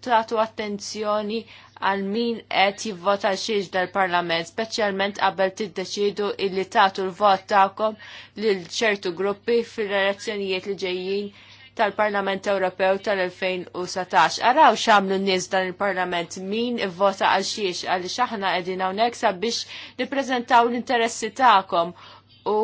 tagħtu attenzjoni għal min qed jivvota xiex dal-Parlament, speċjalment qabel tiddeċidu illi tagħtu l-vot tagħkom lil ċertu gruppi fil-elezzjonijiet li ġejjin tal-Parlament Ewropew tal-2017. Araw xamlu n-nies dan il-Parlament min ivvota għal xiex għal xaħna edin hawnhekk sabiex nippreżentaw l-interessi tagħkom u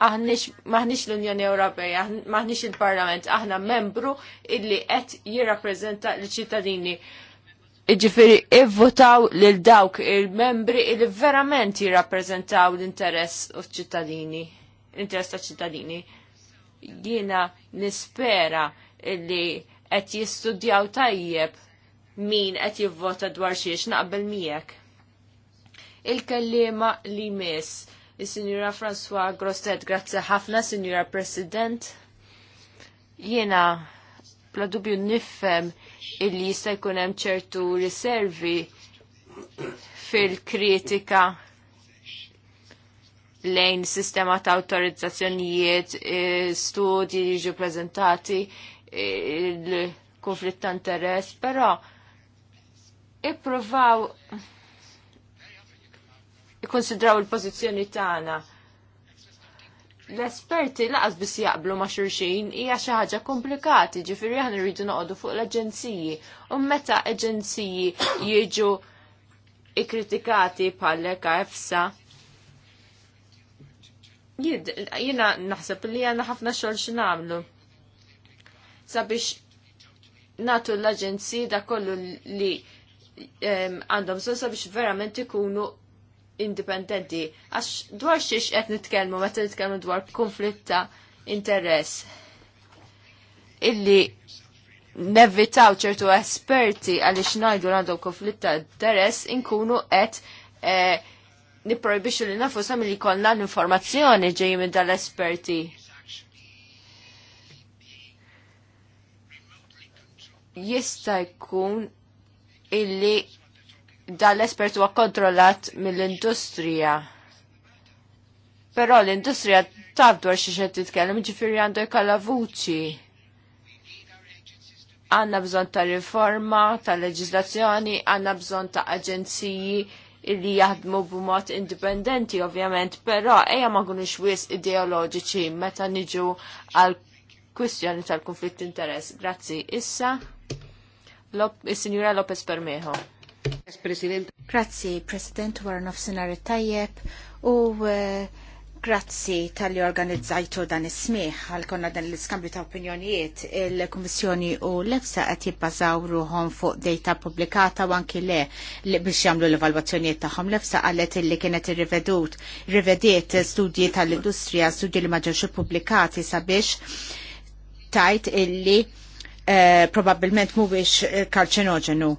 maħnix l-Unjoni Ewropea, maħnix il-Parlament, aħna membru illi qed jirrappreżenta l-ċittadini. Iġifiri, ivvotaw lil dawk il-membri illi verament jirrappreżentaw l-interess u ċittadini, l-interess ta' ċittadini jiena nispera li qed jistudjaw tajjeb min qed jivvota dwar xiex naqbel miegħek. Il-kellima li miss, is-Sinjura François Grosset grazzi ħafna, Sinjura President. Jiena bla dubju nifhem illi jista' jkun hemm ċertu riservi fil-kritika lejn sistema ta' autorizzazzjonijiet, e, studji li ġu prezentati, e, il-konflitt ta' interess, però ippruvaw ikkonsidraw il-pożizzjoni tagħna. L-esperti laqas biss jaqblu ma' xurxin hija xi ħaġa komplikati, ġifieri aħna rridu noqogħdu fuq l-aġenziji. U meta aġenziji jiġu ikkritikati bħalek EFSA, Jiena naħseb li għandna ħafna xol xinamlu. Sabiex natu l agenzi da kollu li għandhom sonsa biex verament ikunu indipendenti. Għax dwar xiex qed nitkellmu meta nitkellmu dwar konflitta interess. Illi nevitaw ċertu esperti għaliex ngħidu għandhom konflitt ta' interess inkunu qed eh, niprojbixu li nafu sami li kollan l-informazzjoni ġej minn dal-esperti. Jista' jkun illi dal-espert huwa kontrollat mill-industrija. Però l-industrija taf dwar xi qed titkellem, ġifieri għandu jkollha vuċi. Għandna bżonn ta' riforma, ta' leġizlazzjoni, għandna bżonn ta' aġenziji illi jaħdmu b'mod indipendenti ovvjament, però eja ma kunux wis ideoloġiċi meta niġu għal kwistjoni tal-konflitt interess. Grazzi. Issa, il-Sinjura Lopez Permejo. Grazzi, President Warnof Senari Tajjeb u uh, Grazzi tal-li organizzajtu dan ismiħ għal konna dan l-iskambju ta' opinjonijiet il komissjoni u l-EFSA qed jibbażaw ruħhom fuq data pubblikata u anki le biex jagħmlu l-evalwazzjonijiet tagħhom. L-EFSA qalet illi kienet irrivedut rivediet studji tal-industrija, studji li ma ġewx ippubblikati sabiex tajt illi eh, probabilment mhuwiex karċenoġenu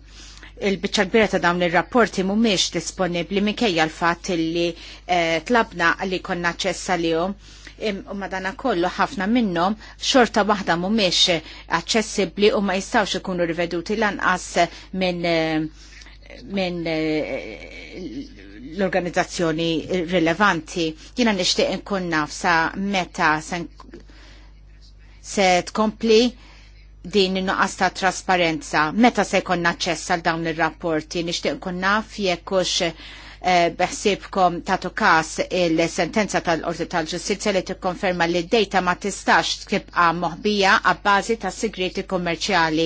il-bicċa kbira ta' dawn il-rapporti mumiex disponibli minkejja l-fat li eh, tlabna li konna ċessa li jom. U madana kollu ħafna minnom xorta waħda mumiex accessibli u ma jistawx ikunu riveduti lanqas minn eh, minn eh, l-organizzazzjoni rilevanti. Jina nishtiq nkun nafsa meta se tkompli din in-nuqqas ta' trasparenza. Meta se jkollna aċċess għal dawn ir-rapporti nixtieq nkun naf jekkux eh, beħsibkom tatu kas il-sentenza tal-Qorti tal-Ġustizja li tikkonferma li d-dejta ma tistax tibqa moħbija għabbażi ta' segreti kummerċjali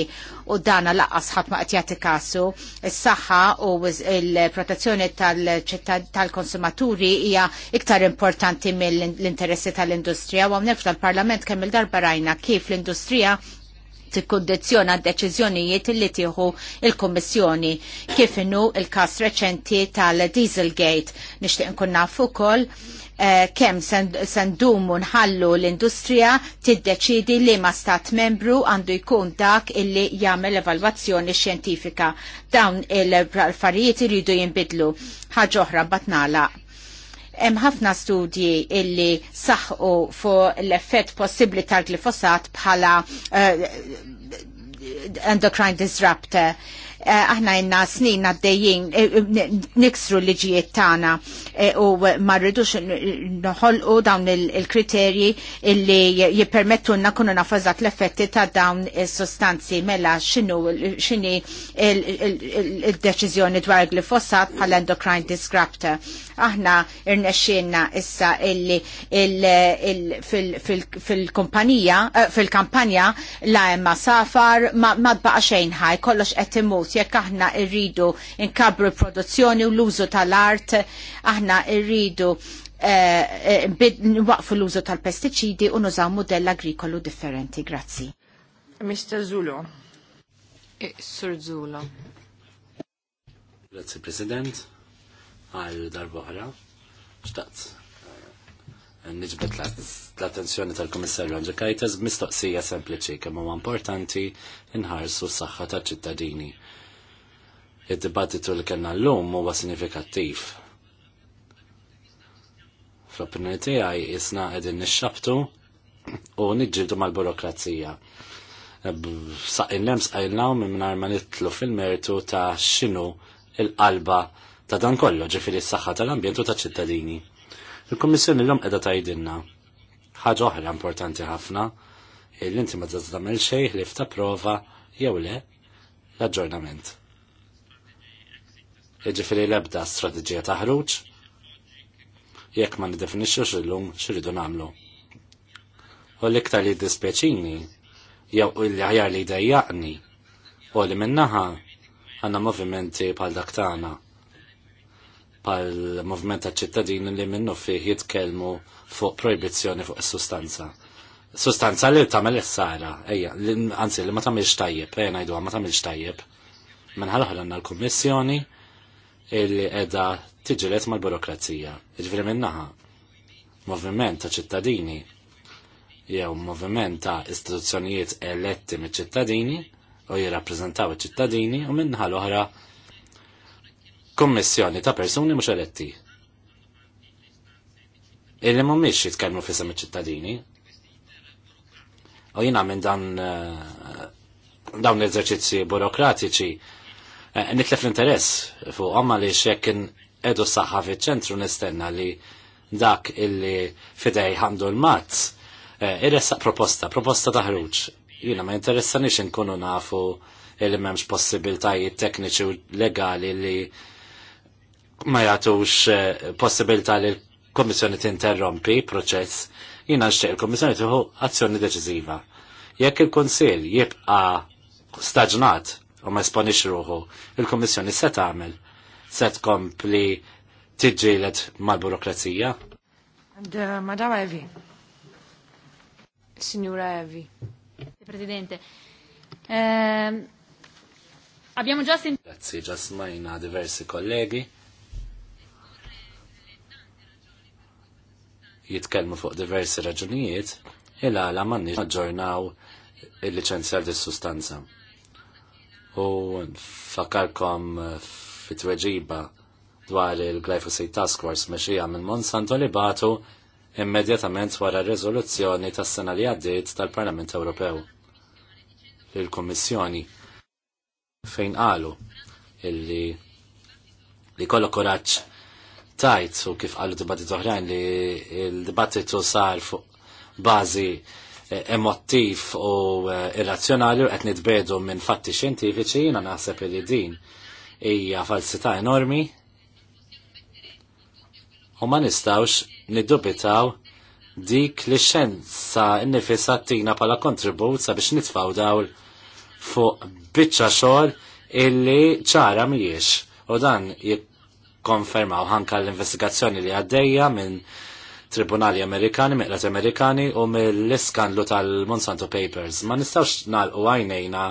u dana laqqas ħadd ma qed jagħti kasu. Is-saħħa u l-protezzjoni tal-konsumaturi hija iktar importanti mill-interessi tal-industrija u hawnhekk tal-Parlament kemm il-darba rajna kif l-industrija d deċiżjonijiet li tieħu il-Kummissjoni kif inhu il-każ reċenti tal-Dieselgate. Nixtieq nkun naf ukoll eh, kemm sendumu nħallu l-industrija tiddeċidi li ma stat membru għandu jkun dak illi jagħmel evalwazzjoni xjentifika. Dawn il-affarijiet iridu jinbidlu. Ħaġa oħra mbagħad nagħlaq Hemm ħafna studji illi saħqu fuq l-effett possibbli tal-glifosat bħala uh, endocrine disruptor Eh, aħna jenna snin għaddejjien eh, eh, niksru liġijiet tagħna u ma rridux noħolqu dawn il-kriterji illi jipermettu na kunu nafazat l-effetti ta' dawn is-sostanzi mela x'inhu x'inhi il-deċiżjoni dwar glifosat pal endocrine disruptor. Aħna irnexxielna issa illi fil-kumpanija fil-kampanja la hemm safar ma tbaqa' xejn ħaj kollox qed imut jekk aħna rridu nkabru produzzjoni u l-użu tal-art, aħna rridu eh, eh, nwaqfu l-użu tal-pestiċidi u nużaw modell agrikolu differenti. Grazzi. Mr. Zulu. Eh, Sur Zulu. Grazzi, President. Għal darba ħra. Xtaqt. Nġbet l-attenzjoni tal-Komissarju Anġa Kajtas mistoqsija sempliċi kemm huwa importanti nħarsu s-saħħa taċ-ċittadini id-dibattitu li kellna l-lum huwa sinifikattiv. Fl-opinjoni tiegħi isna qegħdin nixxabtu u niġġieldu mal-burokrazija. lem sqajnaw minn minnar ma nitlu fil-mertu ta' x'inhu il-qalba ta' dan kollu ġifiri s-saħħa tal-ambjent u taċ-ċittadini. Il-Kummissjoni l-lum qiegħda tgħidilna ħaġa oħra importanti ħafna il-inti ma tagħmel xejn li prova jew le l-aġġornament Iġifiri lebda strategija ta' ħruġ, jekk ma nidefinixxu xillum xiridu namlu. U l-iktar li dispjaċini, jew li ħjar li dejjaqni, u li minnaħa għanna movimenti pal daktana, pal moviment ta' ċittadini li minnu fih jitkelmu fuq proibizzjoni fuq is-sustanza sustanza li tamel s-sara, ejja, anzi li ma tamilx tajjeb, ejja najdu ma tamilx tajjeb. Minħal ħalħal għanna l-kommissjoni illi edha tiġilet mal-burokrazija. Iġveri minnaħa, moviment ta' ċittadini, jew moviment ta' istituzzjonijiet eletti mit ċittadini u jirrappreżentaw iċ-ċittadini u minnaħa l-oħra kommissjoni ta' persuni mhux eletti. Illi mhumiex jitkellmu fisem iċ-ċittadini. U jiena minn dan eh, dawn l eżerċizzji burokratiċi Eh, nitlef l-interess fuq għamma li xekin edu saħħa fi ċentru nistenna li dak illi fidej għandu l-mazz. Eh, Iressa proposta, proposta taħruġ. Jina ma interessanix nkunu nafu illi memx possibiltajiet tekniċi u legali li ma jatux eh, possibilta li l-Komissjoni tinterrompi proċess. Jina nxtieq il-Komissjoni tieħu azzjoni deċiżiva. Jekk il-Konsil jibqa' staġnat u ma jisponix ruħu. Il-Kommissjoni se tagħmel se tkompli tiġġieled mal-burokrazija. Uh, Madam Evi. Signora Evi. Presidente. Eh, abbiamo già sentito... Grazie, già diversi kollegi. jitkellmu fuq diversi raġunijiet, il-għala manni ġornaw il-licenzjar dis-sustanza u fakarkom eh, fit-tweġiba dwar il-glyphosate task force meċija minn Monsanto li batu immedjatament wara r-rezoluzzjoni tas sena li għaddiet tal-Parlament Ewropew il-Kommissjoni fejn qalu illi li kollok kuraġġ tajt u kif qalu dibattitu oħrajn li il-dibattitu sar fuq bażi Eh, emottiv u eh, irrazzjonali u qed nitbedu minn fatti xjentifiċi jiena naħseb li din hija falsità enormi u ma nistawx niddubitaw dik li xenza innifisa tina pala kontribut sabiex nitfaw dawl fuq biċċa xogħol illi ċara mhijiex u dan jikkonfermaw ħanka l-investigazzjoni li għaddejja minn tribunali Amerikani, meqlat Amerikani u mill-iskandlu tal-Monsanto Papers. Ma nistawx nalqu għajnejna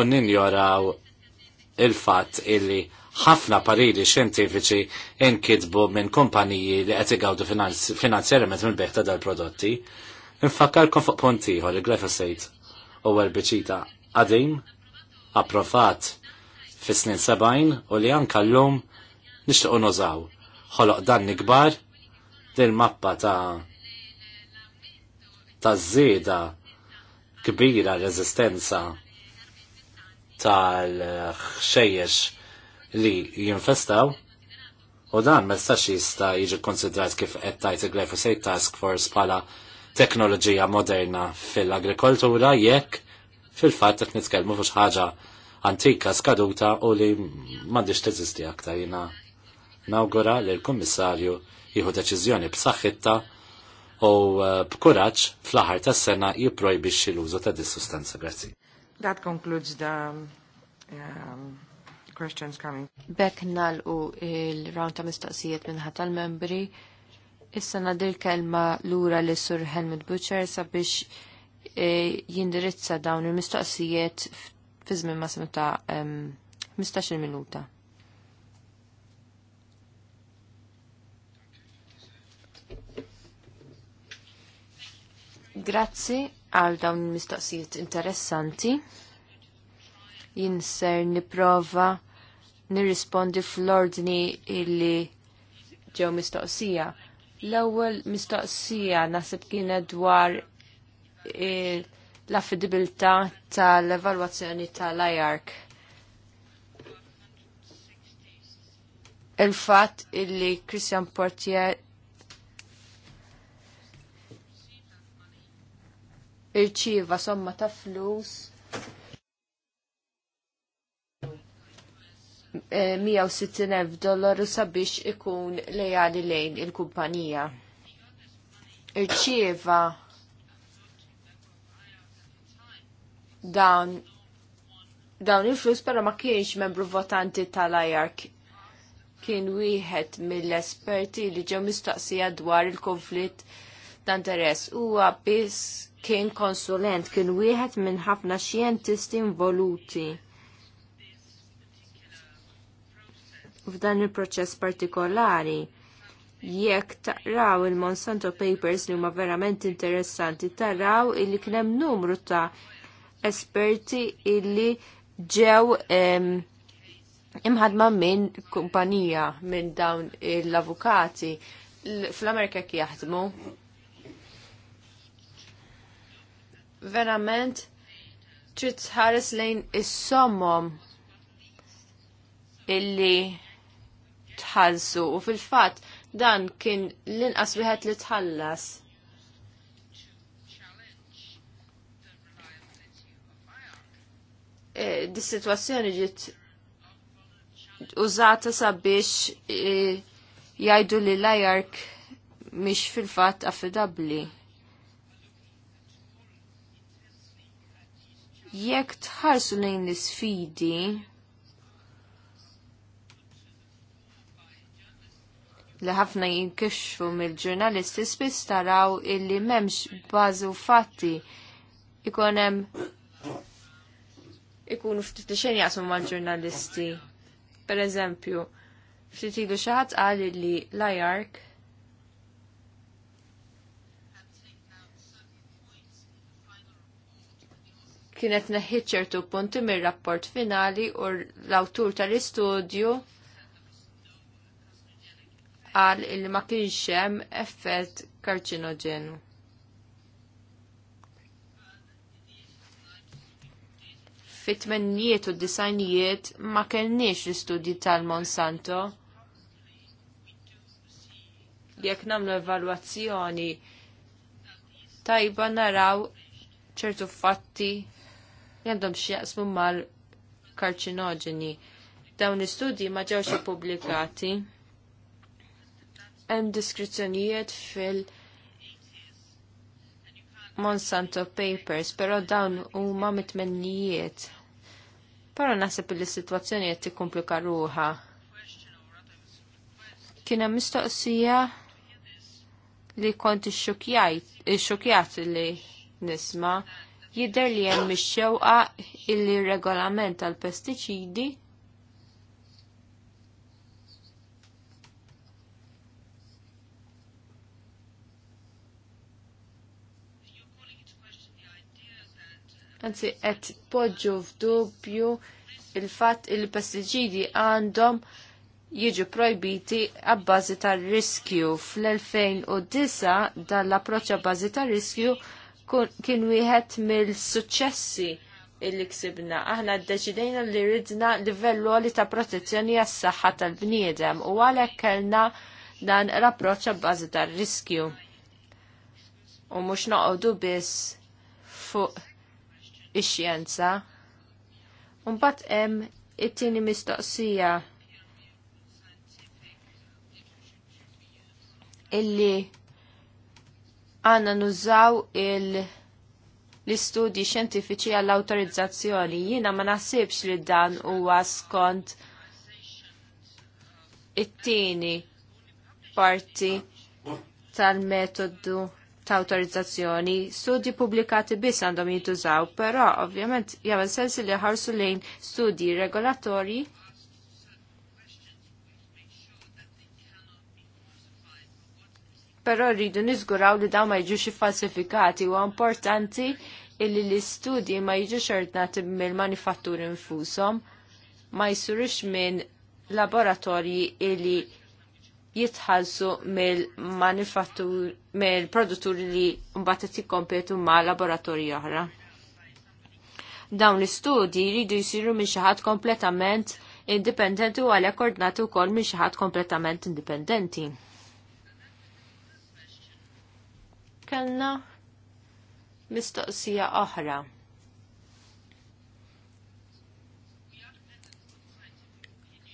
u ninjoraw il-fat illi ħafna pariri xjentifiċi inkidbu minn kumpaniji li qed igawdu finanzjarament mill beħta dal-prodotti. Infakkarkom fuq punt ieħor il-glyphosate u l-biċita qadim, approvat fis snin 70 u li anka l-lum nixtiequ nużaw. Xoloq danni kbar Din mappa ta' ta' żieda kbira reżistenza tal xejjex li jinfestaw u dan ma jista' jiġi konsidrat kif qed il-glyphosate task force bħala teknoloġija moderna fil-agrikoltura jekk fil-fatt qed nitkellmu fuq ħaġa antika skaduta u li m'għandix teżisti aktar jina nawgura lill l-Kummissarju jieħu deċiżjoni b'saħħitta u eh, b'kuraġġ fl-aħħar tas-sena jipprojbixxi l-użu ta' dis sustanza. Grazzi. That concludes the um, questions coming. Bek nalqu il-round ta' mistoqsijiet minnħat tal-membri. Issa nadir kelma lura li sur Helmut Butcher sabiex eh, jindirizza dawn il-mistoqsijiet fizmin ma' ta' 15 minuta. Grazzi għal dawn mistoqsijiet interessanti. Jinser niprofa nirrispondi fl-ordni illi ġew mistoqsija. L-ewwel mistoqsija naħseb kienet dwar l-affidibilità tal-evalwazzjoni tal-IARC. Il-fatt illi Christian Portier irċieva somma ta' flus 160.000 eh, dollaru sabiex ikun lejali lejn il-kumpanija. Irċieva dawn dawn il-flus però ma kienx membru votanti tal-IARC kien wieħed mill-esperti li ġew mistoqsija dwar il-konflitt ta' interess huwa biss kien konsulent, kien wieħed minn ħafna xjentisti involuti f'dan il-proċess partikolari. Jekk taqraw il-Monsanto Papers li huma verament interessanti, taraw illi kien hemm numru ta' esperti illi ġew imħadma minn kumpanija minn dawn l-avukati fl-Amerika kif jaħdmu verament trid tħares lejn is-sommom illi tħallsu u fil-fatt dan kien l-inqas wieħed li tħallas. E, Di situazzjoni ġiet użata sabiex e, jgħidu li l-ajark mhix fil-fatt affidabbli. jekk tħarsu lejn l-sfidi li ħafna jinkixfu mill-ġurnalisti spiss taraw illi memx bażu fatti ikun hemm ikunu ftit xejn jaqsmu mal-ġurnalisti. Per eżempju, ftit ilu xi ħadd qal li l-ajark kienet neħħit ċertu punti mir-rapport finali u l-awtur tal-istudju għal il ma kienx hemm effett karċinoġenu. Fit-tmennijiet u d-disajnijiet ma kellniex l-istudji tal-Monsanto. Jekk nagħmlu evalwazzjoni tajba naraw ċertu fatti li għandhom jaqsmu mal-karċinoġeni. Dawn l-istudji ma ġewx ippubblikati. Hemm diskrizzjonijiet fil- Monsanto Papers, però dawn huma mitmennijiet. Però naħseb li s-sitwazzjoni qed tikkumplika ruha. Kien hemm mistoqsija li kont xokjat li nisma' jidher li hemm ix-xewqa regolament tal-pestiċidi Anzi, qed podġu f'dubju il-fatt il pestiċidi għandhom jiġu projbiti għabbażi tar-riskju. Fl-2009 dan l approċċ għabbażi tar-riskju kien wieħed mill-suċċessi illi ksibna. Aħna d-deċidejna li ridna livellu li ta' protezzjoni għas saħħa tal-bniedem u għalhekk kellna dan l-approċ bażi tar-riskju. U mhux noqogħdu biss fuq ix-xjenza. Mbagħad hemm it-tieni mistoqsija illi għanna nużaw l-istudji xjentifiċi għall-autorizzazzjoni. Jina ma naħsibx li dan huwa skont it-tieni parti tal-metodu ta' autorizzazzjoni, studji pubblikati biss għandhom jintużaw, però ovvjament jagħmel sensi li ħarsu lejn studji regolatorji però rridu niżguraw li dawn ma jiġux falsifikati u importanti illi l-istudji ma jiġux ordnati mill manifatturi infushom ma jsurux minn laboratorji illi jitħallsu mill-manifattur mill-produtturi li mbagħad jikkompetu ma' laboratorji oħra. Dawn l-istudji jridu jsiru minn xi ħadd kompletament indipendenti u għalhekk ordnati wkoll minn xi ħadd kompletament indipendenti. kellna mistoqsija oħra.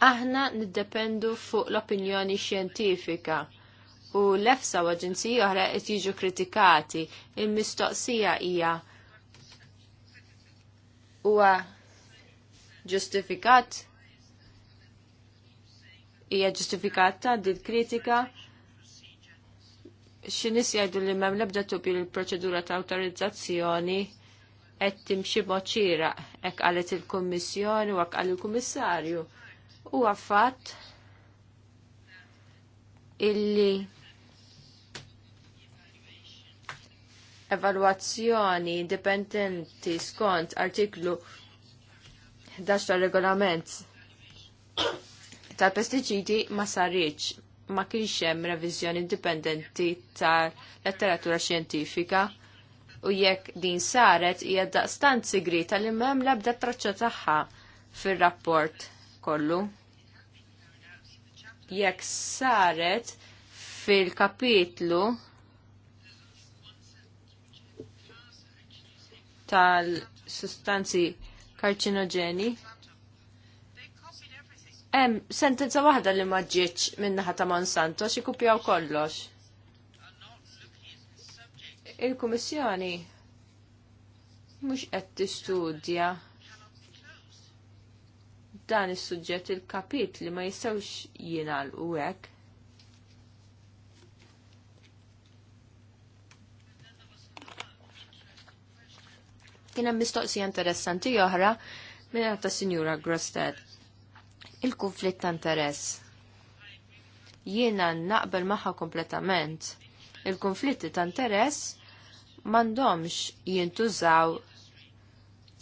Aħna niddependu fuq l-opinjoni xjentifika u l-efsa u aġenziji oħra qed jiġu kritikati. Il-mistoqsija hija huwa ġustifikat hija ġustifikata din kritika xinis jgħidu li mem lebda tubi l-proċedura ta' autorizzazzjoni qed timxi boċira hekk qalet il-Kummissjoni u hekk qal il-Kummissarju. U għaffat illi evalwazzjoni indipendenti skont artiklu 11 regolament tal-pestiċidi ma sarriċ ma kienx hemm reviżjoni indipendenti tal-letteratura xjentifika u jekk din saret hija daqstant sigrita li m'hemm l-ebda traċċa tagħha fir-rapport kollu. Jekk saret fil-kapitlu tal-sustanzi karċinoġeni Em, sentenza waħda li ma ġietx minnaħa ta' Monsanto xie kupjaw kollox. Il-Kummissjoni mhux qed tistudja dan is-suġġett il-kapit li ma jistgħux jingħalqu hekk. Kien hemm mistoqsija interessanti oħra minn ta' Sinjura Grosted il-konflitt ta' interess. Jiena naqbel magħha kompletament. Il-konflitti ta' interess m'għandhomx jintużaw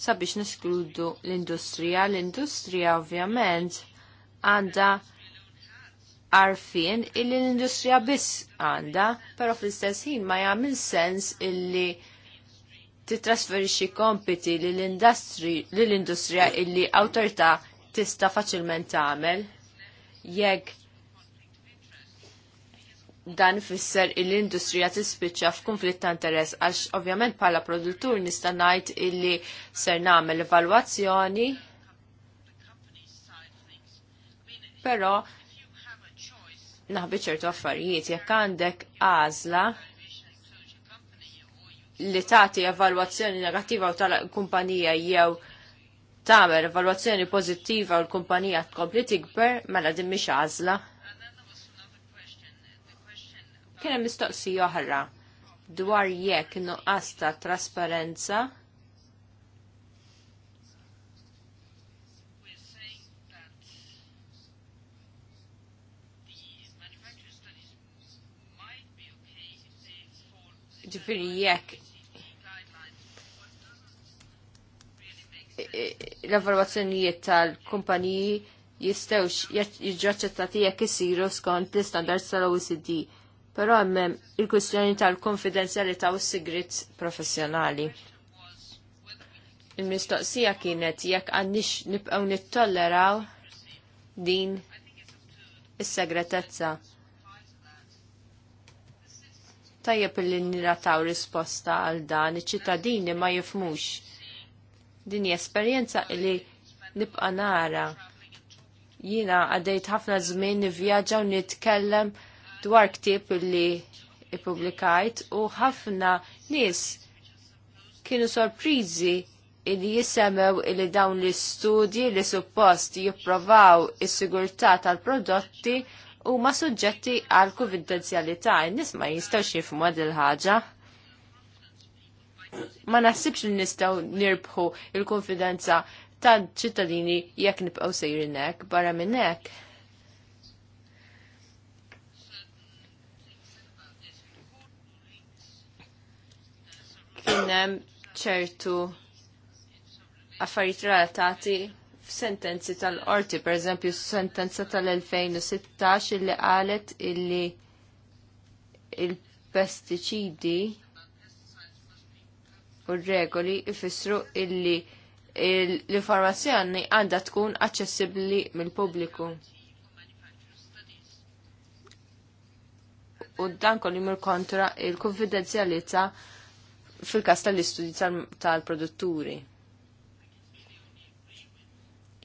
sabiex neskludu l-industrija. L-industrija ovvjament għandha arfien illi l-industrija biss għandha, però fl-istess ħin ma jagħmel sens illi titrasferixxi kompiti lill-industrija illi awtorità tista' faċilment tagħmel jekk dan ifisser il-industrija tispiċċa f'kunflitt ta' interess għax ovvjament bħala produttur nista' ngħid illi ser nagħmel evalwazzjoni però naħbi ċertu affarijiet jekk għandek għażla li tagħti evalwazzjoni negattiva u tal-kumpanija jew tagħmel evalwazzjoni pożittiva u l-kumpanija tkompli tikber mela din mhix għażla. Kien hemm mistoqsija oħra dwar jekk nuqqas ta' trasparenza ġifiri jekk l-evalwazzjonijiet tal-kumpaniji jistgħux jiġu aċċettati jekk isiru skont l-istandards tal-OECD. Però hemm il-kwistjoni tal-konfidenzjalità u s-sigrit professjonali. Il-mistoqsija kienet jekk għandix nibqgħu nittolleraw din is-segretezza. Tajjeb li nirataw risposta għal dan, iċ-ċittadini ma jifmux Dini esperjenza li nibqa nara. Jina għaddejt ħafna żmien nivjaġa u nitkellem dwar ktieb li ippubblikajt u ħafna nies kienu sorpriżi li jisemew li dawn l-istudji li suppost jipprovaw is-sigurtà tal-prodotti u ma suġġetti għal konfidenzjalità. Nis ma jistawx jifhmu il ħaġa ma naħsibx li nistgħu nirbħu il-konfidenza ta' ċittadini jekk nibqgħu sejrinek barra minn hekk. Kien hemm ċertu affarijiet relatati f'sentenzi tal-qorti, per eżempju, sentenza tal-2016 illi qalet illi il-pestiċidi u regoli ifissru illi l-informazzjoni għandha tkun aċċessibbli mill-pubbliku. U dan kollu jmur kontra il-konfidenzjalità fil-kas tal-istudji tal-produtturi.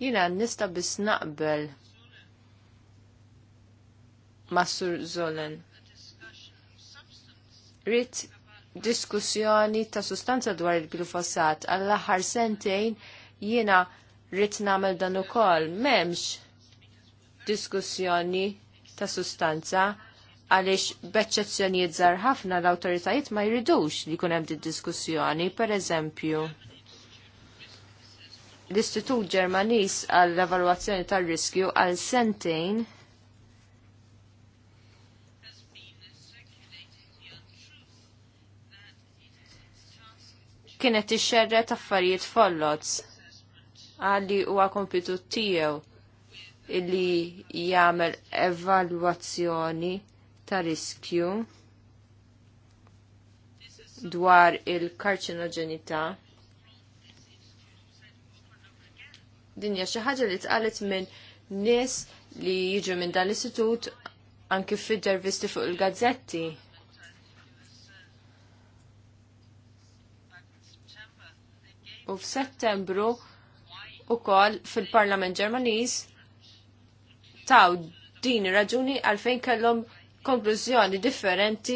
Jina nista bis naqbel Massur Zolen. Rit diskussjoni ta' sustanza dwar il-glifosat għall-aħħar sentejn jiena rrid nagħmel dan ukoll m'hemmx diskussjoni ta' sustanza għaliex b'eċċezzjonijiet żgħar ħafna l-awtoritajiet ma jridux li jkun hemm diskussjoni, pereżempju. L-Istitut Ġermaniż għall-Evalwazzjoni tar-Riskju għal sentejn kienet ixxerre taffarijiet follots għalli huwa kompitu tiegħu illi jagħmel evalwazzjoni ta' riskju dwar il-karċinoġenità. Dinja xi ħaġa li tqalet minn nies li jiġu minn dan l-istitut anki fid-dervisti fuq il-gazzetti. u f'Settembru kol fil-Parlament Ġermaniż taw din raġuni għalfejn kellhom konklużjoni differenti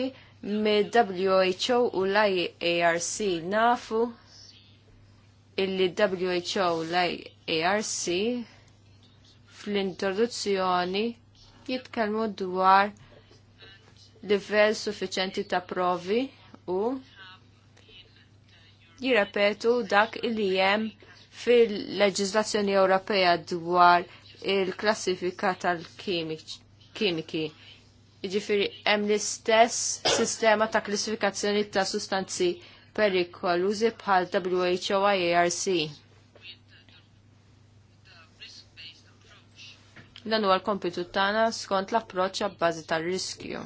mid-WHO u l-IARC nafu illi WHO l-IARC fl-introduzzjoni jitkellmu dwar livell suffiċenti ta' provi u jirrepetu dak li jem fil-leġiżlazzjoni Ewropea dwar il-klassifika tal-kimiki. Jiġifieri hemm l-istess sistema ta' klassifikazzjoni ta' sustanzi perikolużi bħal WHO IARC. Dan huwa l-kompitu tagħna skont l-approċċ għabbażi tar-riskju.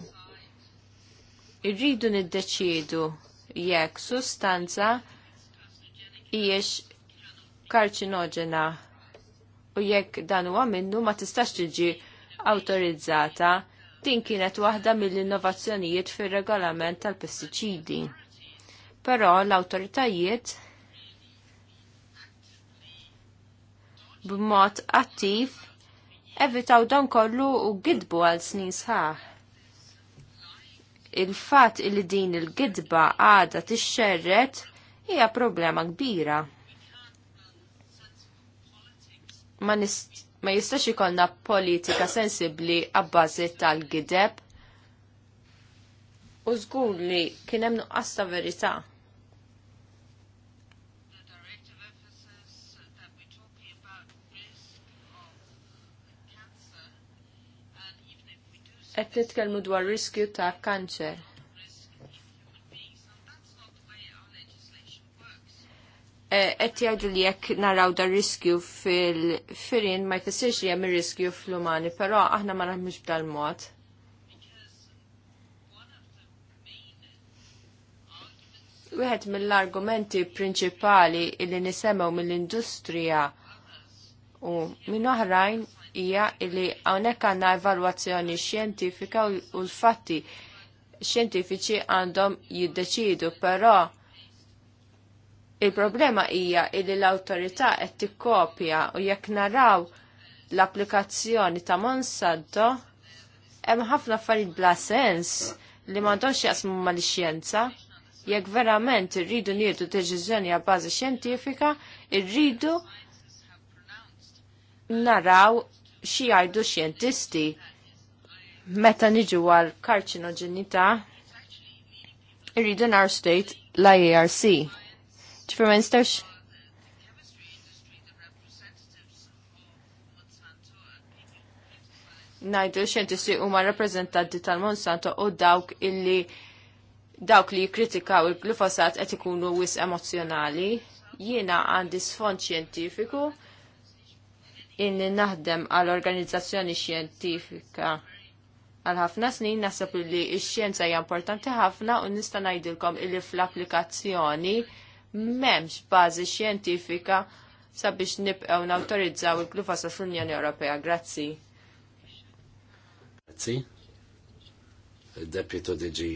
Irridu niddeċiedu jekk sustanza hijiex karċinoġena u jekk dan huwa minnu ma tistax tiġi awtorizzata din kienet waħda mill-innovazzjonijiet fir-regolament tal-pestiċidi. Però l-awtoritajiet b'mod attiv evitaw dan kollu u gidbu għal snin sħaħ. Il-fat il din il-gidba għada tixxerret hija problema kbira. Ma, ma jistax ikollna politika sensibbli għabbażi tal-gideb u żgur li kien hemm nuqqas ta' verità. qed nitkellmu dwar riskju ta' kanċer. Eh, qed jgħidu li jekk naraw dar riskju fil-firin ma jfissirx li hemm ir-riskju fl-umani, però aħna ma naħmux b'dal-mod. Wieħed mill-argumenti prinċipali li nisemgħu mill-industrija u minn oħrajn hija li hawnhekk għandna evalwazzjoni xjentifika u l-fatti xjentifiċi għandhom jiddeċidu, però Il-problema hija li l-awtorità qed tikkopja u jekk naraw l-applikazzjoni ta' Monsanto hemm ħafna affarijiet bla sens li m'għandhomx jaqsmu mal-xjenza. Jekk verament irridu nieħdu deċiżjoni għal bażi xjentifika, irridu naraw xi jgħidu xjentisti meta niġu għal karċinoġenità irridu nar state l-IARC ċifir ma nistax. Najdu xjentisti huma rappreżentanti tal-Monsanto u dawk illi dawk li jikkritikaw il-glifosat qed ikunu wis emozjonali. Jiena għandi sfond xjentifiku inni naħdem għal organizzazzjoni xjentifika għal ħafna snin nasab li x-xjenza hija importanti ħafna u nista' ngħidilkom illi fl-applikazzjoni m'hemmx bażi xjentifika sabiex nibqgħu nawtorizzaw il-glufas fl-Unjoni Ewropea. Grazzi. Grazzi. Deputu Diġi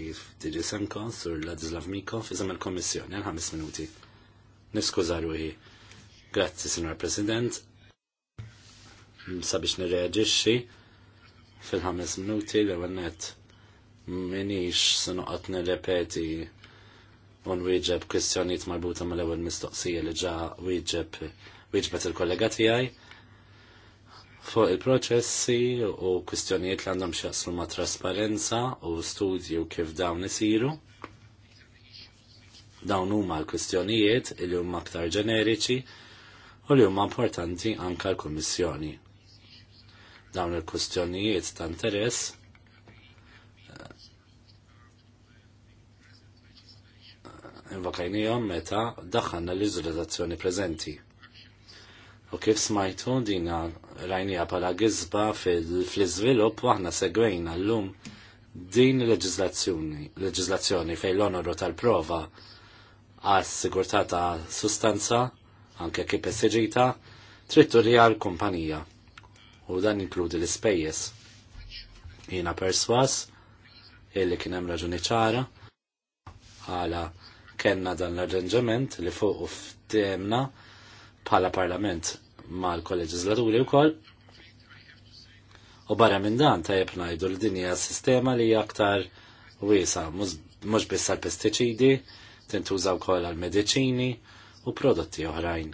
Digi Sanko sur Ladislav Miko fizem il-Kommissjoni għal ħames minuti. Niskużar ruħi. Grazzi, Signor President. Sabiex nirreagġixxi fil-ħames minuti l għannet minix se noqgħod nirrepeti un wieġeb kwistjonijiet marbuta mal-ewwel mistoqsija li ġa wieġeb wieġbet il-kollega tiegħi fuq il-proċessi u kwistjonijiet li għandhom x'jaqslu ma' trasparenza u studju kif dawn isiru. Dawn huma l-kwistjonijiet li huma aktar ġeneriċi u li huma importanti anke l-Kummissjoni. Dawn il-kwistjonijiet ta' interess il-vakajnijom meta daħħanna l-izolazzjoni prezenti. U kif smajtu dina rajnija pala gizba fil-izvilup waħna segwejna l-lum din leġizlazzjoni fej l-onoru tal-prova għas sigurtà ta' sustanza anke kif esiġita tritturija l-kumpanija u dan inkludi l-ispejjeż. Jiena perswas illi kien hemm raġuni ċara għala kenna dan l-arranġament li fuq ftemna bħala parlament mal-kolleġislaturi u koll. U barra minn dan tajjeb jibnajdu l dinja sistema li aktar wiesa, mux biss għal pesticidi, tintużaw koll għal medicini u prodotti oħrajn.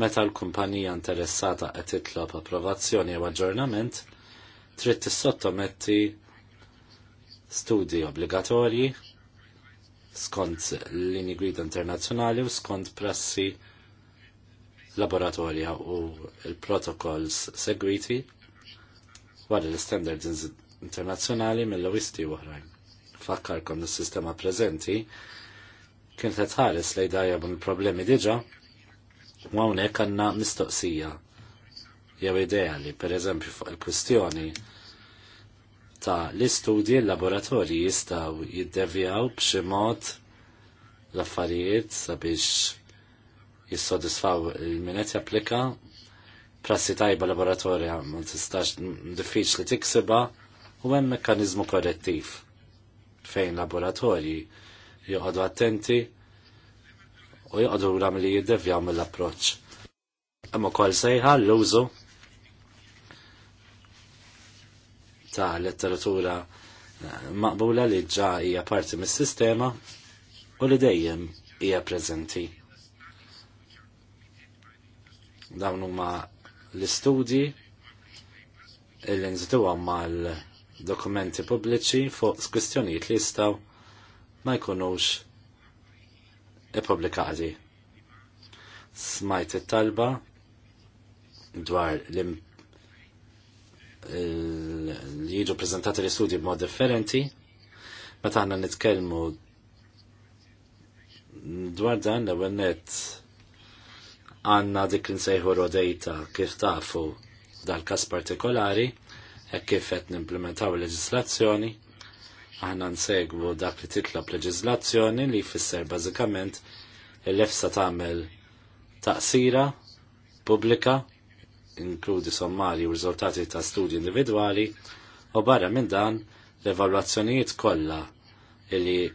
Meta l-kumpanija interessata qed titlob approvazzjoni jew aġġornament, trid tissottometti studi obbligatorji skont linji gwida internazzjonali u skont prassi laboratorja u il-protokolls segwiti wara l-standards internazzjonali mill-lowisti oħrajn. kon is-sistema prezenti, kien qed ħares lej dajja problemi diġa u hawnhekk għandna mistoqsija jew ideali, li pereżempju fuq il-kwistjoni ta' l-istudji l-laboratorji jistaw jiddevjaw b'xi mod l-affarijiet sabiex jissodisfaw il-minet japplika prassi tajba laboratorja ma tistax diffiċ li tiksiba u hemm mekkanizmu korrettiv fejn laboratorji joqogħdu attenti u joqogħdu ram li jiddevjaw mill-approċċ. Hemm ukoll sejħa l-użu ta' letteratura eh, maqbula li ġa hija parti mis-sistema u li dejjem hija preżenti. Dawn huma l-istudji li nżituhom mal-dokumenti pubbliċi fuq kwistjonijiet li jistgħu ma jkunux ippubblikati. Smajt it-talba dwar l-impatt li jiġu prezentati l-istudji b'mod differenti, meta għanna nitkellmu dwar dan l-ewwel għanna għandna dik li nsejħu rodejta kif tafu dal-każ partikolari hekk kif qed nimplementaw leġislazzjoni aħna nsegwu dak li titlab leġislazzjoni li jfisser bażikament l-efsa tagħmel taqsira pubblika inkludi sommari u riżultati ta' studji individwali u barra minn dan l-evalwazzjonijiet kollha li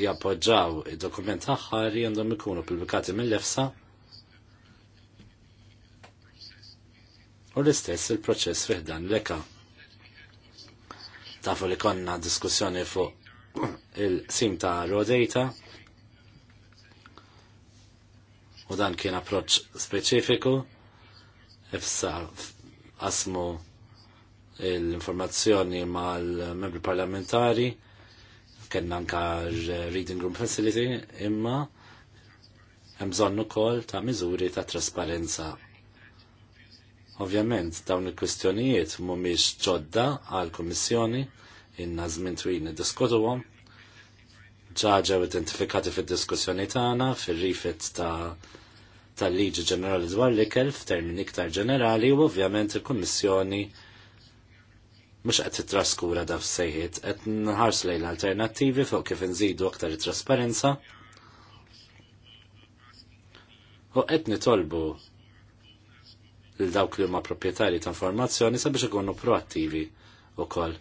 jappoġġaw id-dokument aħħar jandhom ikunu pubblikati mill-EFSA u l-istess il-proċess fih dan l-eka. Tafu li konna diskussjoni fuq [clears throat] il-sim ta' rodejta u dan kien approċ speċifiku Ifsa asmu l-informazzjoni mal-membri parlamentari kena nka reading room facility imma hemm bżonn ukoll ta' miżuri ta' trasparenza. Ovvjament dawn il-kwistjonijiet mhumiex ġodda għal kummissjoni inna żmien twil niddiskutuhom. Ġaġa identifikati fid-diskussjoni tagħna fir-rifit ta' tal-Liġi Ġenerali dwar l-ikel f'termini iktar ġenerali u ovvjament il-Kummissjoni mhux qed titraskura daf sejħiet qed nħars lejn alternattivi fuq kif inżidu aktar trasparenza u qed nitolbu l dawk li huma proprjetarji ta' informazzjoni sabiex ikunu proattivi wkoll.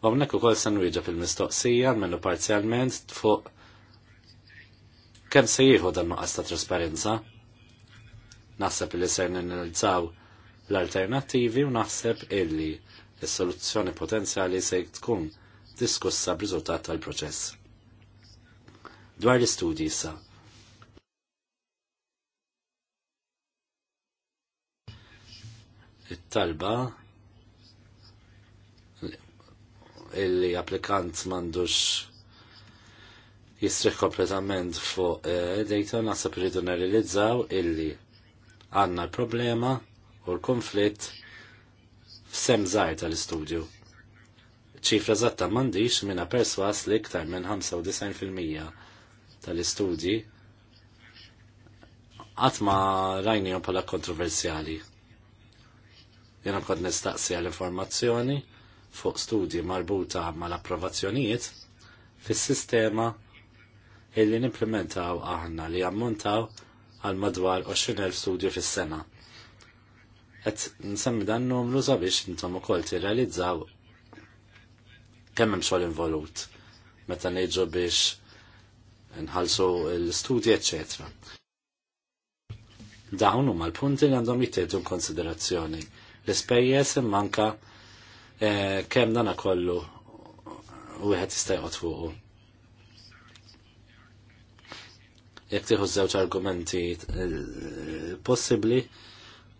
U hawnhekk ukoll se nwieġa fil-mistoqsija minnu parzjalment fuq Kem se jieħu dan nuqqas ta' trasparenza? Naħseb li ser nilzaw l-alternattivi u naħseb illi s soluzzjoni potenzjali se tkun diskussa b'riżultat tal-proċess. Dwar l-istudji issa. It-talba illi applikant mandux jistriħ kompletament fuq eh, dejta nasab rridu narilizzaw illi għanna l-problema u l-konflitt f'sem zaħir tal-istudju. ċifra zatta mandiċ minna perswas li iktar minn 95% tal-istudji għatma rajnijom pala kontroversjali. Jena mkod nistaqsi għal-informazzjoni fuq studji marbuta mal-approvazzjonijiet fis-sistema illi nimplementaw aħna li jammontaw għal madwar 20.000 studju fis-sena. Et nsemmi dan numru sabiex intom ukoll tirrealizzaw kemm hemm xogħol involut meta ngħidu biex nħallsu l studio ecc. Dawn huma l-punti li għandhom jittieħdu konsiderazzjoni. L-ispejjeż immanka eh, kemm dan kollu wieħed jista' jqgħod fuqu jekk tieħu żewġ argumenti eh, possibbli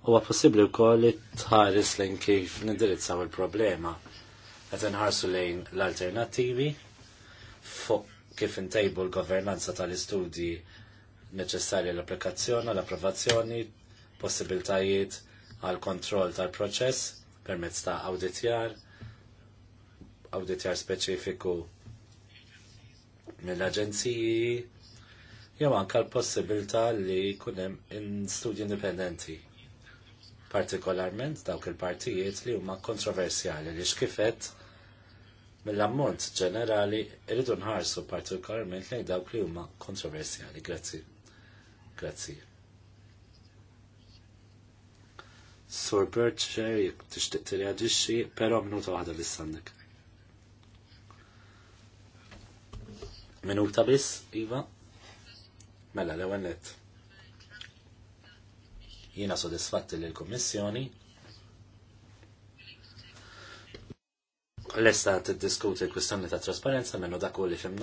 huwa possibbli wkoll li tħares lejn kif nindirizzaw il-problema. Qed inħarsu lejn l-alternattivi fuq kif intejbu l-governanza tal-istudji neċessarji l-applikazzjoni, l-approvazzjoni, possibiltajiet għal kontroll tal-proċess permezz ta' auditjar, auditjar speċifiku mill-aġenziji, jew anka l-possibilità li jkun hemm in studju indipendenti partikolarment dawk il-partijiet li huma kontroversjali li xkifet mill-ammont ġenerali irridu nħarsu partikolarment lejn dawk li huma kontroversjali. Grazzi. Grazzi. Sur Bircher, jek tixtiq tirreagixxi, però minuta waħda li sandek. Minuta biss, Iva? Mela l-ewwel jina Jiena sodisfatti li l-Kummissjoni t tiddiskuti l-kwistjoni ta' trasparenza minnu dak li fim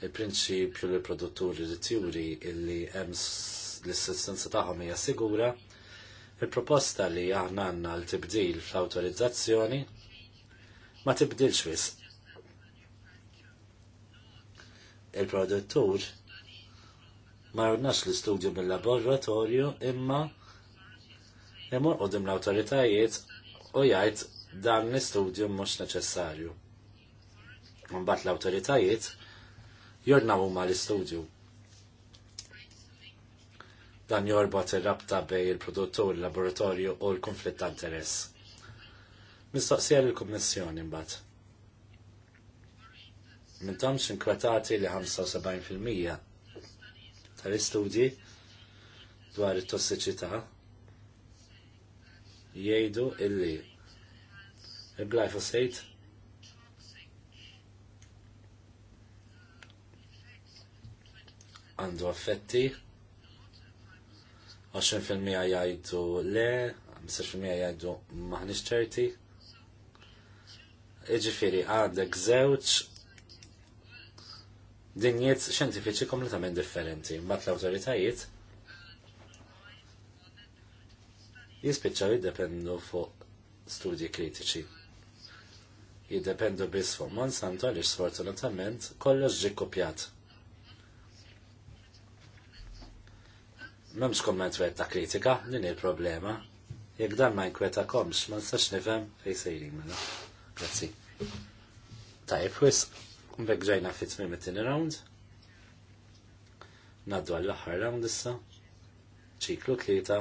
Il-prinċipju li produtturi ritjuri illi hemm l-assistenza tagħhom hija sigura. Il-proposta li aħna għandna l-tibdil fl-awtorizzazzjoni ma tibdilx wisq il-produttur ma rnax l-istudju mill-laboratorju imma jemur u dim l-autoritajiet u jgħid dan l-istudju mux neċessarju. Mbat l-autoritajiet jornaw ma l-istudju. Dan jorbot il-rabta bej il-produttur, il-laboratorju u l-konflitt ta' interess. Mistoqsija l-Kommissjoni mbagħad Mintom xinkwetati li 75% tal-istudji dwar it-tossiċità jgħidu illi il-glyphosate għandu affetti 20% jgħidu le 15% jgħidu maħnix ċerti iġifiri għandek zewċ dinjiet xjentifiċi kompletament differenti, Mbatt l-awtoritajiet jispiċċaw jiddependu fuq studji kritiċi. Jiddependu biss fuq Monsanto għaliex sfortunatament kollox ġi kopjat. M'hemmx komment wieħed ta' kritika, din il-problema. Jekk dan ma komx, ma nistax nifhem fejn sejrin mela. Grazzi. Tajb, wisq. Mbek ġajna fit tmim it-tieni round. Naddu għall-aħħar round issa. Ċiklu tlieta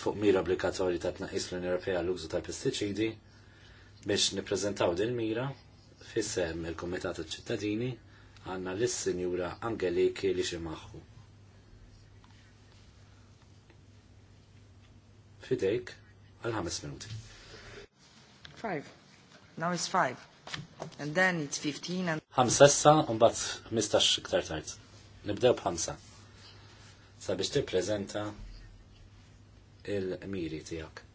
fuq mira obbligatorji ta' tnaqqis l-Unjoni Ewropea l-użu tal-pestiċidi biex nippreżentaw din mira fissem il-Kumitat ċittadini għanna l-Sinjura Angeliki li ximaħħu. Fidejk għal ħames minuti. Five. Now it's five. And then it's 15 and... Hamsessa, issa, un bat 15 iktar tard. Nibdew b'ħamsa. Sabiex prezenta il-miri tiegħek.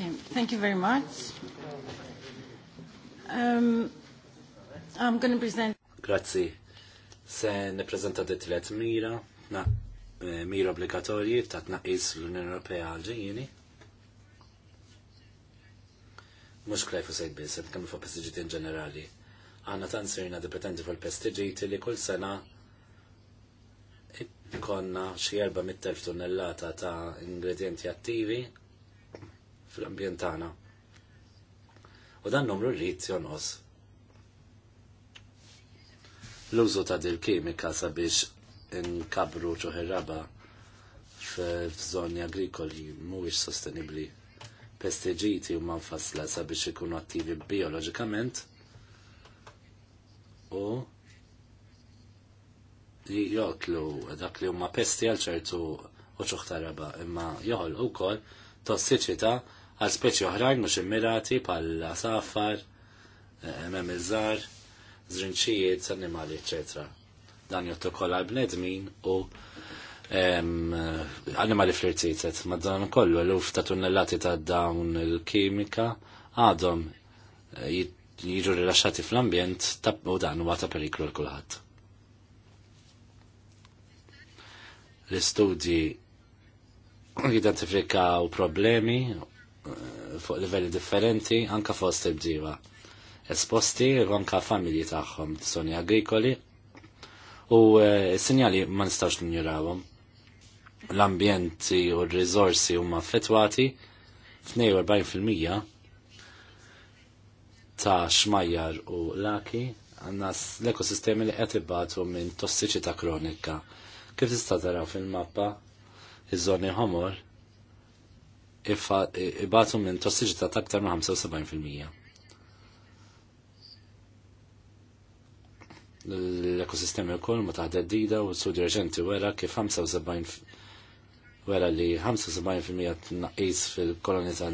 Okay, thank you very much. Um, I'm going to present... Grazzi. Se neprezenta dettilet mira, na, eh, mira obbligatorji ta' tnaqis l-Unjoni Ewropea għal-ġejjini. Mux klajfu sejt bis, għed kemmu fuq pestiġiti in ġenerali. Għanna ta' sirna dipetenti fuq pestiġiti li kull sena konna xie 400.000 tonnellata ta' ingredienti attivi fl-ambjent tagħna. U dan numru rrit jonqos. L-użu ta' dil-kimika sabiex inkabru ċoħirraba f'żoni agrikoli mhuwiex sostenibbli. Pestiġiti huma manfasla sabiex ikunu attivi bioloġikament u joklu dak li huma pesti għal ċertu u ċuħtaraba imma joħol ukoll tossiċità għal speċi oħrajn mhux immirati pal asafar, mem iż-żar, żrinċijiet, annimali, eċetera. Dan jottokoll għal bnedmin u animali flirtitet. Ma dan kollu l-uf ta' tunnellati ta' dawn il-kimika għadhom eh, jiġu rilaxxati fl-ambjent u dan huwa ta' periklu l kulħadd. L-istudji [clears throat] identifikaw problemi fuq livelli differenti anka fost il-bdiewa. Esposti u anka familji tagħhom soni agrikoli u eh, s-sinjali ma nistax n-njurawom. L-ambjenti u r rizorsi huma affettwati 42% ta' xmajjar u laki għanna l-ekosistemi li qed ibatu minn tossiċità kronika. Kif tista' taraw fil-mappa iż-żoni homor ibatu minn tostiġi ta' taktar ma' 75%. L-ekosistemi wkoll ma taħda dida u s reġenti wera kif 75 wera li 75% naqis fil-koloni ta'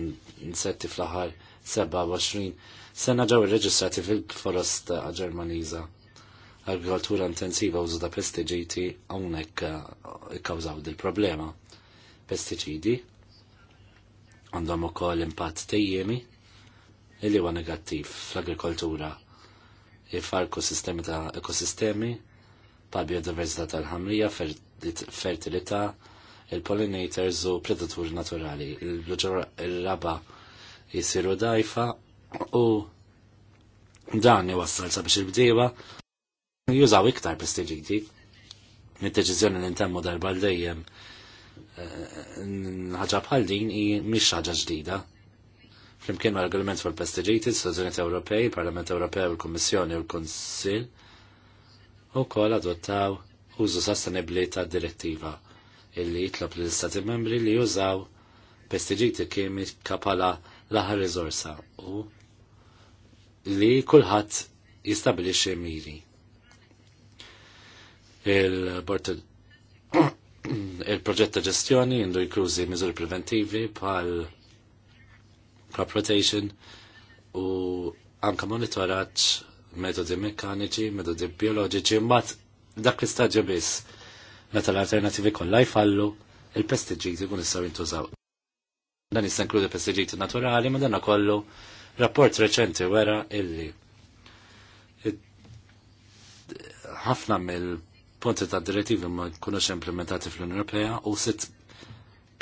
insetti fl-aħħar 27 sena ġew irreġistrati fil-forest Ġermaniża. Agrikoltura intensiva użu ta' pestiġiti hawnhekk ikkawżaw dil-problema. Pestiċidi għandhom ukoll impatt tejjemi illi huwa negattiv fl-agrikoltura jiffarku sistemi ta' ekosistemi pal biodiversità tal-ħamrija, fertilità, il-pollinators u predaturi naturali. Il-raba jisiru dajfa u dan jwassal sabiex il-bdiewa jużaw iktar prestiġi Mid-deċiżjoni li ntemmu darba l-dejjem ħaġa bħal din i mish ħaġa ġdida. Flimkien ma' regolament fuq pestiġiti, Stazzjoniet Ewropej, Parlament Ewropew, il-Kummissjoni u l-Kunsill ukoll adottaw użu sostenibbli ta' direttiva illi jitlob lill istati membri li jużaw pestiġiti kemi kapala laħar rizorsa u li kulħadd jistabilixxi miri. il bortu [clears throat] il-proġett ta' ġestjoni jindu jklużi miżuri preventivi pal crop rotation u anka monitoraċ metodi mekkaniċi, metodi bioloġiċi, mat dak l-istagġa biss. Meta l-alternativi kollha jfallu, il-pestiġiti kun jistgħu jintużaw. Dan jista' inkludi pestiġiti naturali, ma danna kollu rapport reċenti wera illi ħafna mill punti ta' direttivi ma jkunux implementati fl-Unjoni Ewropea u sitt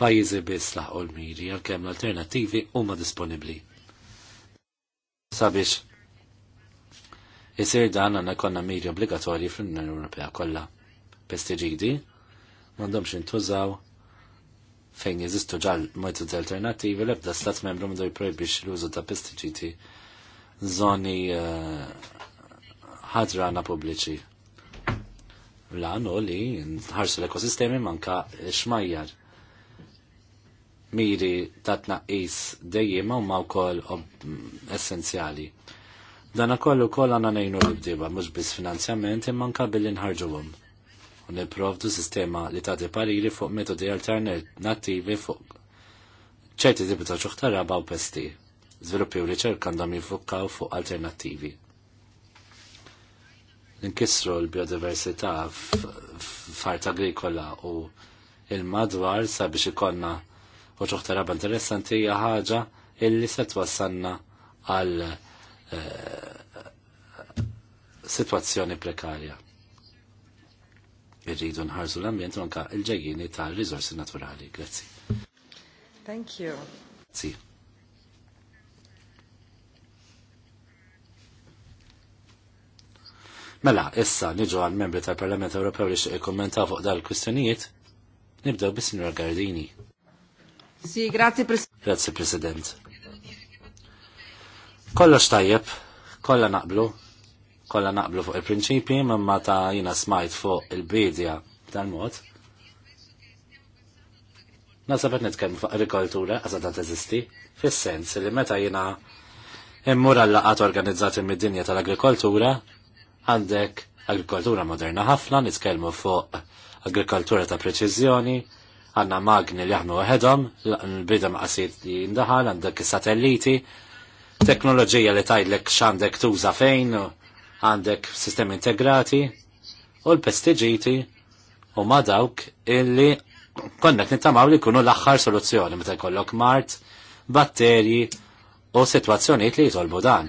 pajjiżi biss la' l-miri għalkemm l-alternattivi huma disponibbli. Sabiex, jisir dan għandna konna miri obbligatorji fl-Unjoni Ewropea kollha. Pestiġidi m'għandhomx intużaw fejn jeżistu ġal metodi alternattivi l-ebda stat membru mdu jprojbix l-użu ta' pestiġidi zoni eh, ħadra uh, pubbliċi l u li nħarsu l-ekosistemi manka xmajjar. Miri ta' tnaqqis dejjima u ma' wkoll mm, essenzjali. Dana u koll għana nejnu l-bdiba, mux bis finanzjament imman billi nħarġuwom. U niprovdu sistema li ta' pariri fuq metodi alternativi fuq ċerti tibi ta' ċuħtara u pesti. Zviluppi u riċerka għandhom jifukkaw fuq alternativi nkissru l-biodiversità f'art agrikola u il-madwar sabiex ikonna u ċoħta raba interessanti hija ħaġa illi se twassanna għal eh, situazzjoni prekarja. Irridu nħarsu l-ambjent anka il-ġejjini tal rizorsi naturali. Grazzi. Thank you. Grazzi. Mela, issa niġu għal membri tal-Parlament Ewropew li xie kommentaw fuq dal-kwistjonijiet, nibdew bis Signora Gardini. Si, grazie President. Grazie President. Kollox tajjeb, kolla naqblu, kolla naqblu fuq il-prinċipi, imma ta' jina smajt fuq il-bidja tal-mod. Nasabet nitkem fuq agrikoltura, ta' teżisti, fis-sens li meta jina immur għallaqat organizzati mid-dinja tal-agrikoltura, għandek agrikoltura moderna ħafna, nitkellmu fuq agrikoltura ta' preċiżjoni, għanna magni li għahmu għedhom, l-bida maqsid li jindaħal, għandek satelliti, teknoloġija li tajlek xandek tuża fejn, għandek sistemi integrati, u l-pestiġiti, u ma dawk illi konnek nittamaw li kunu l-axħar soluzzjoni meta jkollok mart, batterji u situazzjoniet li jitolbu dan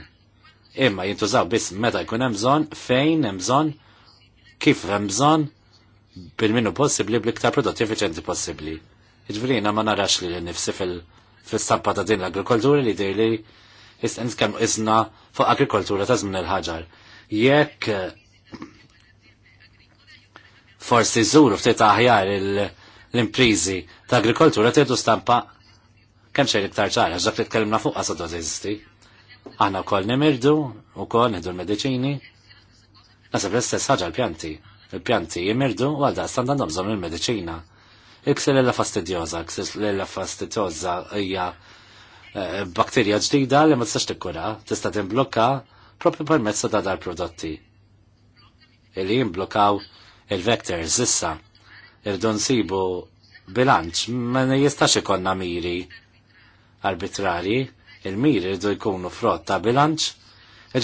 imma jintużaw biss meta jkun hemm bżonn fejn hemm bżonn kif hemm bżonn bil-minu possibbli bl-iktar prodotti effiċenti possibbli. Jiġifieri ma narax li nifsi fil-stampa ta' din l-agrikoltura li dir li isqen kemm isna fuq agrikoltura ta' żmien il-ħaġar. Jekk eh, forsi żuru ftit aħjar l-imprizi ta' agrikoltura tgħidu stampa kemm xejn iktar ċara, ġdak li tkellimna fuq qasad eżisti. Aħna wkoll nimirdu wkoll nieħdu l-mediċini. Nasab l-istess ħaġa l-pjanti. Il-pjanti jemirdu, u għal daqstan għandhom bżonn il-mediċina. Xylella fastidjosa, xylella fastidjoza hija eh, bakterja ġdida li ma tistax tikkura, tista' timblokka propri permezz ta' dar prodotti. Illi jimblokkaw il-vectors issa. Irdu nsibu bilanċ, ma jistax ikonna miri arbitrari il-miri irdu jkunu frott ta' bilanċ,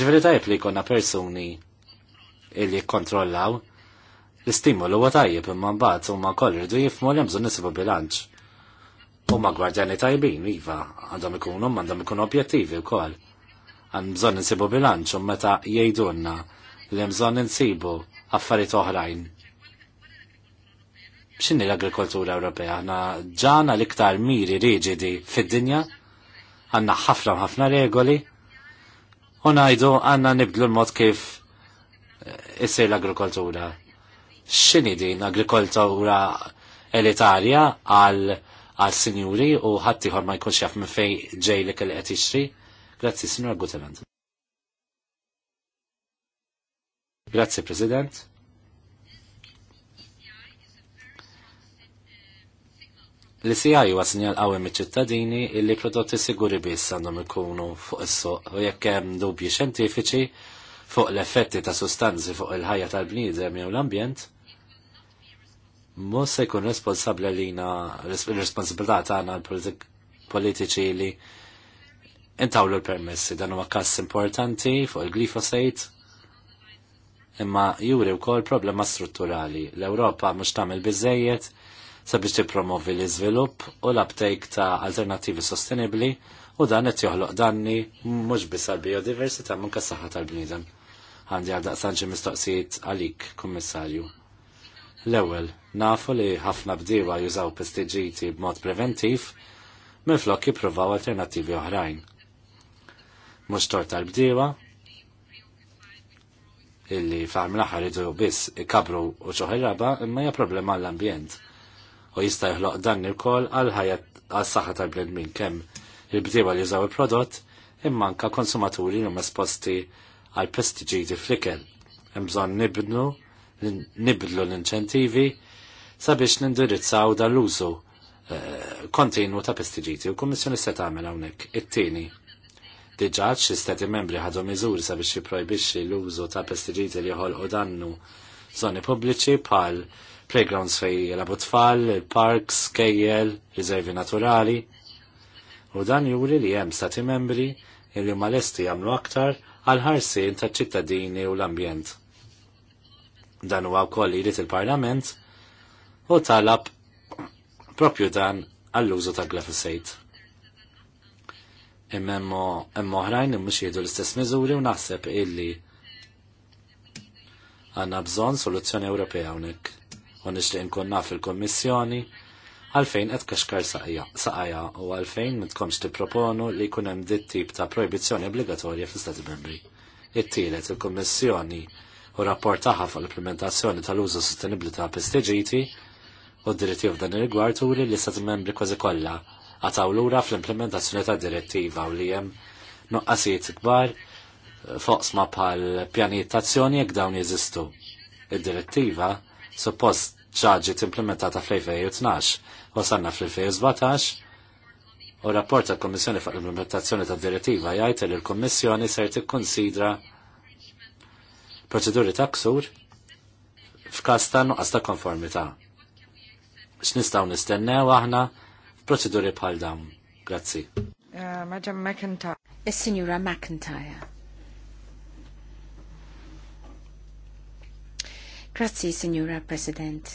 ġifiri tajb li jkunna persuni li kontrollaw, l-istimolu huwa tajjeb imma mbagħad huma wkoll irdu jifmu li bżonn nisibu bilanċ. Huma gwardjani tajbin, iva, għandhom ikunu għandhom ikunu objettivi wkoll. Għan bżonn insibu bilanċ u meta jgħidulna li bżonn insibu affarijiet oħrajn. X'inhi l-agrikoltura Ewropea? Aħna ġana l-iktar miri riġidi fid-dinja għanna ħafna ħafna regoli u najdu għanna nibdlu l-mod kif eh, isir l-agrikoltura. X'inhi din agrikoltura elitarja għal għal sinjuri u ħaddieħor ma jkunx jaf minn fejn ġej li qed jixtri. Grazzi, Sinjor Guteland. Grazzi, President. L-CI huwa sinjal qawwi miċ-ċittadini li prodotti siguri biss għandhom ikunu fuq is-suq u jekk hemm dubji xjentifiċi fuq l-effetti ta' sustanzi fuq il-ħajja tal-bniedem jew l-ambjent, mhux se jkun responsabbli lina l-responsabilità tagħna l-politiċi li intawlu l-permessi dan huwa kass importanti fuq il-glifosate imma juri wkoll problema strutturali. L-Ewropa mhux tagħmel biżejjed sabiex tippromovi l-iżvilupp u l-uptake ta' alternattivi sostenibbli u dan qed joħloq danni mhux biss għall-biodiversità minn kas saħħa tal-bniedem. Għandi għal daqsanġi mistoqsijiet għalik, kummissarju. L-ewwel, nafu li ħafna bdiewa jużaw pestiġiti b'mod preventiv minflok jippruvaw alternattivi oħrajn. Mhux tort tal-bdiewa, illi fa' mill-aħħar idu biss ikabru u ċoħi raba imma hija problema għall-ambjent u jista' jħloq dan ukoll għal ħajja għal saħħa tal-bnedmin kemm il-bdiewa li jużaw il-prodott imma anka konsumaturi li huma esposti għal fl flikel. Hemm bżonn nibnu nibdlu l-inċentivi sabiex nindirizzaw l użu eh, kontinu ta' pestiġidi. u kummissjoni se tagħmel hawnhekk. It-tieni diġà xi membri ħadu miżuri sabiex jipprojbixxi l-użu ta' pestiġidi li jħolqu dannu żoni pubbliċi bħal playgrounds fej jelabu tfal, il-parks, kejjel, riservi naturali. U dan juri li hemm stati membri illi malesti jagħmlu aktar għal ħarsien ta' ċittadini u l-ambjent. Dan huwa wkoll jrid il-Parlament u talab propju dan għall-użu ta' glifosate. Immemmo hemm oħrajn mhux jieħdu l-istess miżuri u naħseb illi għandna bżonn soluzzjoni Ewropea hawnhekk u nixtieq nkunna naf kommissjoni għalfejn qed kaxkar saqajja u għalfejn mitkomx tipproponu li jkun hemm dit tip ta' projbizzjoni obbligatorja fl-Istati Membri. It-tielet il-Kommissjoni u rapport tagħha fuq l-implementazzjoni tal-użu sostenibbli ta' pestiġiti u d-direttiv dan ir-rigward turi li l-Istati Membri kważi kollha għataw lura fl-implementazzjoni ta' direttiva u li hemm nuqqasijiet kbar eh, foqsma bħal pjanijiet tazzjoni jekk dawn jeżistu. Id-direttiva suppost ġaġi implementata fl-2012, wasanna fl-2017, u rapport tal kommissjoni fuq l-implementazzjoni tad direttiva jgħid li l-Kommissjoni ser tikkonsidra proċeduri ta' ksur f'każ ta' nuqqas ta' konformità. X'nistgħu nistennew aħna f'proċeduri bħal dawn. Grazzi. Uh, Madam McIntyre. Is-Sinjura McIntyre. Grazzi, Signora President.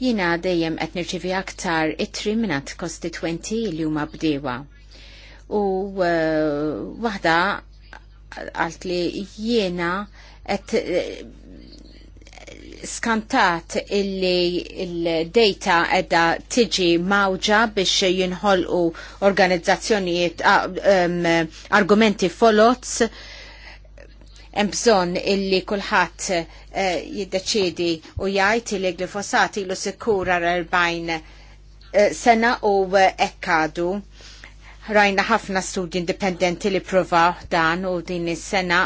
Jina dejjem qed nirċivi aktar it-tri minat kostitwenti li huma bdewa. U uh, waħda għalt li jiena qed uh, skantat illi il-data edda tiġi mawġa biex jinħolqu organizzazzjonijiet uh, um, argumenti folots hemm bżonn illi kulħadd eh, jiddeċiedi u jgħid li glifosat ilu sikura 40 eh, sena u eh, ekkadu. Rajna ħafna studji indipendenti li provaw dan u din is-sena,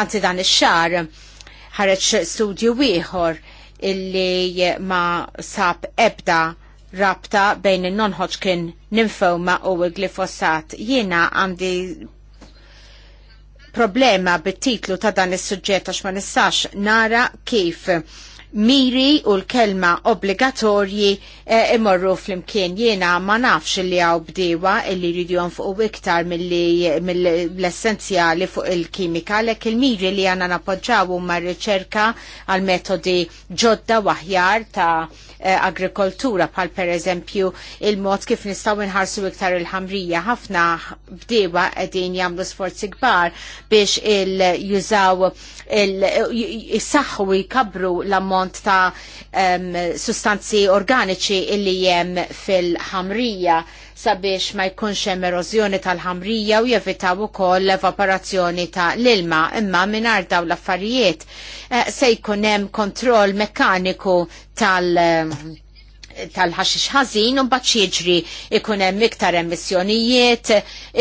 anzi dan ix-xar, ħareġ studju wieħor illi ma sab ebda rabta bejn il-non-Hodgkin ninfoma u glifosat. Jiena għandi problema bit-titlu ta' dan is-suġġett għax ma nistax nara kif miri u l-kelma obbligatorji e, imorru fl-imkien jiena ma nafx li għaw bdewa illi jridu fuq iktar mill-essenzjali fuq il-kimika lek il-miri li għana napoġġaw ma riċerka għal metodi ġodda waħjar ta' agrikoltura pal per eżempju il-mod kif nistaw nħarsu iktar il-ħamrija ħafna bdewa edin jamlu sforzi kbar biex il-jużaw il-saxħu jkabru l-ammont kont ta' um, sustanzi organiċi illi jem fil-ħamrija sabiex ma jkunx hemm erożjoni tal-ħamrija u jevitaw ukoll l-evaporazzjoni ta' l-ilma imma mingħajr daw l-affarijiet eh, se jkun hemm kontroll mekkaniku tal- tal-ħaxix ħażin un bat jiġri ikun hemm iktar emissjonijiet,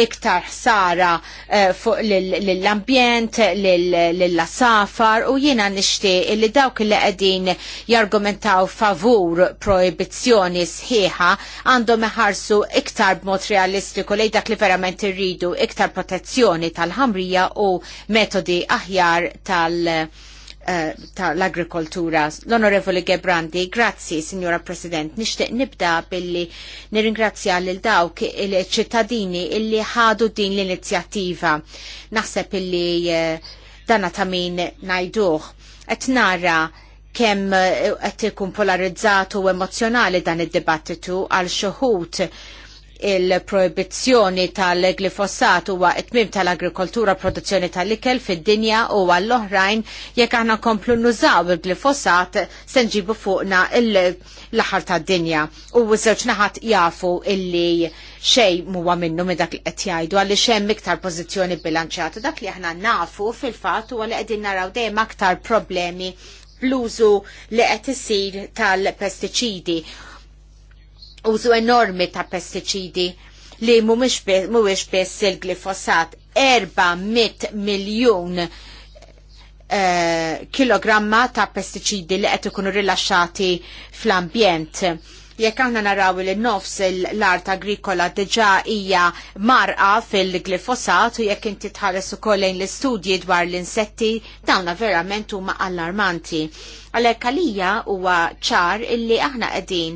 iktar ħsara eh, fuq l-ambjent, l-safar u jiena nixtieq li dawk li qegħdin jargumentaw favur proibizzjoni sħiħa għandhom iħarsu iktar b'mod realistiku lejn dak li verament irridu iktar protezzjoni tal-ħamrija u metodi aħjar tal- Eh, tal-agrikoltura. L-Onorevoli Gebrandi, grazzi, Signora President. Nishtiq nibda billi nirringrazzja lil dawk il-ċittadini illi ħadu din l-inizjattiva. Naħseb illi eh, dana ta' min najduħ. Et nara kemm qed eh, ikun polarizzatu u emozjonali dan id-dibattitu għal xuħut il-proibizzjoni tal-glifosat huwa t-tmiem tal-agrikoltura produzzjoni tal-ikel fid-dinja u għall-oħrajn jekk aħna komplu nużaw il-glifosat se nġibu fuqna l-aħħar tad-dinja. U żewġ naħat jafu illi xej muwa minnu minn dak li qed jgħidu għaliex hemm iktar pożizzjoni bilanċjata dak li aħna nafu fil-fatt huwa li qegħdin naraw dejjem aktar problemi bl-użu li qed isir tal-pestiċidi użu enormi ta' pestiċidi li mhuwiex biss il-glifosat 400 miljun eh, kilogramma ta' pestiċidi li qed ikunu rilaxxati fl-ambjent. Jekk aħna naraw li nofs l-art agrikola diġà hija marqa fil-glifosat u jekk inti tħares ukoll l-istudji dwar l-insetti dawna verament huma allarmanti. Għalhekk għalija huwa ċar illi aħna qegħdin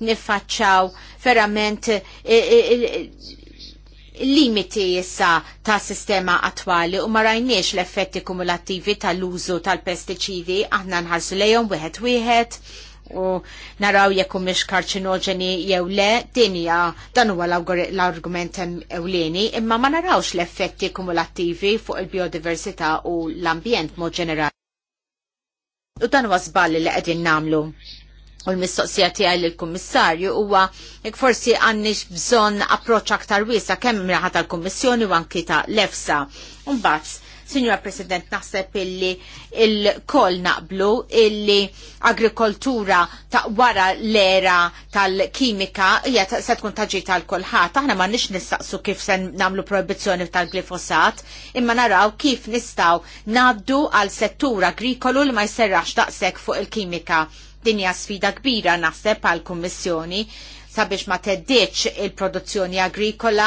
niffaċċaw verament eh, eh, eh, limiti issa ta' sistema attwali u ma rajniex l-effetti kumulattivi tal-użu tal-pestiċidi aħna nħarsu lejon wieħed wieħed u naraw jekk mhix karċinoġeni jew le dinja dan huwa l-argument ewlieni imma ma narawx l-effetti kumulattivi fuq il-biodiversità u l-ambjent mod ġenerali. U dan huwa żball li qegħdin nagħmlu u l-mistoqsija tiegħi lill-Kummissarju huwa jekk forsi għandniex bżonn approċċ aktar wiesa kemm raħa tal-Kummissjoni u anki ta' Lefsa. efsa Mbagħad, President, naħseb illi il-koll naqblu illi agrikoltura ta' wara l-era tal-kimika hija se tkun taġi tal-kulħadd. Aħna ma nix nistaqsu kif se nagħmlu proibizzjoni tal-glifosat, imma naraw kif nistgħu naddu għal settur agrikolu li ma jserrax daqshekk fuq il-kimika dinja sfida kbira naħseb għal kummissjoni sabiex ma teddiċ il-produzzjoni agrikola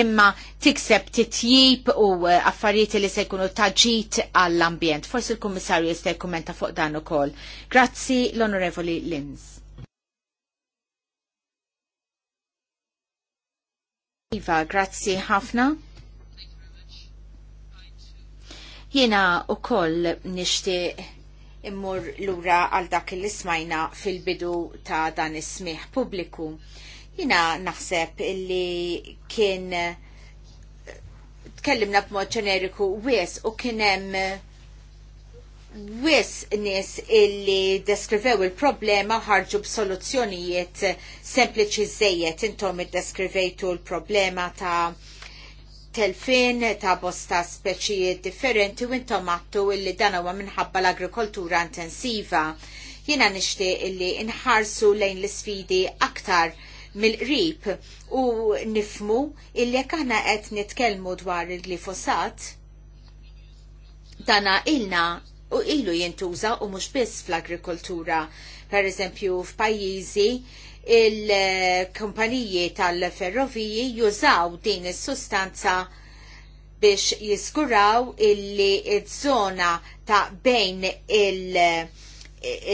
imma tikseb titjib u eh, affarijiet li se jkunu taġit għall-ambjent. Forsi l-Kummissarju jista' jkummenta fuq dan ukoll. Grazzi l-Onorevoli Linz. Iva, grazzi ħafna. Jena u koll nishtiq immur lura għal dak li smajna fil-bidu ta' dan is-smieħ pubbliku. Jina naħseb illi kien tkellimna b'mod ġeneriku wis u kien hemm wis nies illi deskrivew il-problema ħarġu b'soluzzjonijiet sempliċi żejjed intom iddeskrivejtu l-problema ta' telfin ta' bosta speċijiet differenti u intom għattu illi dan huwa minħabba l-agrikoltura intensiva. Jiena nixtieq illi inħarsu lejn l-sfidi aktar mill-qrib u nifmu illi jekk aħna qed nitkellmu dwar il-glifosat dana ilna u ilu jintuża u mhux biss fl-agrikoltura. Per eżempju f'pajjiżi il-kumpaniji tal-ferroviji jużaw din is-sustanza biex jiskuraw illi iż-żona ta' bejn il-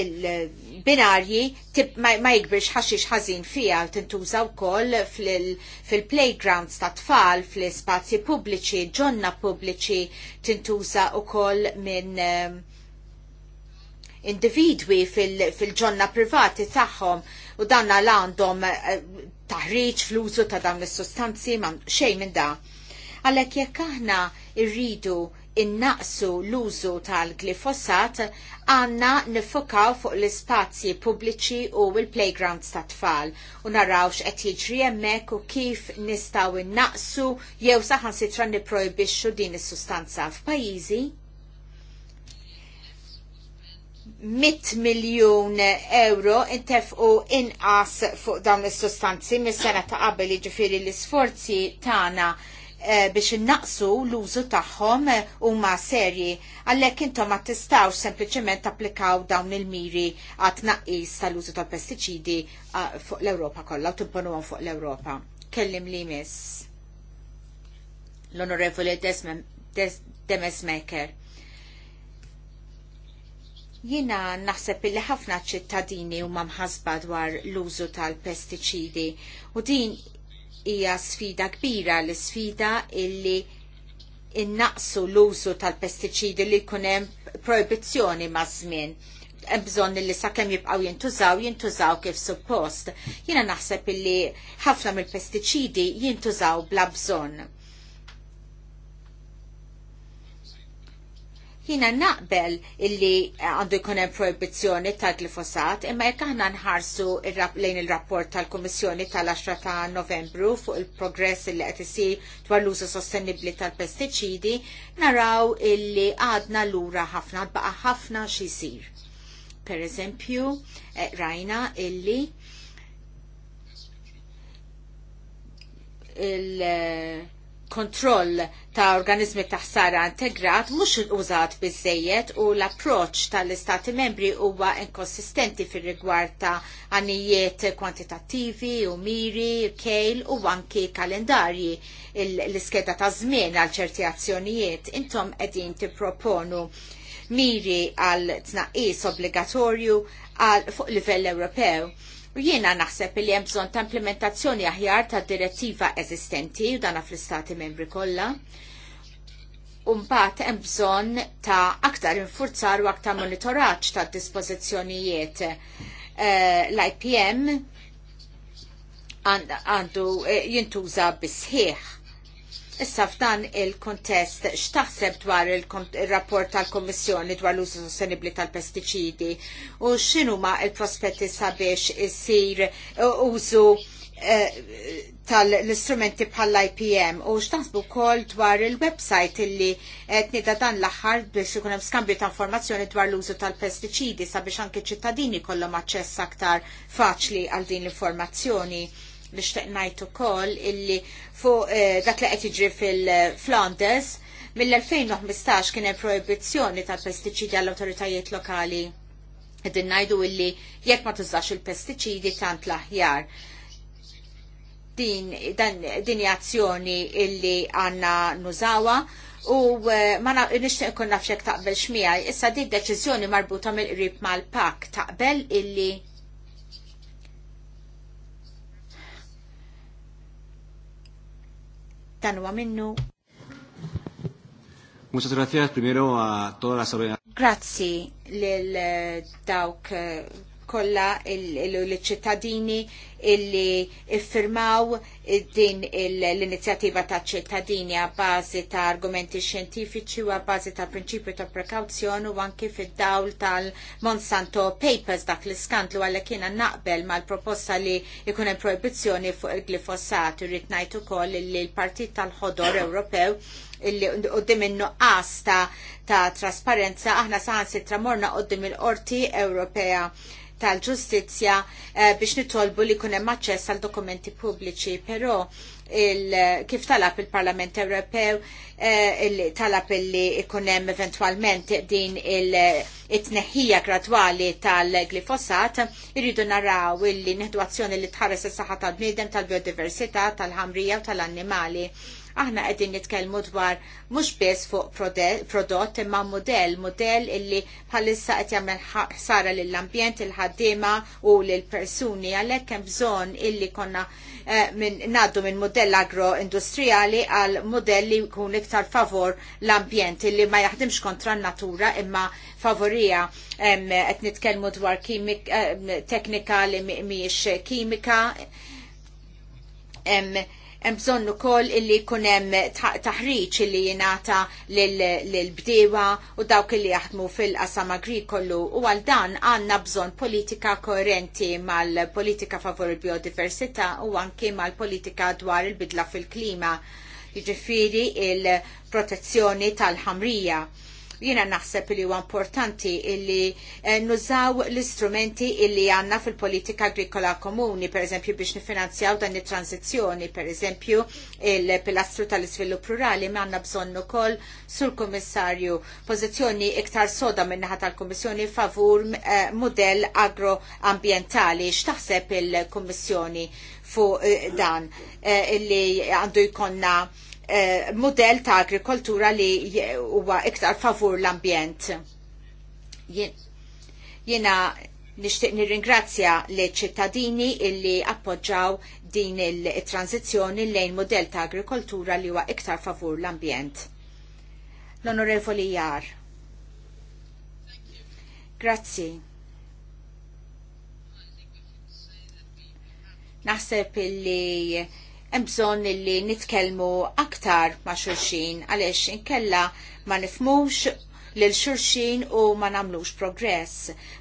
il-binarji ma jikbirx ħaxix ħażin fija tintuża wkoll fil-playgrounds ta' tfal, fl-spazji pubbliċi, ġonna pubbliċi tintuża wkoll minn ehm, individwi fil-ġonna privati tagħhom u danna l għandhom eh, taħriġ fl-użu ta' dawn is-sustanzi ma' xejn minn da. Għalhekk jekk aħna rridu innaqsu l-użu tal-glifosat għanna nifokaw fuq l-ispazji pubbliċi u l-playgrounds ta' tfal u narawx qed jiġri hemmhekk u kif nistgħu innaqsu jew saħansitra nipprojbixxu din is-sustanza f'pajjiżi 100 miljon euro intefqu inqas fuq dawn is-sustanzi mis-sena ta' qabel jiġifieri l-isforzi tagħna eh, biex innaqsu l-użu tagħhom eh, huma serji għalhekk intom ma tistgħux sempliċement applikaw dawn il-miri għat tnaqqis tal-użu tal-pestiċidi eh, fuq l-Ewropa kollha u timponuhom fuq l-Ewropa. Kellim li miss. L-Onorevoli Demes Maker. Jina naħseb li ħafna ċittadini huma mħasba dwar l-użu tal-pestiċidi u din hija sfida kbira l sfida illi innaqsu l-użu tal-pestiċidi li jkun hemm proibizzjoni ma' żmien hemm bżonn li sakemm jibqgħu jintużaw jintużaw kif suppost. Jiena naħseb illi ħafna mill-pestiċidi jintużaw bla bżonn Jina naqbel illi għandu jkun hemm proibizzjoni tal-glifosat, imma jekk aħna nħarsu lejn il-rapport tal-Kummissjoni tal-10 ta' Novembru fuq il-progress li qed isir dwar l-użu sostenibbli tal-pestiċidi, naraw illi għadna lura ħafna baqa' ħafna x'isir. Per eżempju, eh, rajna illi il- kontroll ta' organizmi ta' ħsara integrat mhux użat biżejjed u l-approċċ tal-Istati membri huwa inkonsistenti fir-rigward ta' għanijiet kwantitattivi u miri, kejl u anki kalendarji l-iskeda ta' żmien għal ċerti azzjonijiet intom qegħdin tipproponu miri għal tnaqqis obbligatorju għal fuq livell Ewropew jiena naħseb li hemm bżonn ta' implementazzjoni aħjar ta' direttiva eżistenti u dana fl-istati membri kollha. mbagħad hemm bżonn ta' aktar infurzar u aktar monitoraġġ ta' dispożizzjonijiet uh, eh, l-IPM għandu eh, jintuża bisħieħ Issa f'dan il-kontest, x'taħseb dwar il-rapport tal-Kommissjoni dwar l-użu sostenibbli tal-pestiċidi u x'inhu ma l-prospetti sabiex isir eh, użu eh, tal-istrumenti bħal IPM u x'taħsbu wkoll dwar il-website illi qed nieda dan l-aħħar biex ikun hemm skambju ta' informazzjoni dwar l-użu tal-pestiċidi sabiex anke ċittadini kollhom aċċess aktar faċli għal din l-informazzjoni nixtieq ngħid ukoll illi fuq eh, dak li qed jiġri fil-Flanders mill-2015 kien hemm proibizzjoni tal-pestiċidi għall-awtoritajiet lokali. Qegħdin ngħidu illi jekk ma tużax il-pestiċidi tant l-aħjar din, dan, din azzjoni illi għanna nużawa u eh, ma ikun nafx nafxek taqbel xmija. Issa din deċiżjoni marbuta mill-qrib mal-pak taqbel illi tanwa minnu. Muchas gracias primero a todas las Grazzi lil eh, dawk eh, kollha l-ċittadini illi iffirmaw din l inizjativa ta' ċittadini a bazi ta' argumenti xjentifiċi u a bazi ta' prinċipju ta' prekawzjoni u anki fid-dawl tal-Monsanto Papers dak l li għalhekk kiena naqbel mal-proposta li jkun hemm proibizzjoni fuq il-glifosat irrid ngħid ukoll li l-Partit tal-Ħodor Ewropew illi qoddim in-nuqqas ta' trasparenza aħna saħan sitra morna qoddim il-Qorti Ewropea tal-ġustizja eh, biex nitolbu li kunem aċċess għal dokumenti pubbliċi, però il, kif talab il-Parlament Ewropew eh, il, talab li ikunem eventualment din il it-neħija gradwali tal-glifosat, irridu naraw illi neħdu azzjoni li tħares il-saħħa tal-bnidem, tal-biodiversità, tal-ħamrija u tal-annimali. tal bnidem tal biodiversità tal ħamrija u tal annimali tal tal biodiversità tal ħamrija u tal annimali Aħna qegħdin nitkellmu dwar mhux biss fuq prodott imma model, model illi bħalissa qed jagħmel ħsara lill-ambjent, il-ħaddiema u lill-persuni għalhekk hemm bżonn illi konna eh, min, naddu minn modell agroindustrijali għal modell li jkun iktar favor l-ambjent illi ma jaħdimx kontra n-natura imma favorija qed nitkellmu dwar eh, teknika li mhijiex kimika Hemm bżonn ukoll illi jkun hemm taħriġ illi jingħata lill-bdiewa u dawk illi jaħdmu fil-qasam agrikolu u għal dan għandna bżonn politika koerenti mal-politika favur il-biodiversità u anke mal-politika dwar il-bidla fil-klima jiġifieri il-protezzjoni tal-ħamrija Jiena naħseb li huwa importanti illi eh, nużaw l-istrumenti illi għandna fil-politika agrikola komuni, pereżempju biex nifinanzjaw dan it per pereżempju il-pilastru tal-iżvilupp rurali ma għanna bżonn ukoll sur komissarju pożizzjoni iktar soda min-naħa tal-Kummissjoni favur model eh, modell agroambientali. X'taħseb il-Kummissjoni fuq eh, dan illi għandu jkollna Eh, model ta' agrikoltura li huwa iktar favur l-ambjent. Jiena nixtieq nirringrazzja li ċittadini illi appoġġaw din il-tranzizjoni lejn model ta' agrikoltura li huwa iktar favur l-ambjent. L-Onorevoli Jar. Grazzi. Naħseb illi bżonn illi nitkellmu aktar ma' xulxin għaliex inkella ma nifmux lil xulxin u ma namlux progress.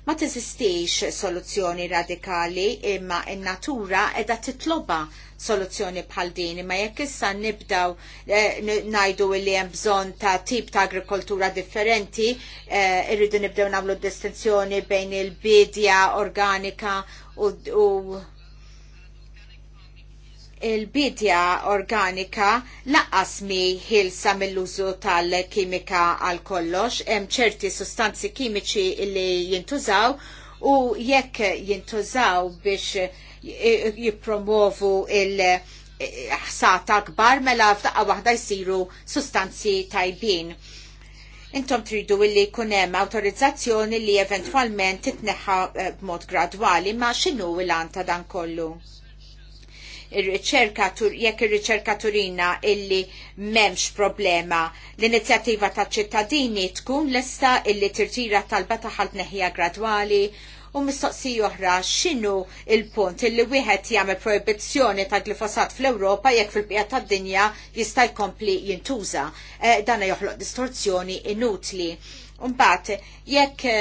Ma teżistix soluzzjoni radikali imma in-natura edha titloba soluzzjoni bħal din imma jekk issa nibdaw eh, najdu li hemm bżonn ta' tip ta' agrikoltura differenti, eh, irridu nibdew nagħmlu distinzjoni bejn il-bidja organika u, u il-bidja organika laqqas mi ħilsa mill-użu tal-kimika għal kollox, hemm ċerti sostanzi kimiċi li jintużaw u jekk jintużaw biex jipromovu il- ħsata akbar mela f'daqqa waħda jsiru sustanzi tajbin. Intom tridu illi kunem autorizzazzjoni li eventualment titneħħa eh, b'mod gradwali ma xinu il-għanta dan kollu ir riċerkatur jekk ir riċerkaturina illi m'hemmx problema l-inizjattiva taċ ċittadini tkun lesta illi tirtira talba taħal neħja gradwali u mistoqsi oħra x'inhu il-punt illi wieħed jagħmel proibizzjoni ta' glifosat fl-Ewropa jekk fil-bqija tad-dinja jista' jkompli jintuża. Eh, Dana joħloq distorzjoni inutli. Mbagħad jekk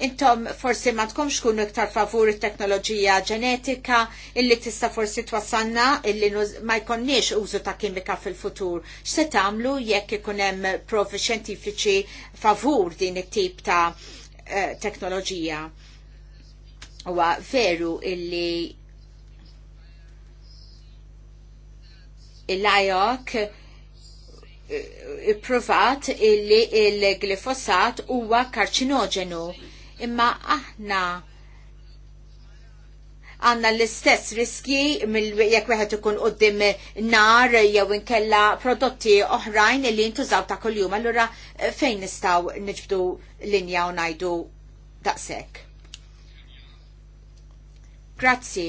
Intom forsi ma tkunx kunu iktar favur it-teknoloġija ġenetika illi tista' forsi twassalna illi ma jkonniex użu ta' kimika fil-futur. X'se tagħmlu jekk ikun hemm provi xjentifiċi favur din it-tip ta' eh, teknoloġija. Huwa veru illi il-lajok eh, ippruvat provat illi il-glifosat huwa karċinoġenu imma aħna għanna l-istess riski jekk weħet ikun qoddim nar jew inkella prodotti oħrajn li jintużaw ta' kuljum. Allura eh, fejn nistgħu niġbdu linja u ngħidu daqshekk. Grazzi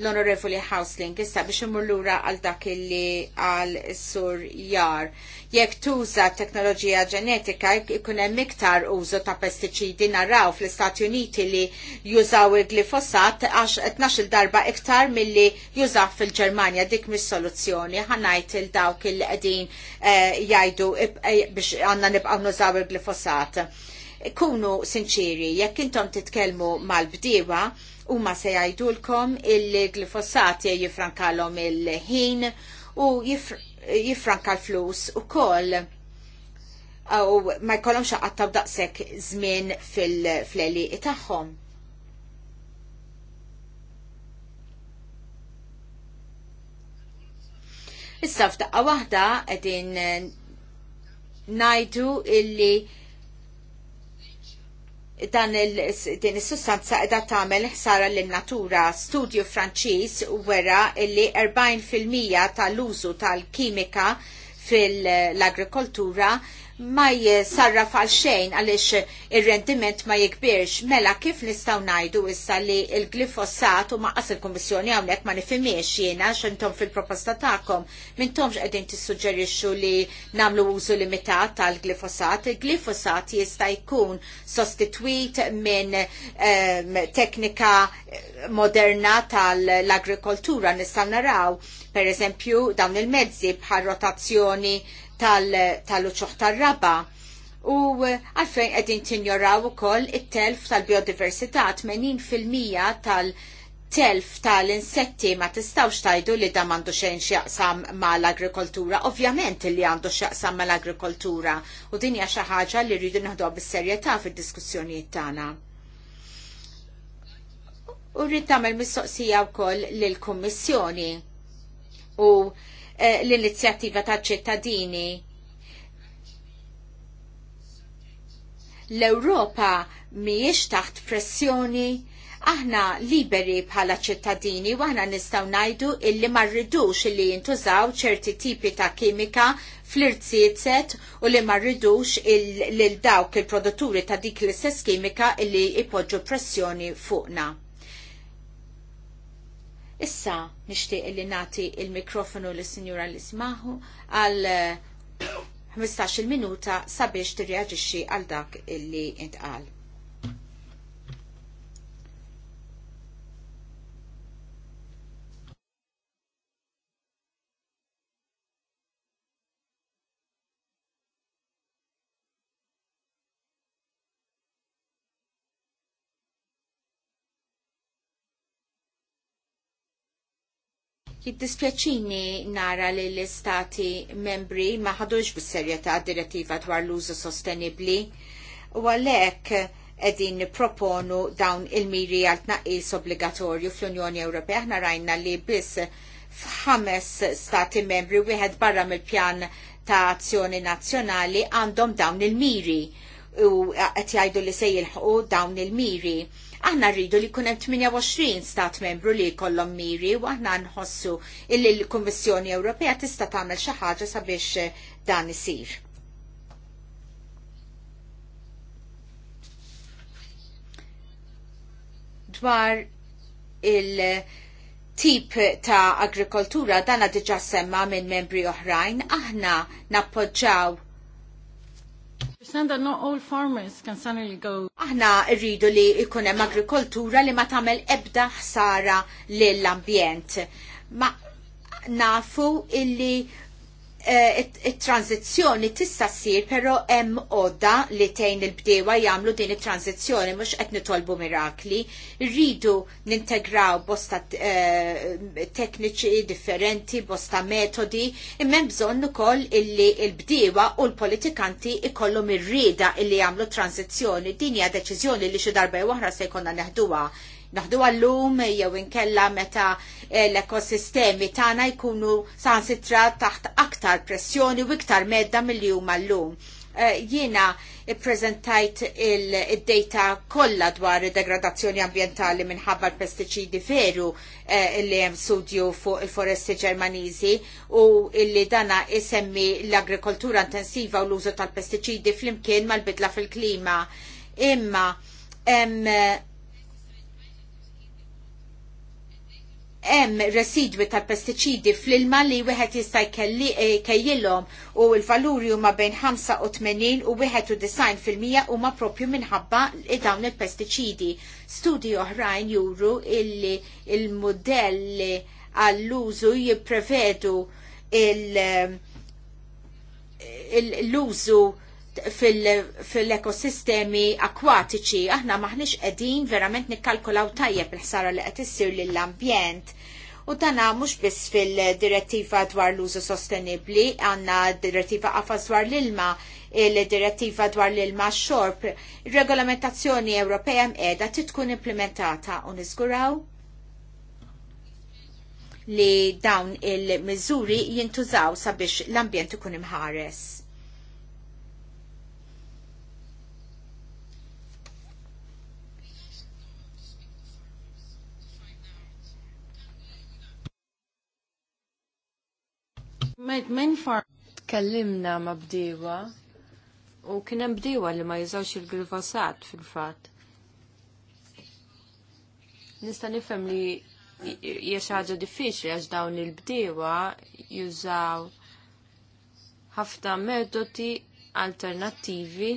l-Onorevoli Hausling issa biex imur lura għal dak illi għal sur jar. Jekk tuża teknoloġija ġenetika ikun hemm iktar użu ta' pestiċidi naraw fl-Istati Uniti li jużaw il-glifosat għax qed il darba iktar milli jużaw fil-Ġermanja dik mis-soluzzjoni ħanajt il-dawk il-qegħdin eh, jgħidu eh, biex għandna nibqgħu nużaw il-glifosat. Kunu sinċiri, jekk intom titkellmu mal-bdiewa, huma se jgħidulkom illi glifosati jifrankalhom il-ħin u jifrankal l-flus ukoll. U ma jkollom xaqattaw daqshekk żmien fil fleli tagħhom. Issa f'daqqa waħda qegħdin ngħidu illi dan din is-sustanza qiegħda tagħmel ħsara lin-natura. Studju Franċiż wera li 40% tal-użu tal-kimika fil-agrikoltura ma jisarra għal xejn għaliex ir-rendiment ma jikbirx. Mela kif nistgħu ngħidu issa li l-glifosat u maqas il-Kummissjoni hawnhekk ma nifimiex jiena x'intom fil-proposta tagħkom tomx qegħdin tissuġġerixxu li nagħmlu użu limitat tal-glifosat. Il-glifosat jista' jkun sostitwit minn um, teknika moderna tal-agrikoltura nistgħu naraw per eżempju dawn il-mezzi bħal rotazzjoni tal-uċuħ tal-raba u eh, għalfejn qegħdin tinjoraw ukoll it-telf tal-biodiversità 80% tal- telf tal-insetti ma tistaw tajdu li da mandu xejn xieqsam ma l-agrikoltura, ovvjament li għandu xjaqsam ma l-agrikoltura u din hija xi ħaġa li rridu naħdu bis-serjetà fid-diskussjonijiet tagħna. U rrid tagħmel mistoqsija wkoll lill-Kummissjoni u Eh, l-inizjattiva ta' ċittadini. L-Ewropa mhijiex taħt pressjoni aħna liberi bħala ċittadini u aħna nistaw najdu illi marridux illi jintużaw ċerti tipi ta' kimika fl-irtsiet u li marridux il-dawk il-produtturi ta' dik l-istess kimika illi ipoġġu pressjoni fuqna. Issa nixtieq li nagħti l mikrofonu lis sinjura smaħu għal 15 eh, [coughs] minuta sabiex tirreġixxi għal dak illi intqal. Jiddispjaċini nara li l-istati membri ma ħadux bis-serjetà direttiva dwar l-użu sostenibli u għalhekk qegħdin proponu dawn il-miri għal tnaqqis obbligatorju fl-Unjoni Ewropea. Aħna rajna li biss f'ħames stati membri wieħed barra mill-pjan ta' azzjoni nazzjonali għandhom dawn il-miri u qed jgħidu li se jilħqu dawn il-miri. il miri Aħna rridu li kunem 28 stat membru li kollom miri u aħna nħossu illi l-Kommissjoni Ewropea tista' tagħmel xi ħaġa sabiex eh, dan isir. Dwar il- eh, tip ta' agrikoltura dana diġa semma minn membri oħrajn, aħna nappoġġaw not all farmers can suddenly go. Aħna rridu li jkun hemm agrikoltura li ma tagħmel ebda ħsara lill-ambjent. Ma nafu illi Eh, it-tranzizjoni tista' ssir però hemm għodda li tgħin il-bdewa jagħmlu din it-tranzizzjoni mhux qed nitolbu mirakli. Rridu nintegraw bosta eh, tekniċi differenti, bosta metodi, imma bżonn ukoll illi l-bdewa u l-politikanti ikollhom ir-rieda illi jagħmlu tranzizzjoni. Din hija deċiżjoni li xi darba oħra se jkollna neħduha naħdu għallum jew inkella meta eh, l-ekosistemi tagħna jkunu sansitra taħt aktar pressjoni u iktar medda mill-jum għallum. Eh, jiena ippreżentajt il-data kollha dwar id-degradazzjoni ambjentali minħabba l-pestiċidi veru eh, li hemm studju fuq il-foresti Ġermaniżi u illi dana isemmi l-agrikoltura intensiva u l-użu tal-pestiċidi flimkien mal-bidla fil-klima. Imma hemm residwi tal pestiċidi fl-ilma li wieħed jista' eh, jkejjilhom u l-valuri huma bejn 85 u 91 fil-mija huma propju minħabba dawn il-pestiċidi. Studji oħrajn juru illi il-modelli għall-użu jipprevedu eh, l-użu il fil-ekosistemi fil akwatiċi. Aħna maħniex qegħdin verament nikkalkulaw tajjeb il-ħsara li qed issir lill-ambjent. U tana mhux biss fil-direttiva dwar l-użu sostenibbli, għandna direttiva qafas dwar l-ilma, il-direttiva dwar l-ilma xorb, regolamentazzjoni Ewropea mqeda titkun implementata u niżguraw li dawn il-miżuri jintużaw sabiex l-ambjent ikun imħares. Main Tkellimna ma' bdiewa u kien hemm bdiewa li ma jiżawx il-glifosat fil-fatt. Nista' nifhem li hija xi ħaġa diffiċli għax dawn il-bdiewa jużaw ħafna metodi alternattivi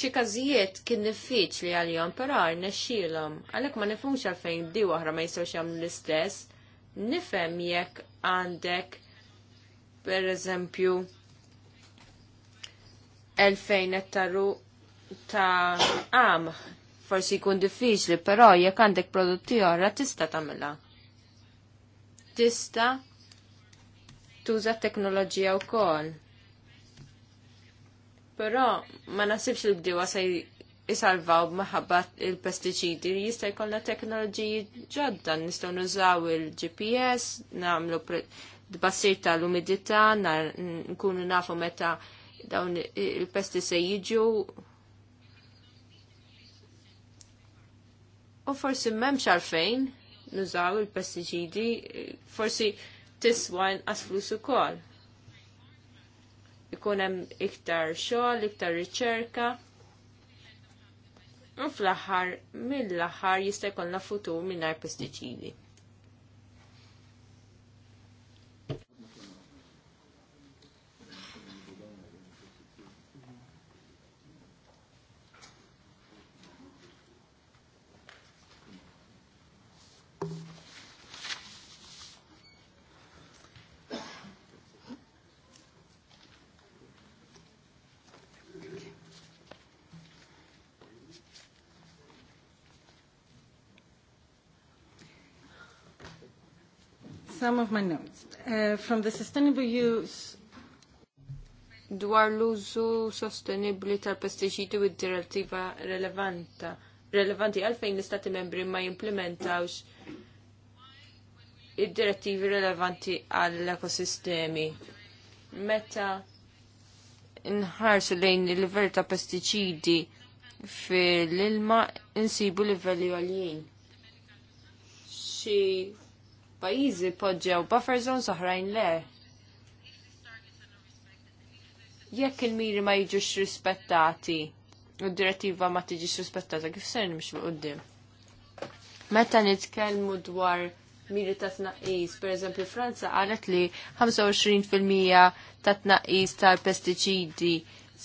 Xi każijiet kien diffiċli għalihom, però nexxielhom. Għalhekk ma nifhmux għalfejn di oħra ma jistgħux jagħmlu l-istess. Nifhem jekk għandek pereżempju elfejn qed tarru ta' għam forsi jkun diffiċli, però jekk għandek prodotti oħra tista' tagħmilha. Tista' tuża t teknoloġija wkoll Però ma nasibx il bdiwa se jisalvaw maħabba il-pestiċidi. Jista' jkollna teknoloġiji ġodda, nistgħu nużaw il-GPS, nagħmlu d-bassir tal-umidità, nkunu nafu meta dawn il-pesti se jiġu. U forsi memx għalfejn nużaw il-pestiċidi, forsi tiswa inqas flus ukoll ikun hemm iktar xogħol, iktar riċerka. U fl-aħħar mill-aħħar jista' jkollna futur mingħajr pestiċidi. some of my notes. Uh, from the sustainable use dwar l-użu sostenibli tal-pestiċidi u d-direttiva relevanta. Relevanti għalfejn l-istati membri ma jimplementawx id-direttivi relevanti għall-ekosistemi. Meta nħarsu lejn il-livell ta' pestiċidi fil-ilma insibu livelli għaljien. Xie Pajizi podġew buffer zones oħrajn le. Jekk il-miri ma jiġux rispettati, u d-direttiva ma tiġix rispettata, kif ser nimx muqoddim? Meta nitkellmu dwar miri ta' tnaqqis, per eżempju Franza qalet li 25% ta' tnaqqis tal-pestiċidi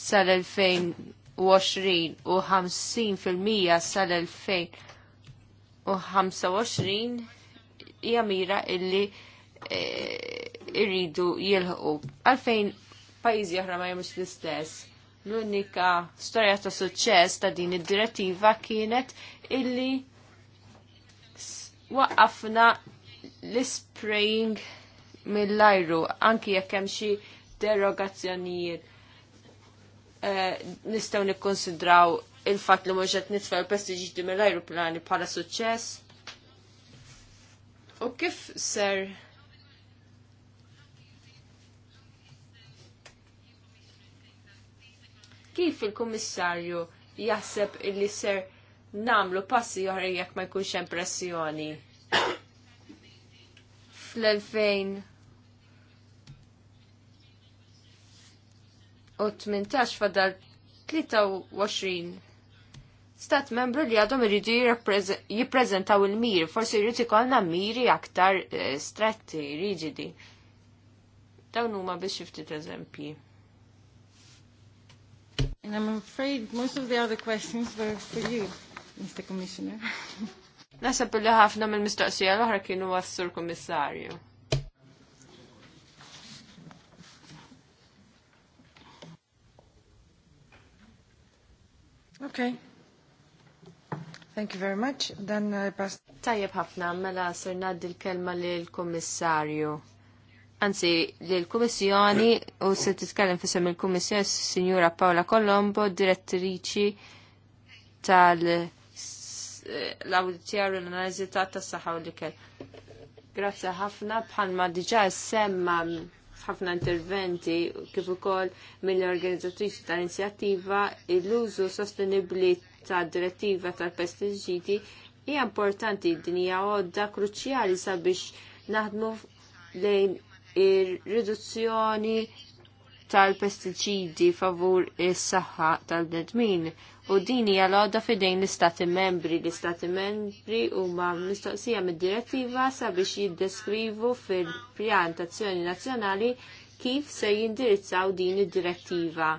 sal-2020 u 50% sal-2025 hija mira illi eh, irridu jilħu. Għalfejn pajjiżi oħra ma jemux l-istess. L-unika storja ta' suċċess ta' din id-direttiva kienet illi waqqafna l-spraying mill-ajru, anki jekk hemm xi derogazzjonijiet. Eh, nistgħu nikkonsidraw il-fatt li mhux qed nitfgħu pestiġiti mill-ajruplani bħala suċċess U kif ser kif il-Kummissarju jaħseb illi ser namlu passi oħra jekk ma jkunx hemm pressjoni? Fl-2000 u 18 fadal 23 stat membru li għadhom iridu jippreżentaw il-mir, forsi jrid ikollna miri aktar eh, stretti, rigidi. Dawn huma biex ftit eżempji. And I'm afraid most of the other questions were for you, Mr. Commissioner. [laughs] Nasab li ħafna mill-mistoqsija l-oħra kienu għas-Sur Kummissarju. Okay. Thank you very much. I uh, pass. Tajjeb ħafna, mela sir naddi l-kelma lill-Kummissarju. Anzi, lill-Kummissjoni u se titkellem fisem il-Kummissjoni Signora Paola Colombo, direttriċi tal-Awditjar u l-Analiżi tas-Saħħa u l-Ikel. Grazzi ħafna bħalma diġà semma ħafna interventi kif ukoll mill organizzatrici tal-inizjattiva l-użu sostenibbli tad direttiva tal-pestiċidi hija importanti din hija għodda kruċjali sabiex naħdmu lejn ir-riduzzjoni tal-pestiċidi favur is-saħħa tal-bnedmin. U din hija l-għodda fidejn l-Istati membri. L-Istati membri huma mistoqsija mid-direttiva sabiex jiddeskrivu fil-pjan tazzjoni nazzjonali kif se jindirizzaw din id-direttiva.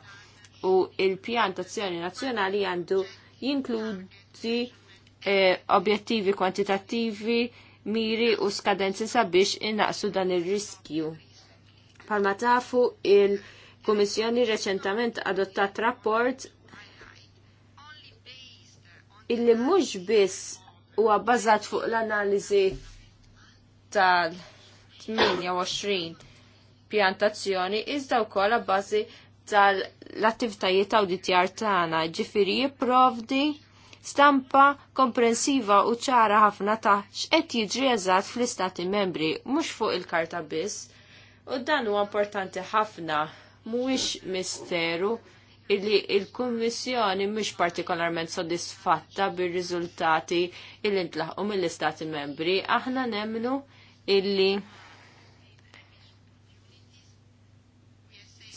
U il-pjan tazzjoni nazzjonali għandu jinkludi eh, objettivi kwantitattivi, miri u skadenzi sabiex innaqsu dan ir-riskju. Palma tafu il-Kummissjoni reċentament adottat rapport illi mhux biss huwa bbażat fuq l-analiżi tal-28 pjantazzjoni iżda wkoll bażi tal-attivitajiet awditjar tagħna, ġifiri jipprovdi stampa komprensiva u ċara ħafna ta' x'qed jiġri eżatt fl-istati membri, mhux fuq il-karta biss. U dan huwa importanti ħafna mhuwiex misteru illi il-Kummissjoni mhux partikolarment sodisfatta bir-riżultati illi ntlaħqu mill-Istati Membri, aħna nemnu illi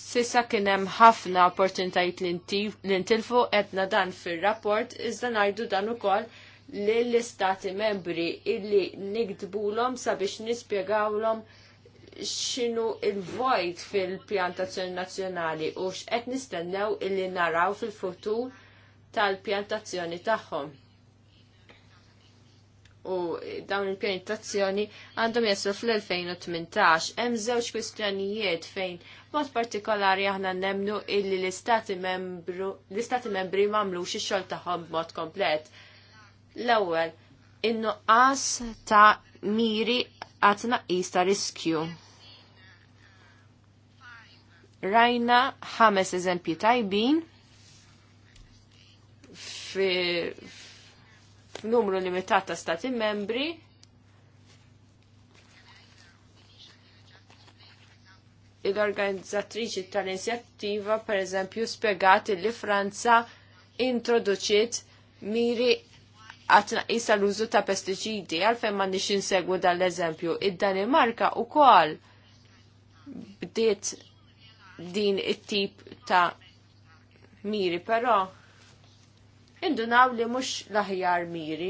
Sissa kienem ħafna opportunitajiet li ntilfu etna dan fil-rapport, iżda najdu dan ukoll li l-istati membri illi nikdbulom sabiex nispjegawlhom xinu il-vojt fil-pjantazzjoni nazzjonali u x'qed nistennew illi naraw fil-futur tal-pjantazzjoni tagħhom u dawn il-pjani tazzjoni għandhom jessu fl-2018. Hemm żewġ kwistjonijiet fejn mod partikolari aħna nemnu illi l-istati membri mamlu xi xogħol tagħhom b'mod komplet. L-ewwel, in-nuqqas ta' miri għat naqis ta' riskju. Rajna ħames eżempji tajbin f'numru limitat ta' stati membri. Il-organizzatriċi tal-inizjattiva, per eżempju, spiegat li Franza introduċiet miri għatnaqis l-użu ta' pesticidi, għalfem ma nix insegwu dal-eżempju. Id-Danimarka u kol bdiet din it-tip ta' miri, pero indunaw li mhux l-aħjar miri.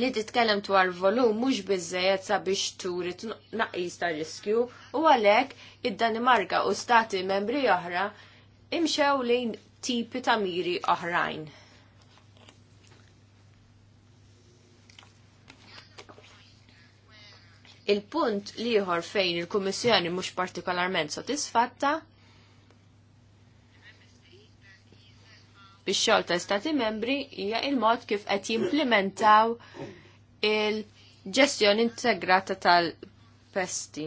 Li titkellem dwar volum mhux biżejjed sabiex turi tnaqqis ta' riskju u għalhekk id-Danimarka u stati membri oħra imxew lejn tipi ta' miri oħrajn. Il-punt liħor fejn il-Kummissjoni mhux partikolarment sodisfatta bixxol xogħol ta' Stati membri hija il-mod kif qed jimplementaw il-ġestjoni integrata tal-pesti.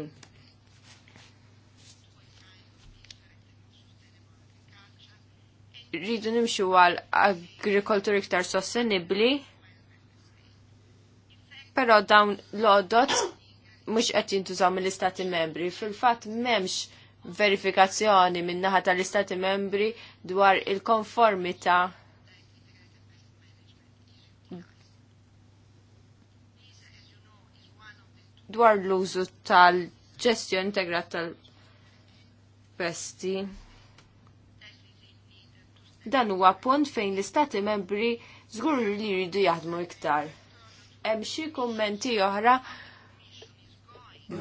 Rridu nimxu għal agrikoltur iktar sostenibli, però dawn l-odot mhux qed jintużaw mill-Istati membri. Fil-fatt m'hemmx verifikazzjoni min-naħa tal-Istati membri dwar il-konformita dwar l-użu tal-ġestjoni integrat tal-pesti. Dan huwa punt fejn l-istati membri żgur li jridu jaħdmu iktar. Hemm xi kummenti oħra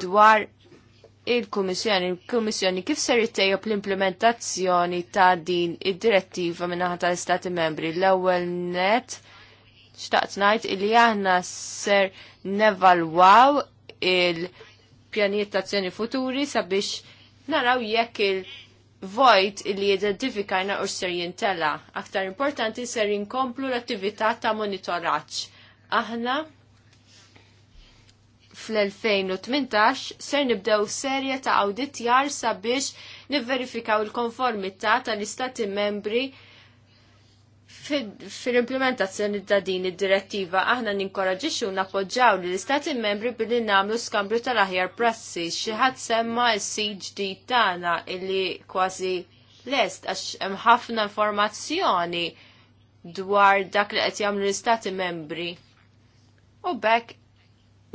dwar il-Kummissjoni, il-Kummissjoni kif ser ittejjob l-implementazzjoni ta' din id-direttiva minnaħa tal-Istati membri l-ewwel net xtaqt ngħid li aħna ser nevalwaw il-pjanijiet ta' azzjoni futuri sabiex naraw jekk il-vojt li identifikajna u ser jintela. Aktar importanti ser jinkomplu l-attività ta' monitoraġġ. Aħna fl-2018 ser nibdew serje ta' awditjar sabiex nivverifikaw il-konformità tal-istati membri fil-implementazzjoni ta' din id-direttiva aħna ninkoraġixxu nappoġġaw li l-istati membri billi nagħmlu skambru tal-aħjar prassi xi ħadd semma s-sid tagħna illi kważi lest għax hemm ħafna informazzjoni dwar dak li qed jagħmlu l-istati membri. U bekk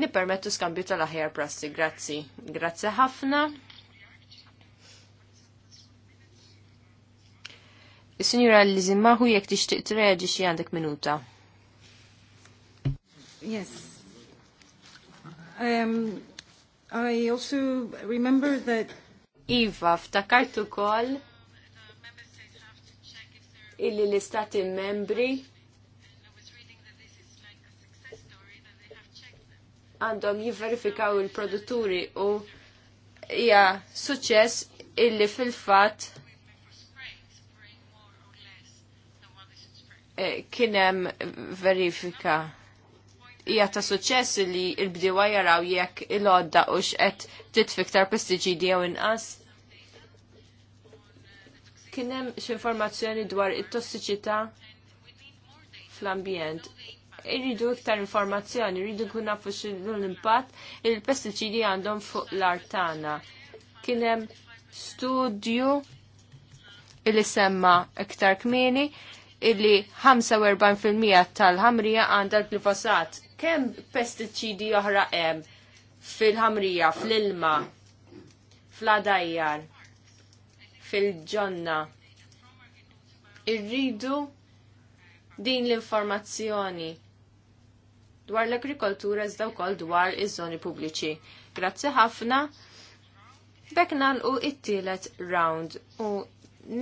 nipermettu skambju tal-aħjar prassi. Grazzi. Grazzi ħafna. Is-sinjura li zimmaħu jek tixtieq treġi xie għandek minuta. Yes. Um, I also remember that Iva, ftakartu kol illi l-istati membri għandhom jivverifikaw il-produtturi u hija suċċess illi fil fat eh, kienem verifika Ija ta' suċċess li l bdiwa jaraw jekk il odda u x'qed titfiktar pestiċidi jew inqas. Kien hemm informazzjoni dwar it-tossiċità fl-ambjent irridu iktar informazzjoni, irridu kun nafu l-impatt il-pestiċidi għandhom fuq l-artana. Kienem studju li semma iktar kmini illi 45% tal-ħamrija għandha l-glifosat. Kemm pestiċidi oħra hemm fil-ħamrija, fl-ilma, fl-adajjar, fil-ġonna. Irridu din l-informazzjoni dwar l-agrikoltura iżda wkoll dwar iż-żoni pubbliċi. Grazzi ħafna. Bekk nagħlqu it-tielet round u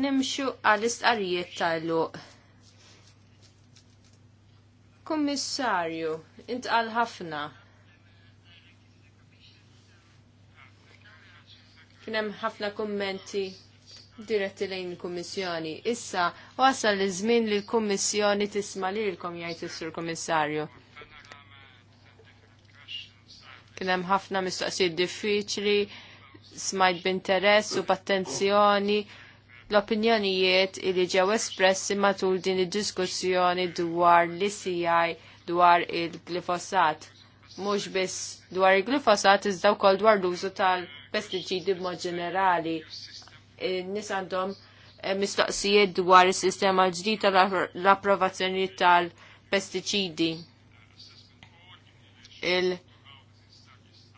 nimxu għall-istqarijiet tal-luq. Kummissarju, intqal ħafna. Kien hemm ħafna kummenti diretti lejn il-Kummissjoni. Issa wasal iż-żmien li l-Kummissjoni tisma' lilkom jgħid is-Sur Kummissarju. Kien hemm ħafna mistoqsijiet diffiċli, smajt b'interess u b'attenzjoni l-opinjonijiet li ġew espressi matul din id-diskussjoni dwar l-ICI dwar il-glifosat. Mhux biss dwar il-glifosat iżda wkoll dwar l-użu tal-pestiċidi b'mod ġenerali. Nis għandhom eh, mistoqsijiet dwar is-sistema ġdid tal-approvazzjoni tal-pestiċidi. Il-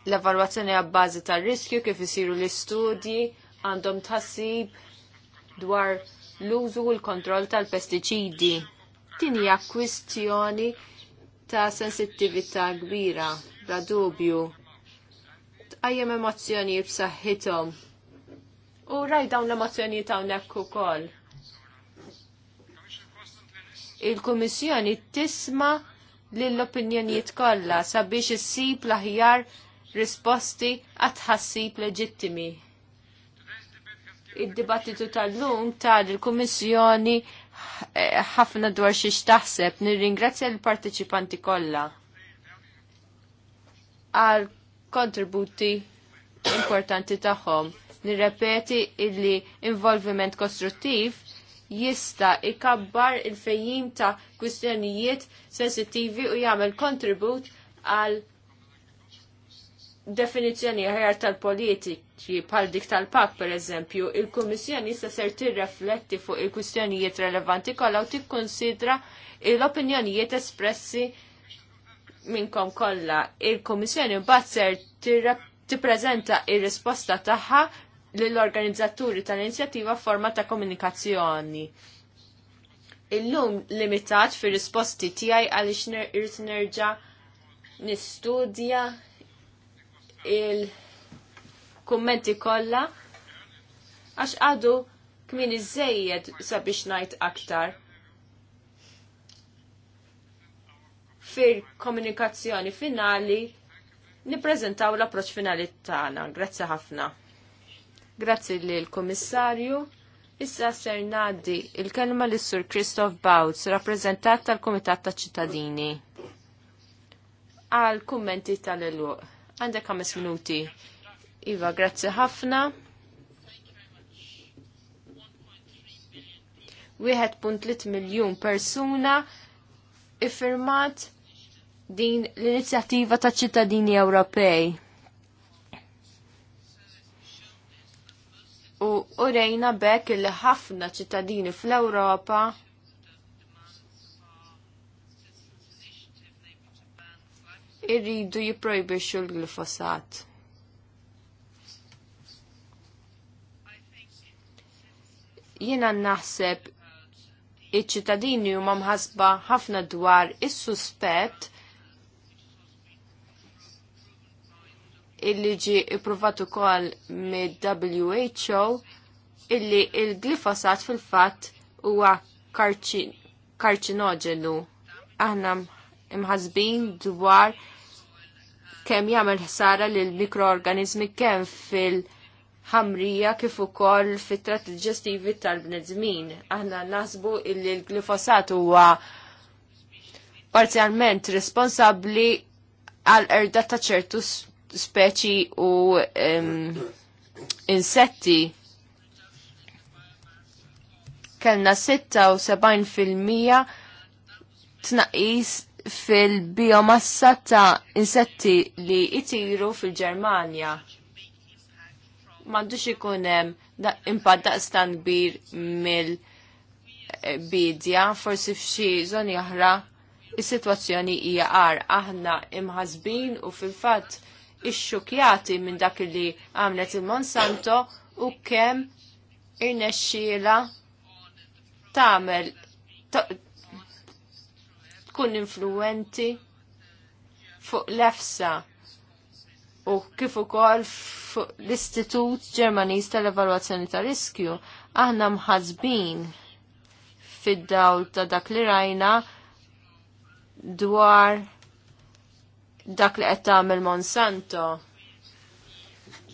l-evalwazzjoni għabbażi tar riskju kif isiru l-istudji għandhom tħassib dwar l-użu u l-kontroll tal-pestiċidi. Din hija kwistjoni ta' sensittività kbira, bla dubju. Tqajjem emozzjoni b'saħħithom. U raj dawn l-emozzjoni ta' hawnhekk ukoll. Il-Kummissjoni tisma' lill-opinjonijiet kollha sabiex issib l-aħjar risposti għatħassib leġittimi. Id-dibattitu tal-lum tal-Kummissjoni eh, ħafna dwar xiex taħseb, nirringrazzja l-partiċipanti kollha għal kontributi importanti tagħhom. Nirrepeti illi involviment kostruttiv jista ikabbar il-fejjim ta' kwistjonijiet sensittivi u jagħmel kontribut għal definizjoni ħjar tal-politiċi pal dik tal-pak per eżempju, il-Kummissjoni issa ser tirrefletti fuq il-kwistjonijiet relevanti kollha u tikkonsidra l-opinjonijiet espressi minnkom kollha. Il-Kummissjoni mbagħad ser tippreżenta ir-risposta tagħha lill-organizzaturi tal-inizjattiva forma ta' komunikazzjoni. Illum limitat fir risposti tiegħi għaliex nerġa' nistudja il-kummenti kollha għax għadu kmini zzejjed sabiex ngħid aktar. Fir komunikazzjoni finali niprezentaw l-approċċ finali tagħna. Grazzi ħafna. Grazzi lill kummissarju Issa ser ngħaddi il-kelma lis sur Christoph Bautz, rappreżentant tal-Kumitat taċ ċittadini għal kummenti tal-eluq. Għandek 5 minuti. Iva, grazzi ħafna. 1.3 miljun persuna iffirmat din l-inizjattiva ta' ċittadini Ewropej. U urejna bekk il-ħafna ċittadini fl-Ewropa irridu jipprojbixxu l-glifosat. Jiena naħseb iċ-ċittadini huma mħasba ħafna dwar is-suspett illi ġi ippruvat ukoll mid-WHO illi il-glifosat fil-fatt huwa karċinoġenu. Aħna imħasbin dwar kemm jagħmel ħsara lil mikroorganizmi kemm fil-ħamrija kif ukoll fit-tratt digestivi tal-bnedmin. Aħna naħsbu illi l-glifosat huwa parzjalment responsabbli għal erda ta' ċertu speċi u um, insetti kellna 76% tnaqis fil-biomassa ta' insetti li jitiru fil-Ġermanja. M'għandux ikun hemm impatt daqstan kbir mill-bidja, forsi f'xi żoni oħra is-sitwazzjoni hija għar aħna imħasbin u fil-fatt ixxukjati minn dak li għamlet il-Monsanto u kemm irnexxiela tagħmel tkun influenti fuq l-EFSA u kif ukoll fuq l-Istitut Ġermaniż tal-Evalwazzjoni ta' Riskju aħna mħazbin fid-dawl ta' dak li rajna dwar dak li qed tagħmel Monsanto.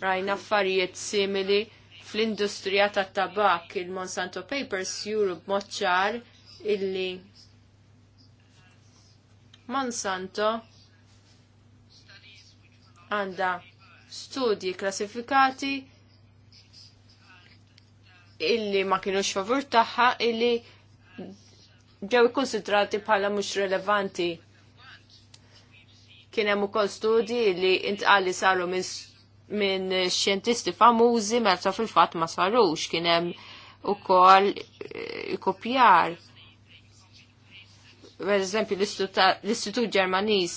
Rajna affarijiet simili fl-industrija tat-tabak il-Monsanto Papers juru b'mod ċar illi Monsanto għanda studji klassifikati illi ma kienux favur tagħha illi ġew konsidrati bħala mhux relevanti. Kien hemm ukoll studji li intqali saru minn xjentisti famużi meta fil-fatt ma sarux kien hemm ukoll eh, kopjar per eżempju l-Istitut Ġermaniż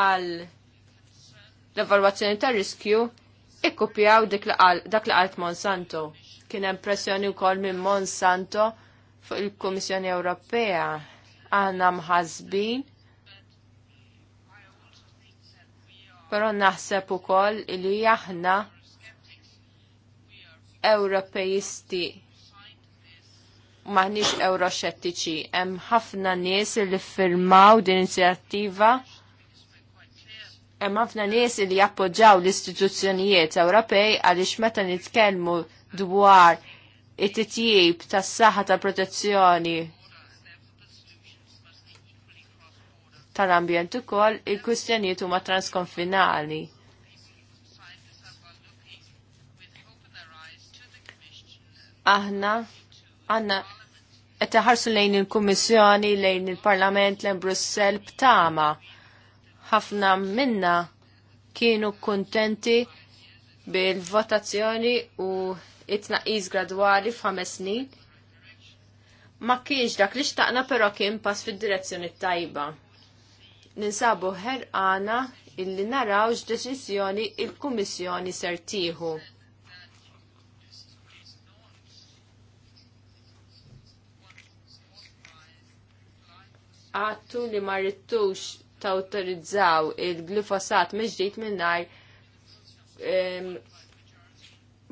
għal l-evalwazzjoni ta' riskju ikkupjaw dak li għalt Monsanto. Kien hemm pressjoni wkoll minn Monsanto fuq il-Kummissjoni Ewropea għandna mħasbin. Però naħseb ukoll li aħna Ewropejisti maħniex euroxettiċi. Hemm ħafna nies li firmaw din inizjattiva. Hemm ħafna nies li jappoġġaw l-istituzzjonijiet Ewropej għaliex meta nitkellmu dwar it-titjib tas-saħħa tal-protezzjoni tal-ambjent ukoll il-kwistjonijiet huma transkonfinali. Aħna għanna qed iħarsu lejn il-Kummissjoni, lejn il-Parlament, lejn Brussell b'tama. Ħafna minna kienu kontenti bil-votazzjoni u it-tnaqqis gradwali f'ħames snin. Ma kienx dak li xtaqna però kien pass fil direzzjoni tajba. Ninsabu ħer ħerqana illi narawx deċizjoni il-Kummissjoni sertiħu. għattu li ma rridtux tawtorizzaw il-glifosat meġdijt minnaj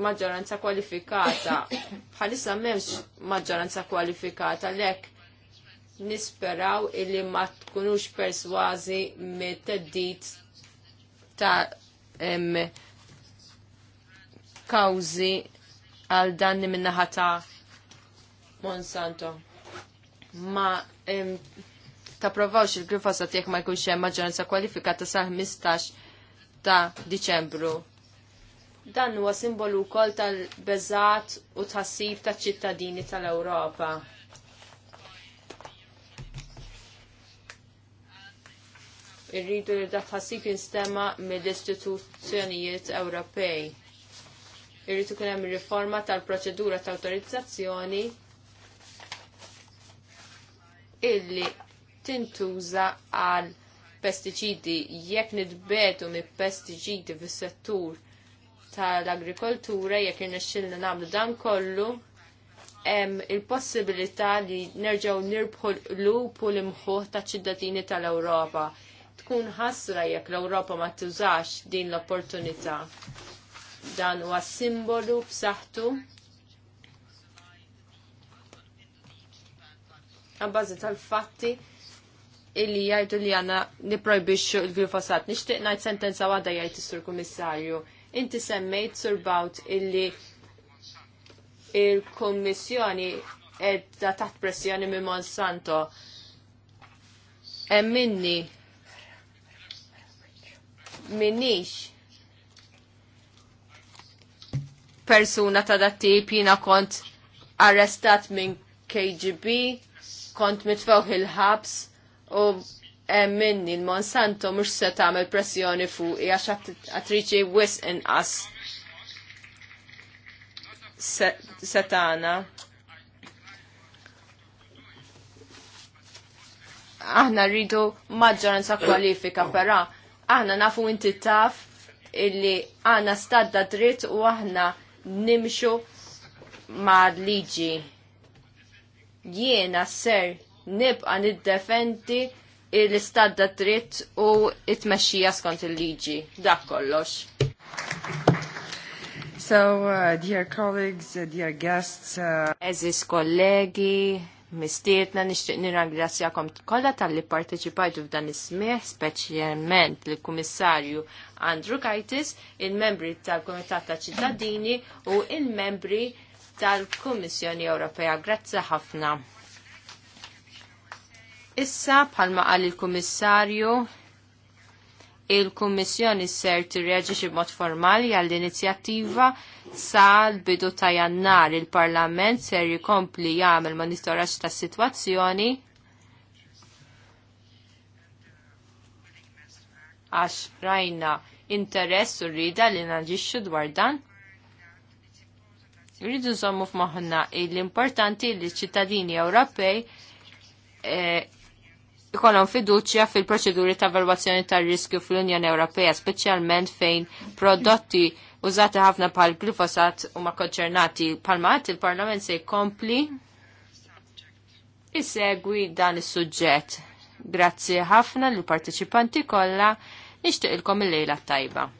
maġġoranza kwalifikata. [coughs] Bħalissa memx maġġoranza kwalifikata lek nisperaw illi ma tkunux perswazi me teddit ta' em, kawzi għal danni minnaħata Monsanto. Ma em, provawx il għat jekk ma jkunx hemm maġġoranza kwalifikata sa' 15 ta' Diċembru. Dan huwa simbolu wkoll tal-beżat u tħassib taċ ċittadini tal-Ewropa. Irridu li da tħassib jinstema mill-istituzzjonijiet Ewropej. Irridu kien hemm riforma tal-proċedura ta' autorizzazzjoni illi tintuża għal pestiċidi jekk nidbetu mi pestiċidi fis settur tal-agrikoltura jekk irnexxilna nagħmlu dan kollu hemm il-possibilità li nerġgħu nirbħu l-lup u l-imħuħ taċ ċittadini tal-Ewropa. Tkun ħasra jekk l-Ewropa ma tużax din l-opportunità. Dan huwa simbolu b'saħħtu għal-bazi tal-fatti illi jgħidu li għanna niprojbixxu il-glifosat. Nixtieq ngħid sentenza għada jgħid is-Sur Kommissarju. Inti semmejt Sur Bawt illi il-Kommissjoni edda taħt pressjoni minn Monsanto. Emminni minnix persuna ta' datti jina kont arrestat minn KGB, kont mitfew il-ħabs, u minni l-Monsanto mux se tagħmel pressjoni fuq għax attriċi wis inqas setana. Aħna rridu maġġoranza kwalifika, però aħna nafu inti taf illi aħna stadda dritt u aħna nimxu ma' liġi. Jiena ser nibqa' niddefendi l da dritt u it-mexxija skont il-liġi. Dak kollox. So, uh, dear colleagues, uh, dear guests, uh... Eżis kollegi, mistietna nixtieq nirrangrazzjakom kollha tal-li parteċipajtu f'dan is-smieħ, speċjalment lill kummissarju Andrew Kaitis, il-membri tal-Kumitat ta' ċittadini u il-membri tal-Kummissjoni Ewropea. Grazzi ħafna. Issa bħalma qal il-Kummissarju il-Kummissjoni ser xi b'mod formali għall-inizjattiva sa l-bidu ta' jannar il-Parlament ser jikompli jagħmel monitoraġġ tas-sitwazzjoni għax rajna interess u rrida li naġixxu dwar dan. Rridu nżommu f'moħħna l-importanti li ċittadini Ewropej eh, ikollhom fiduċja fil-proċeduri ta' valwazzjoni tar-riskju fl-Unjoni Ewropea, speċjalment fejn prodotti użati ħafna pal glifosat u ma konċernati palmat il-Parlament se jkompli isegwi dan is-suġġett. Grazzi ħafna l-parteċipanti kollha nixtieq ilkom il-lejla tajba.